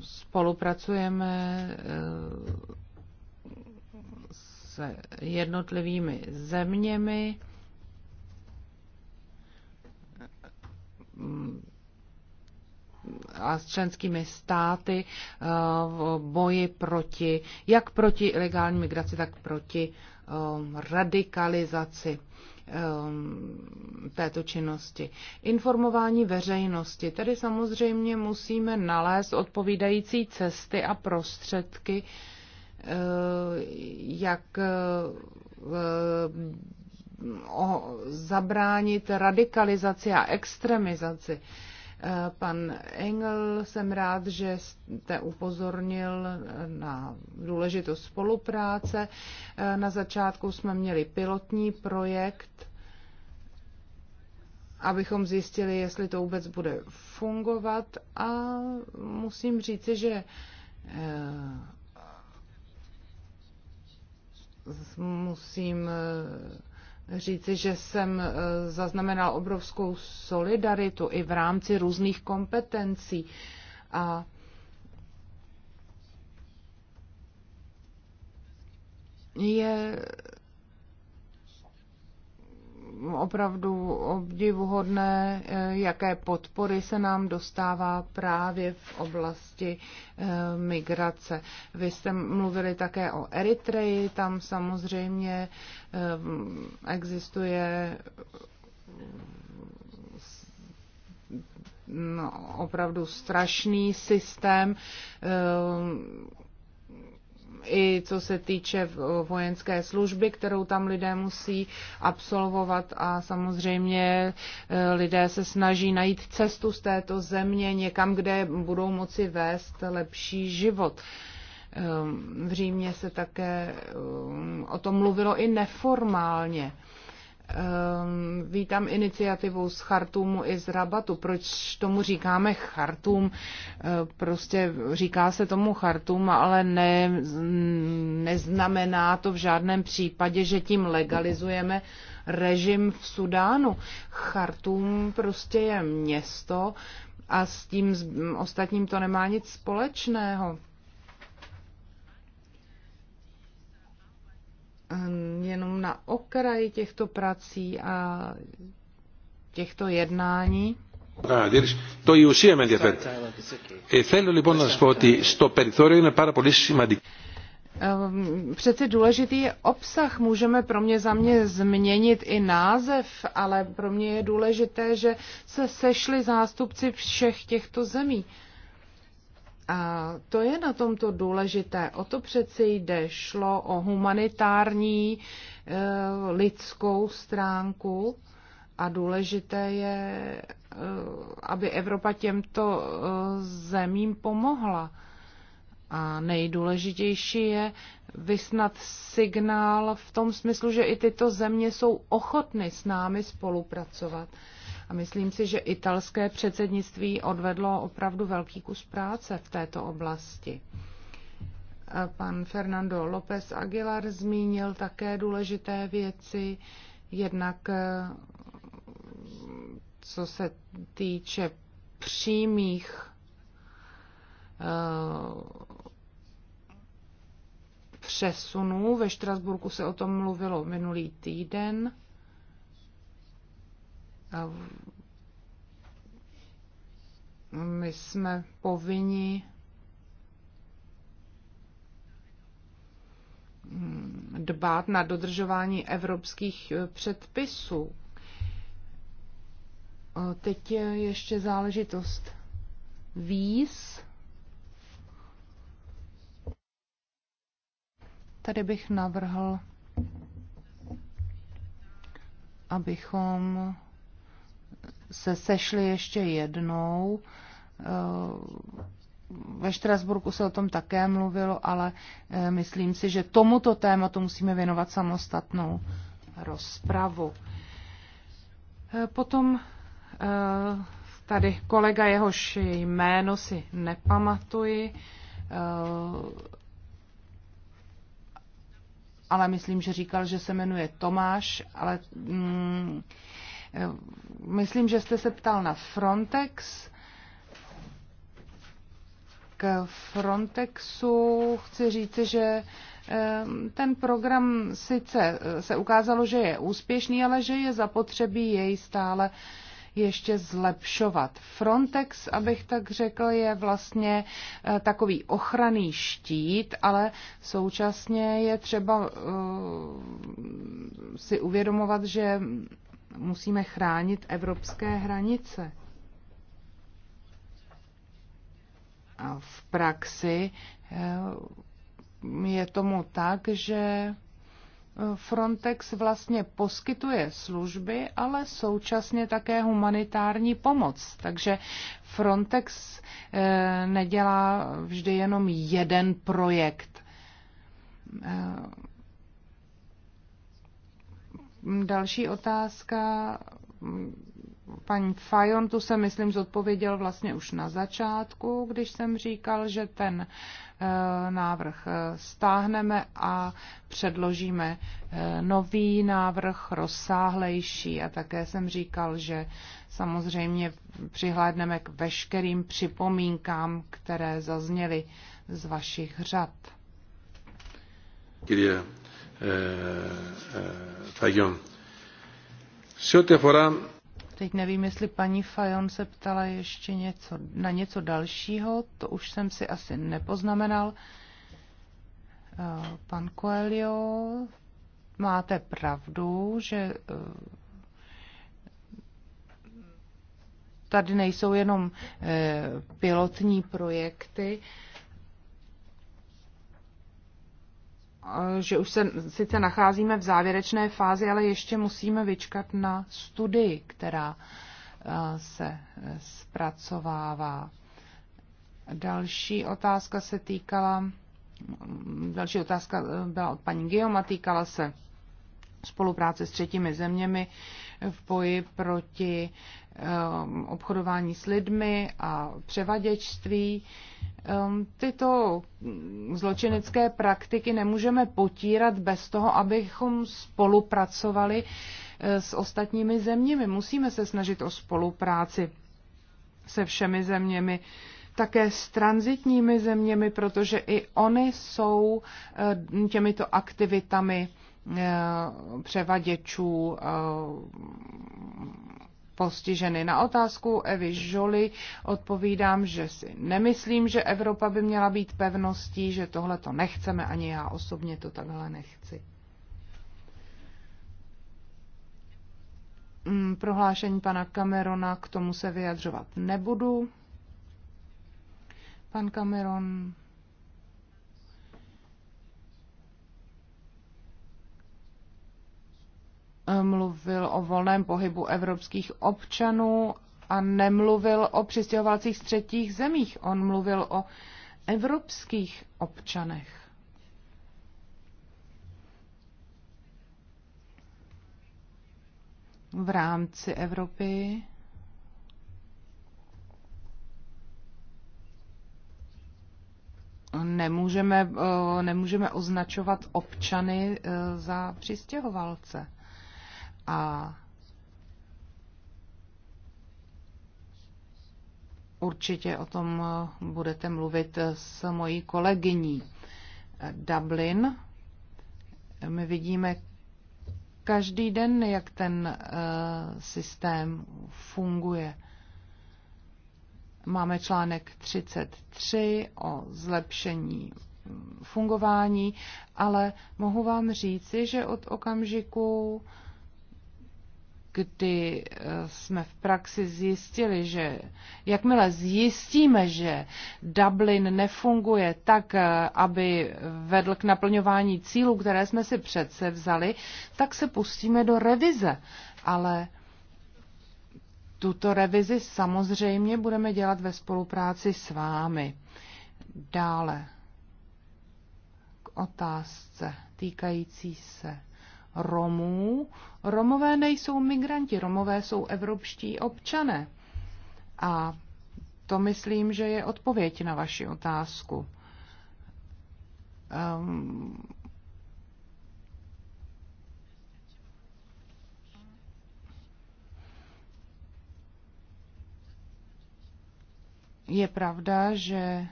Spolupracujeme eh, s jednotlivými zeměmi. a s členskými státy eh, v boji proti, jak proti ilegální migraci, tak proti eh, radikalizaci. Um, této činnosti. Informování veřejnosti. Tady samozřejmě musíme nalézt odpovídající cesty a prostředky, uh, jak uh, zabránit radikalizaci a extremizaci. Pan Engel, jsem rád, že jste upozornil na důležitost spolupráce. Na začátku jsme měli pilotní projekt, abychom zjistili, jestli to vůbec bude fungovat a musím říci, že eh, musím eh, říci, že jsem e, zaznamenal obrovskou solidaritu i v rámci různých kompetencí. A je opravdu obdivuhodné, eh, jaké podpory se nám dostává právě v oblasti eh, migrace. Vy jste mluvili také o Eritreji, tam samozřejmě eh, existuje no, opravdu strašný systém i co se týče vojenské služby, kterou tam lidé musí absolvovat a samozřejmě e, lidé se snaží najít cestu z této země někam, kde budou moci vést lepší život. Ehm, v Římě se také ehm, o tom mluvilo i neformálně. Um, vítám iniciativu z Chartumu i z Rabatu. Proč tomu říkáme Chartum? Eh, prostě říká se tomu Chartum, ale ne, neznamená to v žádném případě, že tím legalizujeme režim v Sudánu. Chartum prostě je město a s tím ostatním to nemá nic společného. Eh, jenom na okraji těchto prací a těchto jednání. Το η ουσία με ενδιαφέρει. Ε, θέλω λοιπόν να σας πω ότι στο περιθώριο είναι πάρα πολύ σημαντικό. Ehm, přece důležitý je obsah. Můžeme pro mě za mě změnit i název, ale pro mě je důležité, že se sešli zástupci všech těchto zemí. A to je na tomto důležité. O to přece jde. Šlo o humanitární eh, lidskou stránku a důležité je, eh, aby Evropa těmto eh, zemím pomohla. A nejdůležitější je vysnat signál v tom smyslu, že i tyto země jsou ochotny s námi spolupracovat. A myslím si, že italské předsednictví odvedlo opravdu velký kus práce v této oblasti. Pan Fernando López Aguilar zmínil také důležité věci, jednak eh, co se týče přímých eh, přesunů. Ve Štrasburku se o tom mluvilo minulý týden. My jsme povinni mm, dbát na dodržování evropských e, předpisů. Teď je ještě záležitost víz. Tady bych navrhl, abychom se sešli ještě jednou. Eh, ve Štrasburku se o tom také mluvilo, ale eh, myslím si, že tomuto tématu musíme věnovat samostatnou rozpravu. Eh, potom tady kolega, jehož jméno si nepamatuji, ale myslím, že říkal, že se jmenuje Tomáš, ale mm, Eh, myslím, že jste se ptal na Frontex. K Frontexu chci říci, že ehm, ten program sice eh, se ukázalo, že je úspěšný, ale že je zapotřebí jej stále ještě zlepšovat. Frontex, abych tak řekl, je vlastně eh, takový ochranný štít, ale současně je třeba si uvědomovat, že musíme chránit evropské hranice. A v praxi eh, je tomu tak, že Frontex vlastně poskytuje služby, ale současně také humanitární pomoc. Takže Frontex eh, nedělá vždy jenom jeden projekt eh, Mm, další otázka, mm, paní Fajon, tu se myslím zodpověděl vlastně už na začátku, když jsem říkal, že ten eh, návrh eh, stáhneme a předložíme eh, nový návrh, rozsáhlejší. A také jsem říkal, že samozřejmě přihlédneme k veškerým připomínkám, které zazněly z vašich řad. je? Eh, eh, Fajon. Teď nevím, jestli paní Fajon se ptala ještě něco, na něco dalšího, to už jsem si asi nepoznamenal. Eh, pan Coelho, máte pravdu, že tady nejsou jenom pilotní projekty, že už se sice nacházíme v závěrečné fázi, ale ještě musíme vyčkat na studii, která eh, se eh, zpracovává. Další otázka se týkala, další otázka eh, byla od paní Gioma, týkala se spolupráce s třetími zeměmi v boji proti Um, obchodování s lidmi a převaděčství. Um, tyto zločinecké praktiky nemůžeme potírat bez toho, abychom spolupracovali uh, s ostatními zeměmi. Musíme se snažit o spolupráci se všemi zeměmi, také s transitními zeměmi, protože i oni jsou eh, těmito aktivitami eh, převaděčů eh, postiženy. Na otázku Evy Žoli odpovídám, že si nemyslím, že Evropa by měla být pevností, že tohle to nechceme, ani já osobně to takhle nechci. Mm, prohlášení pana Camerona k tomu se vyjadřovat nebudu. Pan Cameron mluvil o volném pohybu evropských občanů a nemluvil o přistěhovalcích z třetích zemích. On mluvil o evropských občanech. V rámci Evropy nemůžeme, eh, nemůžeme označovat občany eh, za přistěhovalce a určitě o tom budete mluvit s mojí kolegyní. Dublin. My vidíme každý den, jak ten eh, systém funguje. Máme článek 33 o zlepšení fungování, ale mohu vám říci, že od okamžiku kdy eh, jsme v praxi zjistili, že jakmile zjistíme, že Dublin nefunguje tak, eh, aby vedl k naplňování cílů, které jsme si přece vzali, tak se pustíme do revize. Ale tuto revizi samozřejmě budeme dělat ve spolupráci s vámi. Dále k otázce týkající se Romů. Romové nejsou migranti, Romové jsou evropští občané. A to myslím, že je odpověď na vaši otázku. Um, je pravda, že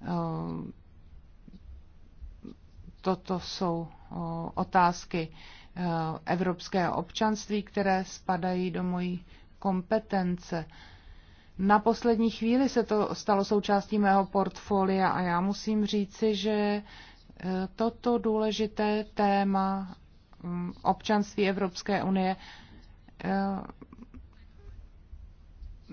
um, Toto jsou otázky e, evropského občanství, které spadají do mojí kompetence. Na poslední chvíli se to stalo součástí mého portfolia a já musím říci, že e, toto důležité téma občanství Evropské unie e,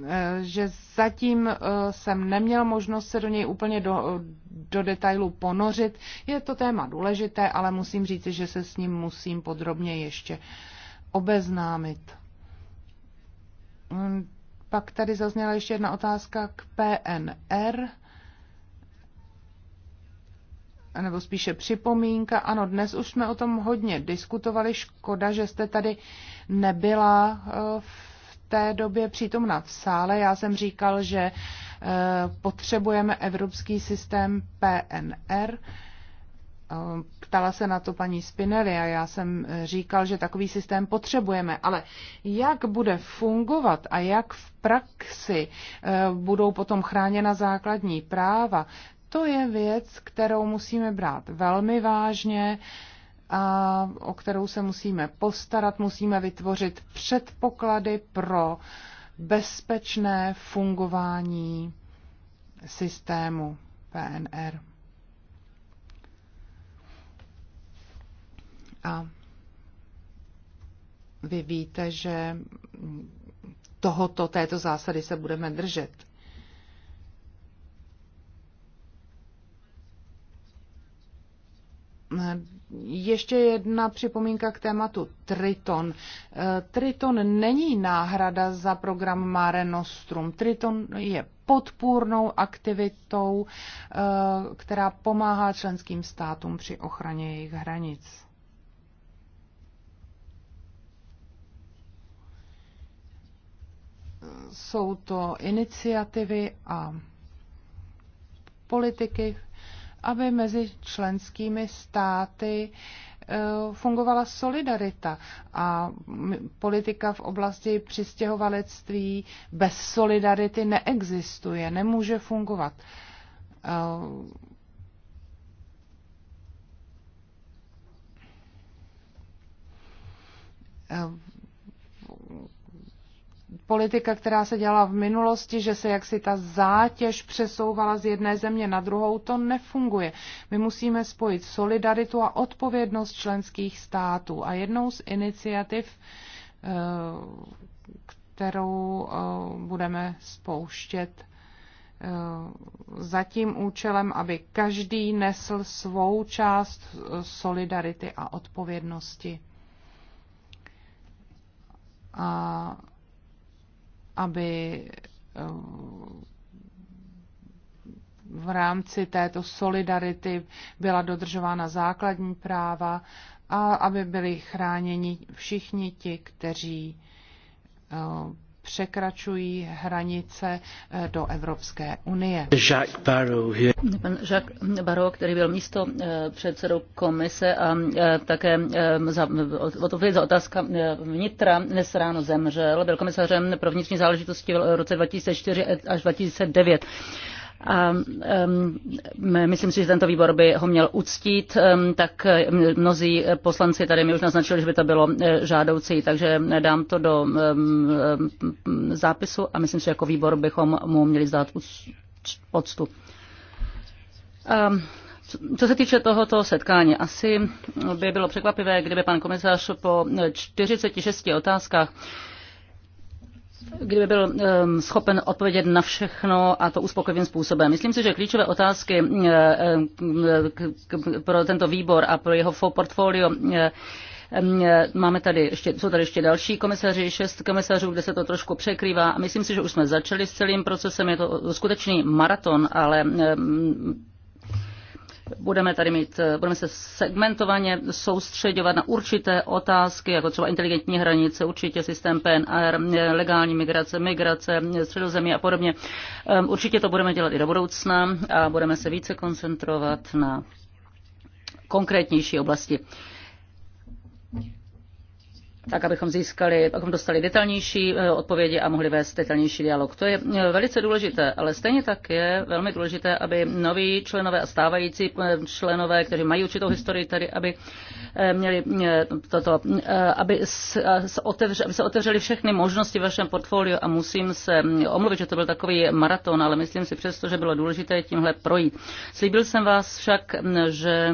Eh, že zatím eh, jsem neměl možnost se do něj úplně do, do detailu ponořit. Je to téma důležité, ale musím říct, že se s ním musím podrobně ještě obeznámit. Hm, pak tady zazněla ještě jedna otázka k PNR nebo spíše připomínka. Ano, dnes už jsme o tom hodně diskutovali. Škoda, že jste tady nebyla eh, v té době přítomna v sále. Já jsem říkal, že eh, potřebujeme evropský systém PNR. Eh, ptala se na to paní Spinelli a já jsem eh, říkal, že takový systém potřebujeme, ale jak bude fungovat a jak v praxi budou potom chráněna základní práva, to je věc, kterou musíme brát velmi vážně a o kterou se musíme postarat. Musíme vytvořit předpoklady pro bezpečné fungování systému PNR. A vy víte, že tohoto, této zásady se budeme držet. ještě jedna připomínka k tématu Triton. Eh, Triton není náhrada za program Mare Nostrum. Triton je podpůrnou aktivitou, eh, která pomáhá členským státům při ochraně jejich hranic. Jsou to iniciativy a politiky, aby mezi členskými státy e, fungovala solidarita a politika v oblasti přistěhovalectví bez solidarity neexistuje, nemůže fungovat. E, e, politika, která se dělala v minulosti, že se jaksi ta zátěž přesouvala z jedné země na druhou, to nefunguje. My musíme spojit solidaritu a odpovědnost členských států. A jednou z iniciativ, eh, kterou eh, budeme spouštět eh, za tím účelem, aby každý nesl svou část solidarity a odpovědnosti. A aby eh, v rámci této solidarity byla dodržována základní práva a aby byli chráněni všichni ti, kteří eh, překračují hranice eh, do Evropské unie. Jacques Barrot, je... Pan Jacques Barrot, který byl místo eh, předsedou komise a eh, také za, odpověď za otázka vnitra, dnes ráno zemřel, byl komisařem pro vnitřní záležitosti v roce 2004 až 2009. A um, myslím si, že tento výbor by ho měl uctít, um, tak um, mnozí poslanci tady mi už naznačili, že by to bylo uh, žádoucí, takže dám to do um, um, zápisu a myslím si, že jako výbor bychom mu měli zdát poctu. Um, co se týče tohoto setkání, asi by bylo překvapivé, kdyby pan komisař po 46 otázkách kdyby byl schopen odpovědět na všechno a to uspokojivým způsobem. Myslím si, že klíčové otázky pro tento výbor a pro jeho portfolio Máme tady ještě, jsou tady ještě další komisaři, šest komisařů, kde se to trošku překrývá. Myslím si, že už jsme začali s celým procesem. Je to skutečný maraton, ale Budeme tady mít, budeme se segmentovaně soustředovat na určité otázky, jako třeba inteligentní hranice, určitě systém PNR, legální migrace, migrace, středozemí a podobně. Ehm, určitě to budeme dělat i do budoucna a budeme se více koncentrovat na konkrétnější oblasti tak abychom získali, abychom dostali detailnější eh, odpovědi a mohli vést detailnější dialog. To je eh, velice důležité, ale stejně tak je velmi důležité, aby noví členové a stávající eh, členové, kteří mají určitou historii tady, aby měli toto, aby se, otevře, aby se otevřeli všechny možnosti v vašem portfoliu a musím se hm, omluvit, že to byl takový maraton, ale myslím si přesto, že bylo důležité tímhle projít. Slíbil jsem vás však, hm, že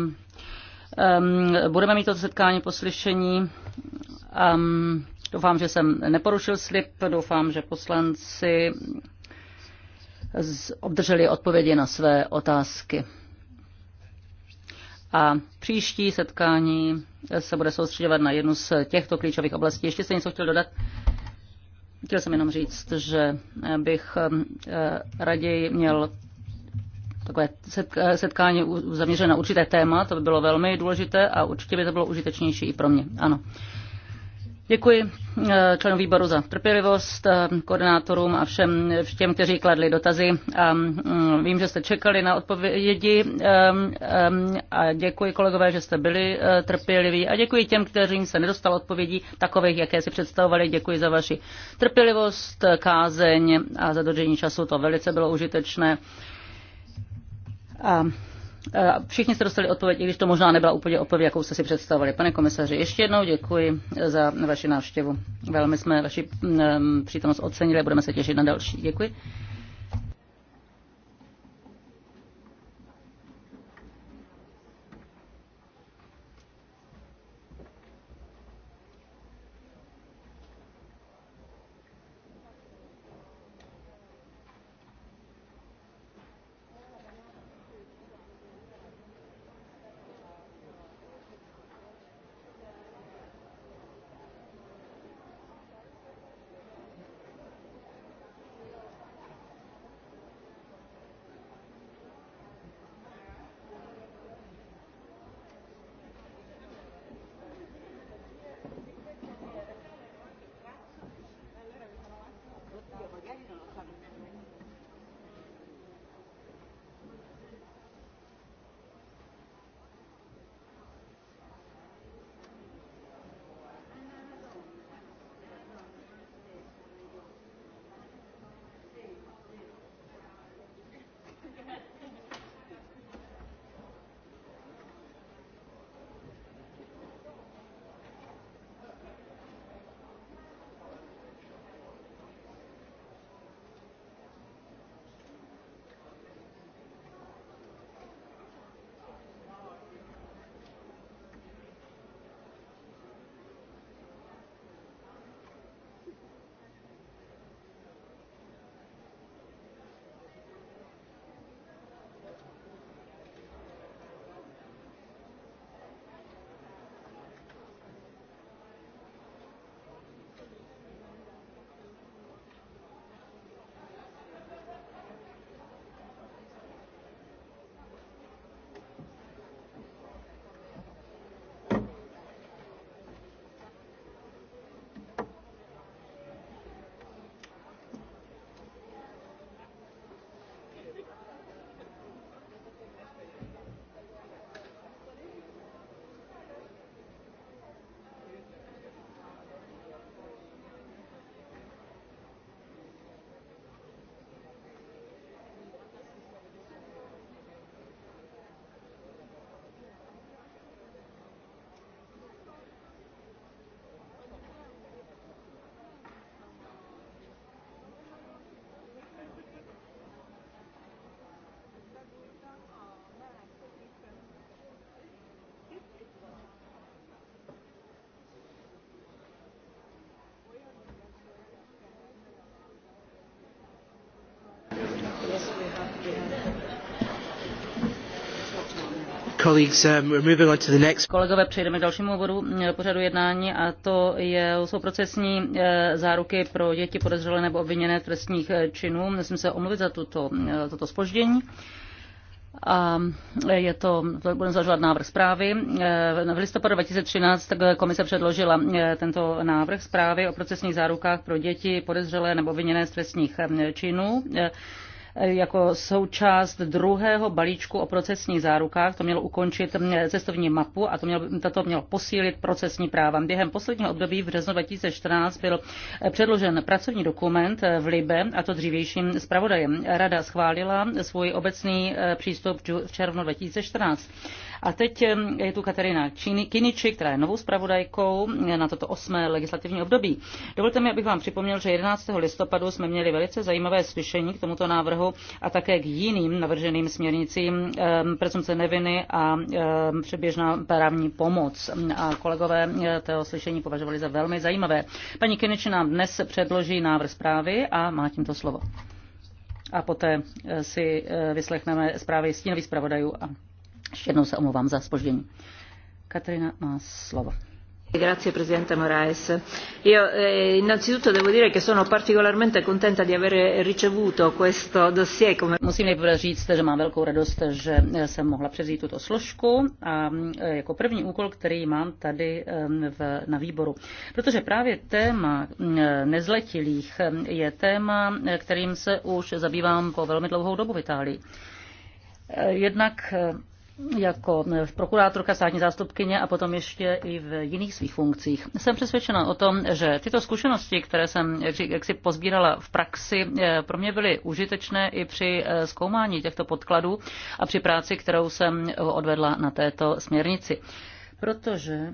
hm, budeme mít toto setkání poslyšení Um, doufám, že jsem neporušil slib, doufám, že poslanci obdrželi odpovědi na své otázky. A příští setkání se bude soustředovat na jednu z těchto klíčových oblastí. Ještě jsem něco chtěl dodat? Chtěl jsem jenom říct, že bych um, eh, raději měl takové eh, setkání zaměřené na určité téma, to by bylo velmi důležité a určitě by to bylo užitečnější i pro mě. Ano. Děkuji eh, členům výboru za trpělivost, eh, koordinátorům a všem těm, kteří kladli dotazy. A mm, vím, že jste čekali na odpovědi eh, a děkuji kolegové, že jste byli trpěliví a děkuji těm, kteří se nedostal odpovědí takových, jaké si představovali. Děkuji za vaši trpělivost, kázeň a za dodržení času. To velice bylo užitečné. A Eh, všichni jste dostali odpověď, i když to možná nebyla úplně odpověď, jakou jste si představovali. Pane komisaři, ještě jednou děkuji za vaši návštěvu. Velmi jsme vaši mm, eh, přítomnost ocenili a budeme se těšit na další. Děkuji. Um, Kolegové, přejdeme k dalšímu bodu eh, pořadu jednání a to je, jsou procesní eh, záruky pro děti podezřelé nebo obviněné trestních eh, činů. Musím se omluvit za tuto, toto spoždění. A je to, to budeme zažívat návrh zprávy. V listopadu 2013 tak komise předložila tento návrh zprávy o procesních zárukách pro děti podezřelé nebo obviněné z trestních činů jako součást druhého balíčku o procesních zárukách. To mělo ukončit cestovní mapu a to mělo, tato mělo posílit procesní práva. Během posledního období v březnu 2014 byl předložen pracovní dokument v Libe a to dřívějším zpravodajem. Rada schválila svůj obecný přístup v červnu 2014. A teď je tu Katerina Kiniči, která je novou zpravodajkou na toto osmé legislativní období. Dovolte mi, abych vám připomněl, že 11. listopadu jsme měli velice zajímavé slyšení k tomuto návrhu a také k jiným navrženým směrnicím prezumce neviny a předběžná právní pomoc. A kolegové eh, toho slyšení považovali za velmi zajímavé. Paní Kiniči nám dnes předloží návrh zprávy a má tímto slovo. A poté eh, si eh, vyslechneme zprávy stínových zpravodajů a ještě jednou se omlouvám za spoždění. Katarina má slovo. Grazie Presidente Moraes. Io eh, innanzitutto devo dire che sono particolarmente contenta di aver ricevuto questo dossier. Come... Musím nejprve říct, že mám velkou radost, že jsem mohla převzít tuto složku a eh, jako první úkol, který mám tady eh, v, na výboru. Protože právě téma eh, nezletilých je téma, kterým se už zabývám po velmi dlouhou dobu v Itálii. Jednak jako eh, prokurátorka státní zástupkyně a potom ještě i v jiných svých funkcích. Jsem přesvědčena o tom, že tyto zkušenosti, které jsem jak pozbírala v praxi, eh, pro mě byly užitečné i při eh, zkoumání těchto podkladů a při práci, kterou jsem odvedla na této směrnici. Protože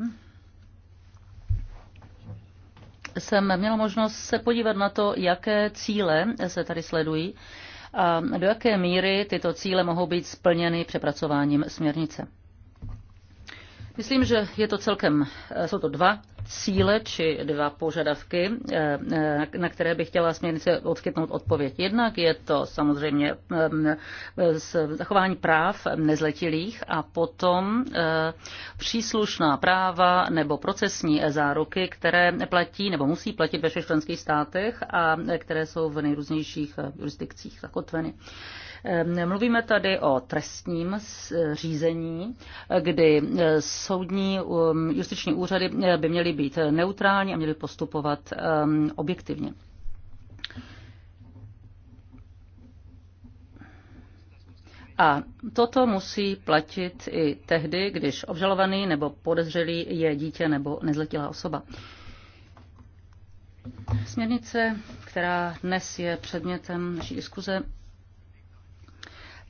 jsem měla možnost se podívat na to, jaké cíle se tady sledují a do jaké míry tyto cíle mohou být splněny přepracováním směrnice. Myslím, že je to celkem, jsou to dva cíle či dva požadavky, eh, eh, na které bych chtěla směrnice odskytnout odpověď. Jednak je to samozřejmě eh, zachování práv nezletilých a potom příslušná práva nebo procesní záruky, které platí nebo musí platit ve všech členských státech a které jsou v nejrůznějších jurisdikcích zakotveny. Mluvíme tady o trestním řízení, kdy soudní um, justiční úřady by měly být neutrální a měli postupovat um, objektivně. A toto musí platit i tehdy, když obžalovaný nebo podezřelý je dítě nebo nezletilá osoba. Směrnice, která dnes je předmětem naší diskuze,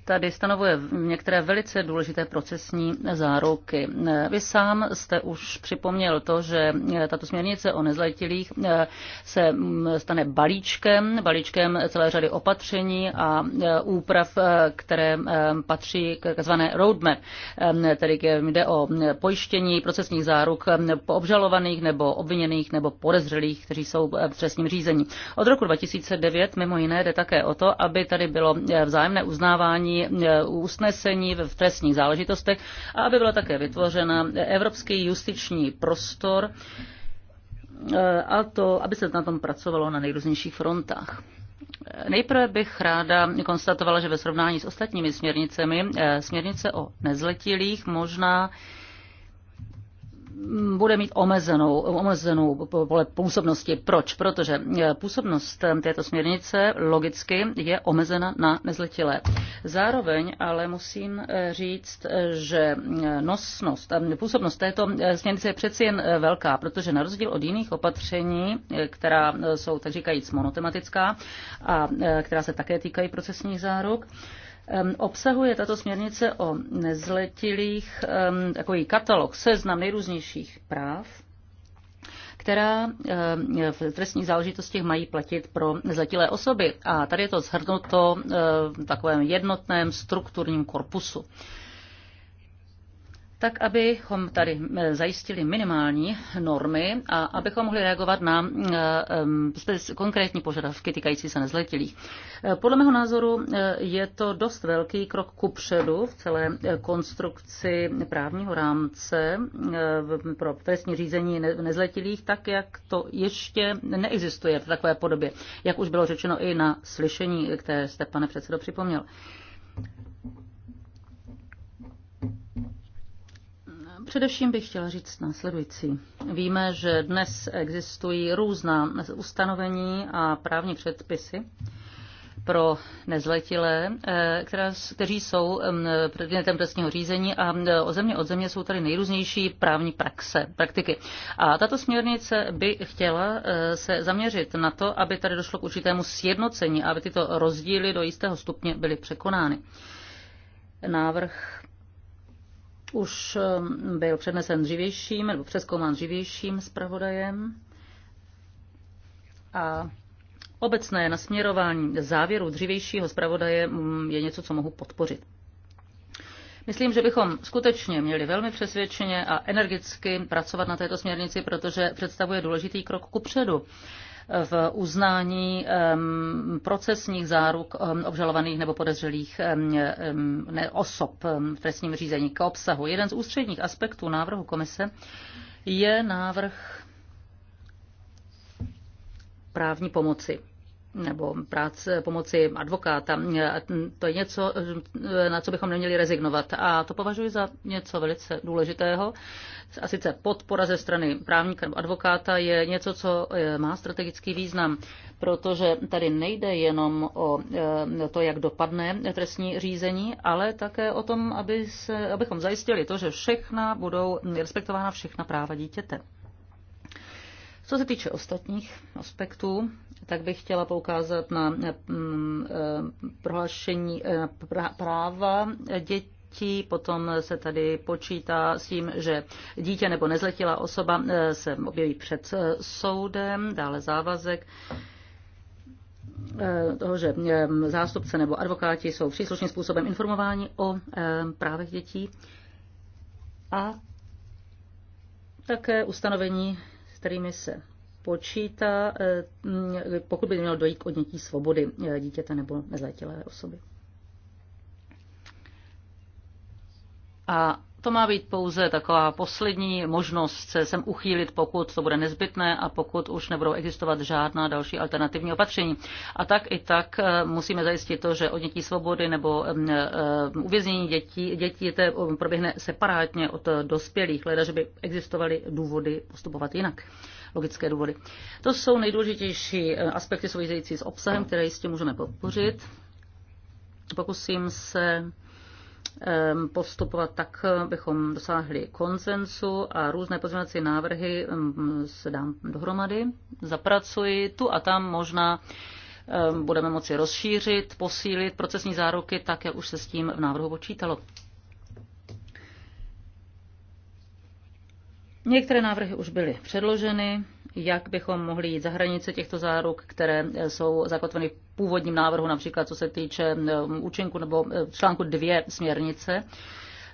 tady stanovuje některé velice důležité procesní záruky. Vy sám jste už připomněl to, že tato směrnice o nezletilých eh, se mm, stane balíčkem, balíčkem celé řady opatření a eh, úprav, eh, které patří k tzv. roadmap, tedy jde o mm, pojištění procesních záruk obžalovaných nebo obviněných nebo podezřelých, kteří jsou v trestním řízení. Od roku 2009 mimo jiné jde také o to, aby tady bylo vzájemné uznávání Eh, usnesení v trestních záležitostech a aby byla také vytvořena evropský justiční prostor eh, a to, aby se na tom pracovalo na nejrůznějších frontách. Nejprve bych ráda konstatovala, že ve srovnání s ostatními směrnicemi, eh, směrnice o nezletilých možná bude mít omezenou, omezenou působnosti. Proč? Protože eh, působnost eh, této směrnice logicky je omezena na nezletilé. Zároveň ale musím eh, říct, že nosnost, působnost této směrnice je přeci jen velká, protože na rozdíl od jiných opatření, která jsou tak říkajíc monotematická a která se také týkají procesních záruk, Obsahuje tato směrnice o nezletilých takový katalog, seznam nejrůznějších práv, která v trestních záležitostech mají platit pro nezletilé osoby. A tady je to zhrnuto v takovém jednotném strukturním korpusu tak abychom tady eh, zajistili minimální normy a abychom mohli reagovat na eh, eh, konkrétní požadavky týkající se nezletilých. Podle mého názoru je to dost velký krok kupředu v celé konstrukci právního rámce pro trestní řízení nezletilých, tak jak to ještě neexistuje v takové podobě, jak už bylo řečeno i na slyšení, které jste, pane předsedo, připomněl. Především bych chtěla říct následující. Víme, že dnes existují různá ustanovení a právní předpisy pro nezletilé, eh, které, kteří jsou mm, předmětem trestního řízení a eh, o země od země jsou tady nejrůznější právní praxe, praktiky. A tato směrnice by chtěla eh, se zaměřit na to, aby tady došlo k určitému sjednocení, aby tyto rozdíly do jistého stupně byly překonány. Návrh už eh, byl přednesen dřívějším nebo přeskoumán dřívějším zpravodajem a obecné nasměrování závěru dřívějšího zpravodaje mm, je něco, co mohu podpořit. Myslím, že bychom skutečně měli velmi přesvědčeně a energicky pracovat na této směrnici, protože představuje důležitý krok kupředu v uznání procesních záruk obžalovaných nebo podezřelých osob v trestním řízení k obsahu. Jeden z ústředních aspektů návrhu komise je návrh právní pomoci nebo práce pomoci advokáta, to je něco, na co bychom neměli rezignovat. A to považuji za něco velice důležitého. A sice podpora ze strany právníka nebo advokáta je něco, co eh, má strategický význam, protože tady nejde jenom o eh, to, jak dopadne trestní řízení, ale také o tom, aby se, abychom zajistili to, že všechna budou respektována všechna práva dítěte. Co se týče ostatních aspektů, tak bych chtěla poukázat na eh, mm, eh, prohlášení eh, práva dětí potom se tady počítá s tím, že dítě nebo nezletilá osoba se objeví před soudem, dále závazek toho, že zástupce nebo advokáti jsou příslušným způsobem informováni o právech dětí a také ustanovení, s kterými se počítá, eh, pokud by mělo dojít k odnětí svobody eh, dítěte nebo nezletilé osoby. A to má být pouze taková poslední možnost se sem uchýlit, pokud to bude nezbytné a pokud už nebudou existovat žádná další alternativní opatření. A tak i tak eh, musíme zajistit to, že odnětí svobody nebo eh, eh, uvěznění dětí, dětí to proběhne separátně od dospělých, leda, že by existovaly důvody postupovat jinak logické důvody. To jsou nejdůležitější aspekty související s obsahem, které jistě můžeme podpořit. Pokusím se postupovat tak, bychom dosáhli konsenzu a různé pozměňovací návrhy se dám dohromady, zapracuji tu a tam možná budeme moci rozšířit, posílit procesní záruky tak, jak už se s tím v návrhu počítalo. Některé návrhy už byly předloženy, jak bychom mohli jít za hranice těchto záruk, které jsou zakotveny v původním návrhu, například co se týče um, účinku nebo uh, článku dvě směrnice.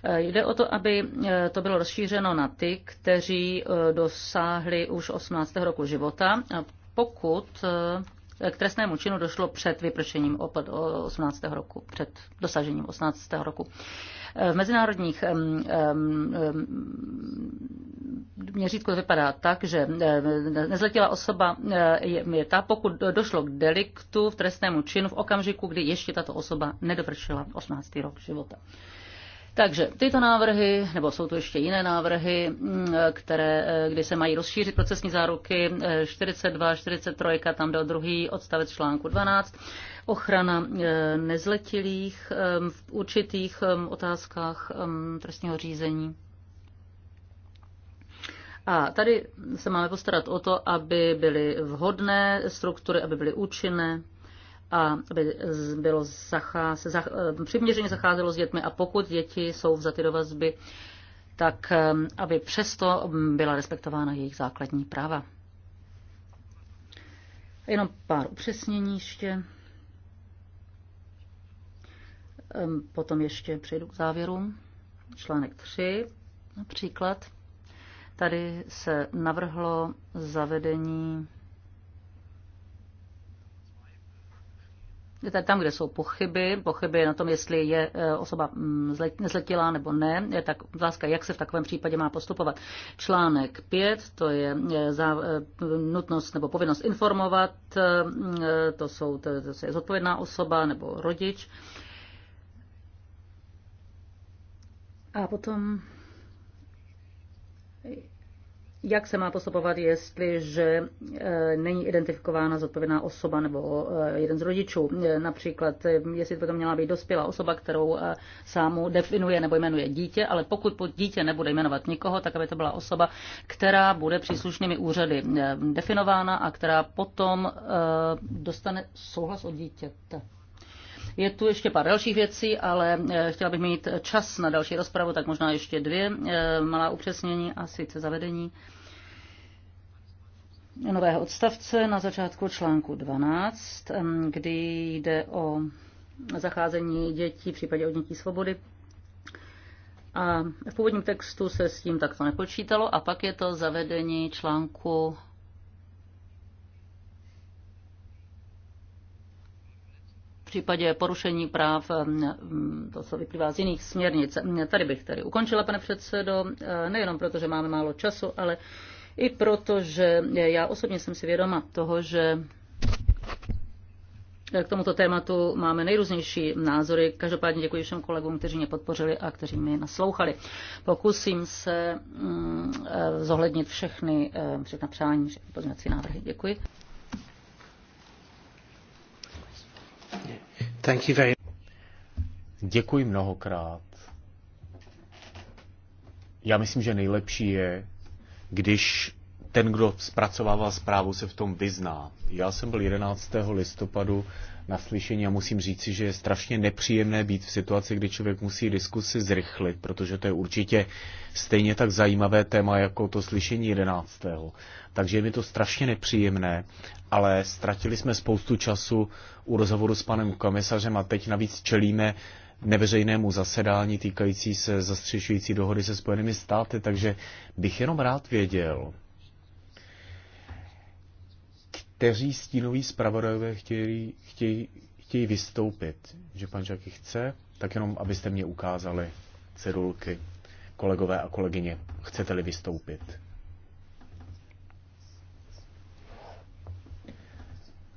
Uh, jde o to, aby uh, to bylo rozšířeno na ty, kteří dosáhli už 18. roku života, pokud k trestnému činu došlo před vypršením 18. roku, před dosažením 18. roku. V mezinárodních měřítko to vypadá tak, že nezletilá osoba eh, je, je ta, pokud došlo k deliktu v trestnému činu v okamžiku, kdy ještě tato osoba nedovršila 18. rok života. Takže tyto návrhy, nebo jsou tu ještě jiné návrhy, mm, které, eh, kdy se mají rozšířit procesní záruky 42, eh, 43, tam do druhý odstavec článku 12 ochrana eh, nezletilých v určitých otázkách trestního řízení. A tady se máme postarat o to, aby byly vhodné struktury, aby byly účinné a aby bylo zacház, zach, přiměřeně zacházelo s dětmi a pokud děti jsou vzaty do vazby, tak aby přesto byla respektována jejich základní práva. Jenom pár upřesnění ještě. Potom ještě přejdu k závěru. Článek 3 například. Tady se navrhlo zavedení tam, kde jsou pochyby, pochyby na tom, jestli je e, osoba mm, nezletilá nebo ne, je tak otázka, jak se v takovém případě má postupovat. Článek 5, to je e, za, e, nutnost nebo povinnost informovat, to, jsou, to, to je zodpovědná osoba nebo rodič. A potom jak se má postupovat, jestliže e, není identifikována zodpovědná osoba nebo e, jeden z rodičů? E, například, jestli by to měla být dospělá osoba, kterou sámu definuje nebo jmenuje dítě, ale pokud pod dítě nebude jmenovat nikoho, tak aby to byla osoba, která bude příslušnými úřady definována a která potom dostane souhlas od dítěte. Je tu ještě pár dalších věcí, ale eh, chtěla bych mít čas na další rozpravu, tak možná ještě dvě eh, malá upřesnění a sice zavedení nového odstavce na začátku článku 12, kdy jde o zacházení dětí v případě odnětí svobody. A v původním textu se s tím takto nepočítalo a pak je to zavedení článku případě porušení práv, eh, to, co vyplývá z jiných směrnic. Tady bych tady ukončila, pane předsedo, eh, nejenom proto, že máme málo času, ale i proto, že já osobně jsem si vědoma toho, že k tomuto tématu máme nejrůznější názory. Každopádně děkuji všem kolegům, kteří mě podpořili a kteří mě naslouchali. Pokusím se mm, eh, zohlednit všechny, všechna přání, všechny pozměňovací návrhy. Děkuji. Thank you very... Děkuji mnohokrát. Já myslím, že nejlepší je, když ten, kdo zpracovává zprávu, se v tom vyzná. Já jsem byl 11. listopadu na slyšení a musím říci, že je strašně nepříjemné být v situaci, kdy člověk musí diskusy zrychlit, protože to je určitě stejně tak zajímavé téma jako to slyšení 11. Takže je mi to strašně nepříjemné, ale ztratili jsme spoustu času u rozhovoru s panem komisařem a teď navíc čelíme neveřejnému zasedání týkající se zastřešující dohody se Spojenými státy, takže bych jenom rád věděl, kteří stínoví zpravodajové chtějí, chtějí, chtějí vystoupit. Že pan Žaky chce, tak jenom abyste mě ukázali cedulky, kolegové a kolegyně, chcete-li vystoupit.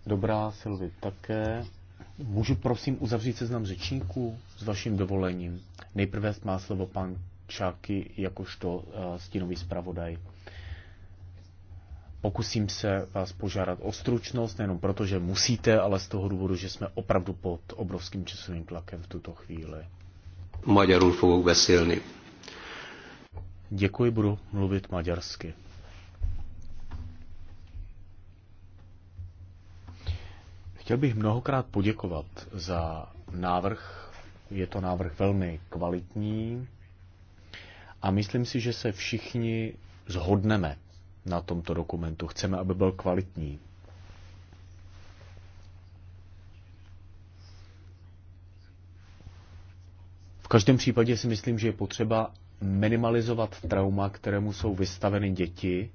Dobrá, Silvi, také. Můžu prosím uzavřít seznam řečníků s vaším dovolením? Nejprve má slovo pan Čáky jakožto eh, stínový zpravodaj. Pokusím se vás požádat o stručnost, nejenom proto, že musíte, ale z toho důvodu, že jsme opravdu pod obrovským časovým tlakem v tuto chvíli. Maďarul fogok beszélni. Děkuji, budu mluvit maďarsky. Chtěl bych mnohokrát poděkovat za návrh. Je to návrh velmi kvalitní a myslím si, že se všichni zhodneme na tomto dokumentu. Chceme, aby byl kvalitní. V každém případě si myslím, že je potřeba minimalizovat trauma, kterému jsou vystaveny děti.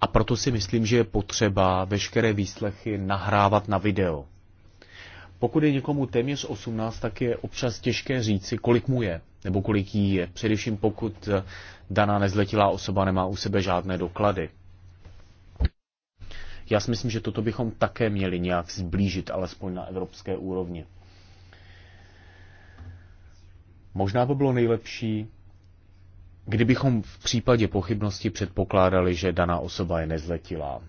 A proto si myslím, že je potřeba veškeré výslechy nahrávat na video. Pokud je někomu téměř 18, tak je občas těžké říci, kolik mu je, nebo kolik jí je, především pokud eh, daná nezletilá osoba nemá u sebe žádné doklady. Já si myslím, že toto bychom také měli nějak zblížit, alespoň na evropské úrovni. Možná by bylo nejlepší, kdybychom v případě pochybnosti předpokládali, že daná osoba je nezletilá.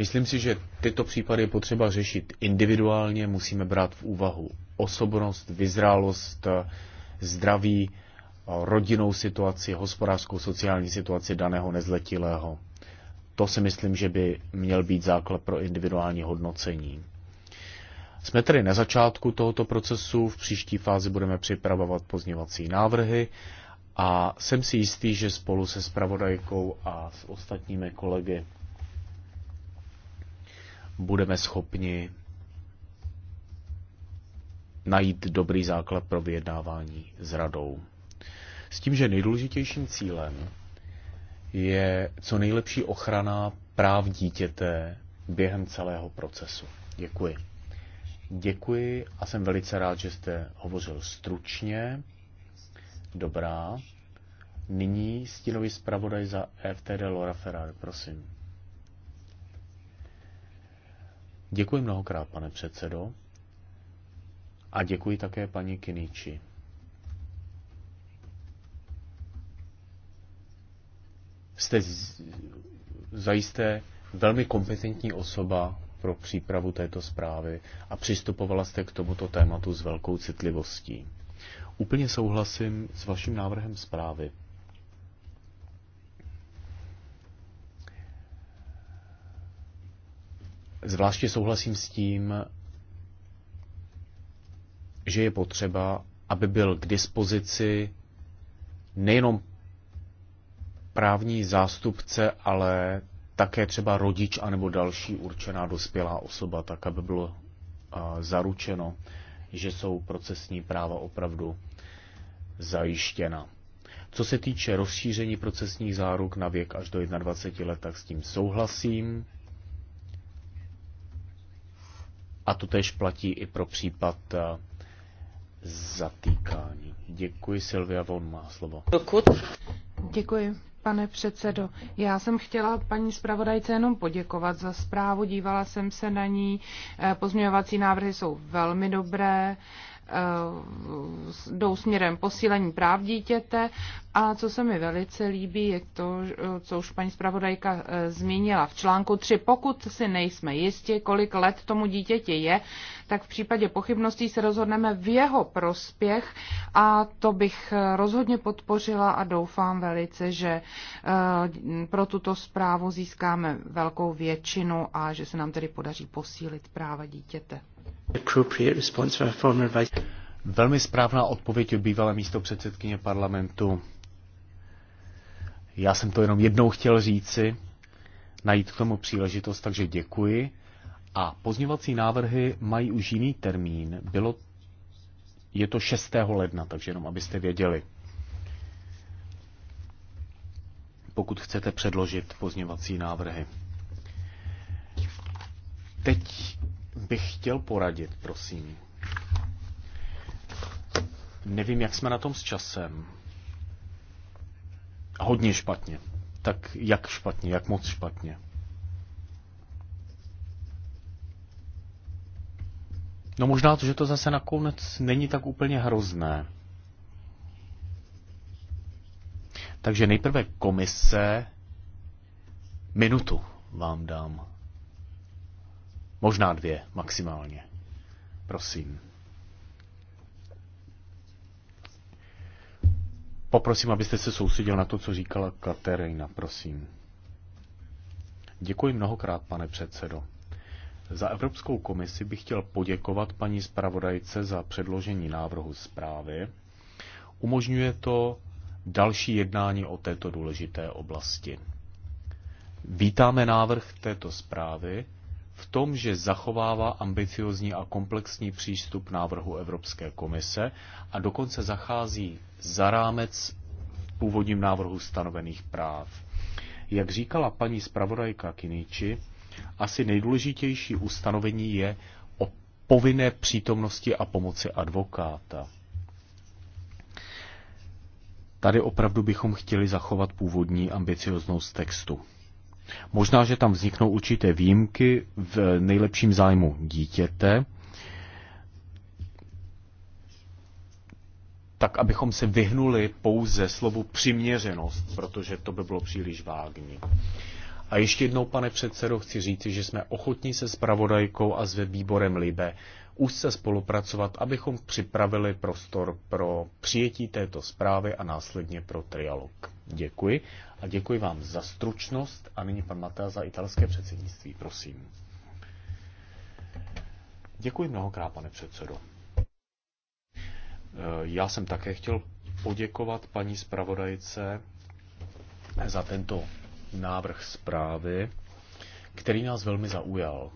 Myslím si, že tyto případy je potřeba řešit individuálně, musíme brát v úvahu osobnost, vyzrálost, zdraví, rodinnou situaci, hospodářskou, sociální situaci daného nezletilého. To si myslím, že by měl být základ pro individuální hodnocení. Jsme tedy na začátku tohoto procesu, v příští fázi budeme připravovat pozněvací návrhy a jsem si jistý, že spolu se spravodajkou a s ostatními kolegy budeme schopni najít dobrý základ pro vyjednávání s radou. S tím, že nejdůležitějším cílem je co nejlepší ochrana práv dítěte během celého procesu. Děkuji. Děkuji a jsem velice rád, že jste hovořil stručně. Dobrá. Nyní stínový zpravodaj za FTD Laura Ferrari, prosím. Děkuji mnohokrát, pane předsedo. A děkuji také paní Kiniči. Jste z... zajisté velmi kompetentní osoba pro přípravu této zprávy a přistupovala jste k tomuto tématu s velkou citlivostí. Úplně souhlasím s vaším návrhem zprávy. Zvláště souhlasím s tím, že je potřeba, aby byl k dispozici nejenom právní zástupce, ale také třeba rodič anebo další určená dospělá osoba, tak aby bylo zaručeno, že jsou procesní práva opravdu zajištěna. Co se týče rozšíření procesních záruk na věk až do 21 let, tak s tím souhlasím. A to tež platí i pro případ eh, zatýkání. Děkuji, Silvia Von má slovo. Děkuji, pane předsedo. Já jsem chtěla paní zpravodajce jenom poděkovat za zprávu, dívala jsem se na ní. Eh, pozměňovací návrhy jsou velmi dobré Eh, jdou směrem posílení práv dítěte a co se mi velice líbí, je to, eh, co už paní zpravodajka eh, zmínila v článku 3. Pokud si nejsme jisti, kolik let tomu dítěti je, tak v případě pochybností se rozhodneme v jeho prospěch a to bych rozhodně podpořila a doufám velice, že eh, pro tuto zprávu získáme velkou většinu a že se nám tedy podaří posílit práva dítěte. Velmi správná odpověď od bývalé místo předsedkyně parlamentu. Já jsem to jenom jednou chtěl říci, najít k tomu příležitost, takže děkuji a pozněvací návrhy mají už jiný termín. Bylo, je to 6. ledna, takže jenom abyste věděli. Pokud chcete předložit pozněvací návrhy. Teď bych chtěl poradit, prosím. Nevím, jak jsme na tom s časem. Hodně špatně. Tak jak špatně, jak moc špatně. No možná to, že to zase nakonec není tak úplně hrozné. Takže nejprve komise. Minutu vám dám. Možná dvě maximálně. Prosím. Poprosím, abyste se soustředil na to, co říkala Katerina, prosím. Děkuji mnohokrát, pane předsedo. Za Evropskou komisi bych chtěl poděkovat paní zpravodajce za předložení návrhu zprávy. Umožňuje to další jednání o této důležité oblasti. Vítáme návrh této zprávy v tom, že zachovává ambiciozní a komplexní přístup návrhu Evropské komise a dokonce zachází za rámec v původním návrhu stanovených práv. Jak říkala paní zpravodajka Kiniči, asi nejdůležitější ustanovení je o povinné přítomnosti a pomoci advokáta. Tady opravdu bychom chtěli zachovat původní ambicioznost textu. Možná, že tam vzniknou určité výjimky v nejlepším zájmu dítěte, tak abychom se vyhnuli pouze slovu přiměřenost, protože to by bylo příliš vágní. A ještě jednou, pane předsedo, chci říci, že jsme ochotní se spravodajkou a s výborem Libe úzce spolupracovat, abychom připravili prostor pro přijetí této zprávy a následně pro trialog. Děkuji a děkuji vám za stručnost a nyní pan Matea za italské předsednictví, prosím. Děkuji mnohokrát, pane předsedo. Eh, já jsem také chtěl poděkovat paní zpravodajce za tento návrh zprávy, který nás velmi zaujal.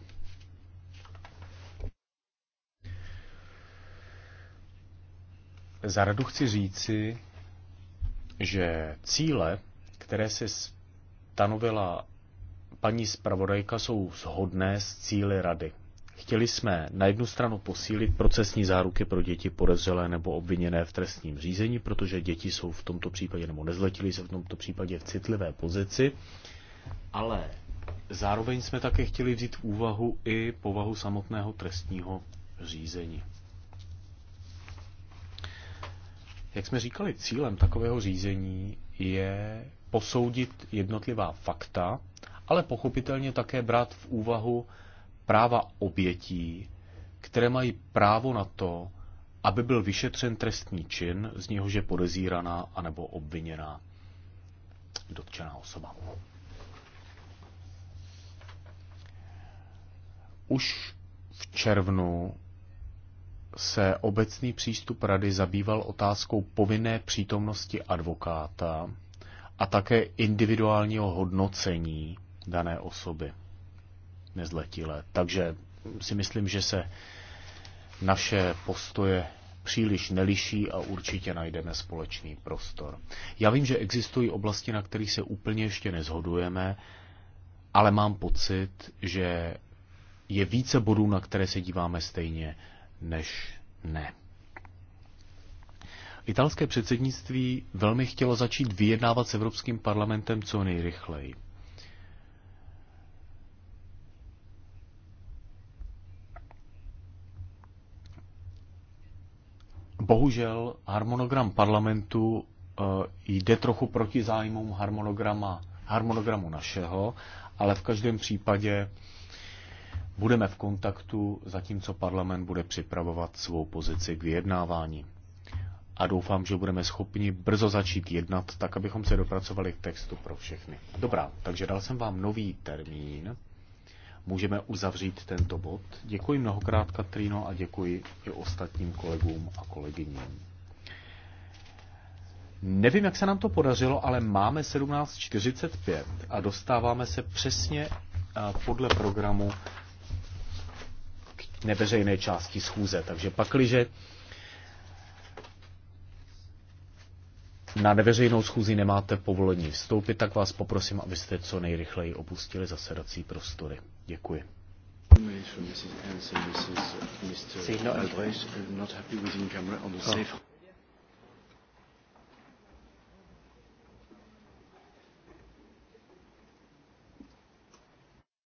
Za radu chci říci, že cíle, které se stanovila paní zpravodajka, jsou shodné s cíly rady. Chtěli jsme na jednu stranu posílit procesní záruky pro děti podezřelé nebo obviněné v trestním řízení, protože děti jsou v tomto případě nebo nezletili se v tomto případě v citlivé pozici, ale zároveň jsme také chtěli vzít v úvahu i povahu samotného trestního řízení. Jak jsme říkali, cílem takového řízení je posoudit jednotlivá fakta, ale pochopitelně také brát v úvahu práva obětí, které mají právo na to, aby byl vyšetřen trestní čin, z něhož je podezíraná anebo obviněná dotčená osoba. Už v červnu se obecný přístup rady zabýval otázkou povinné přítomnosti advokáta a také individuálního hodnocení dané osoby nezletilé. Takže si myslím, že se naše postoje příliš neliší a určitě najdeme společný prostor. Já vím, že existují oblasti, na kterých se úplně ještě nezhodujeme, ale mám pocit, že je více bodů, na které se díváme stejně, než ne. Italské předsednictví velmi chtělo začít vyjednávat s Evropským parlamentem co nejrychleji. Bohužel harmonogram parlamentu eh, jde trochu proti zájmům harmonograma, harmonogramu našeho, ale v každém případě budeme v kontaktu, zatímco parlament bude připravovat svou pozici k vyjednávání. A doufám, že budeme schopni brzo začít jednat, tak abychom se dopracovali k textu pro všechny. Dobrá, takže dal jsem vám nový termín můžeme uzavřít tento bod. Děkuji mnohokrát, Katrino, a děkuji i ostatním kolegům a kolegyním. Nevím, jak se nám to podařilo, ale máme 17.45 a dostáváme se přesně eh, podle programu k neveřejné části schůze. Takže pakliže na neveřejnou schůzi nemáte povolení vstoupit, tak vás poprosím, abyste co nejrychleji opustili zasedací prostory. Děkuji. Mrs. Mrs. Mr. Albrecht, not happy with in camera on the oh. safe.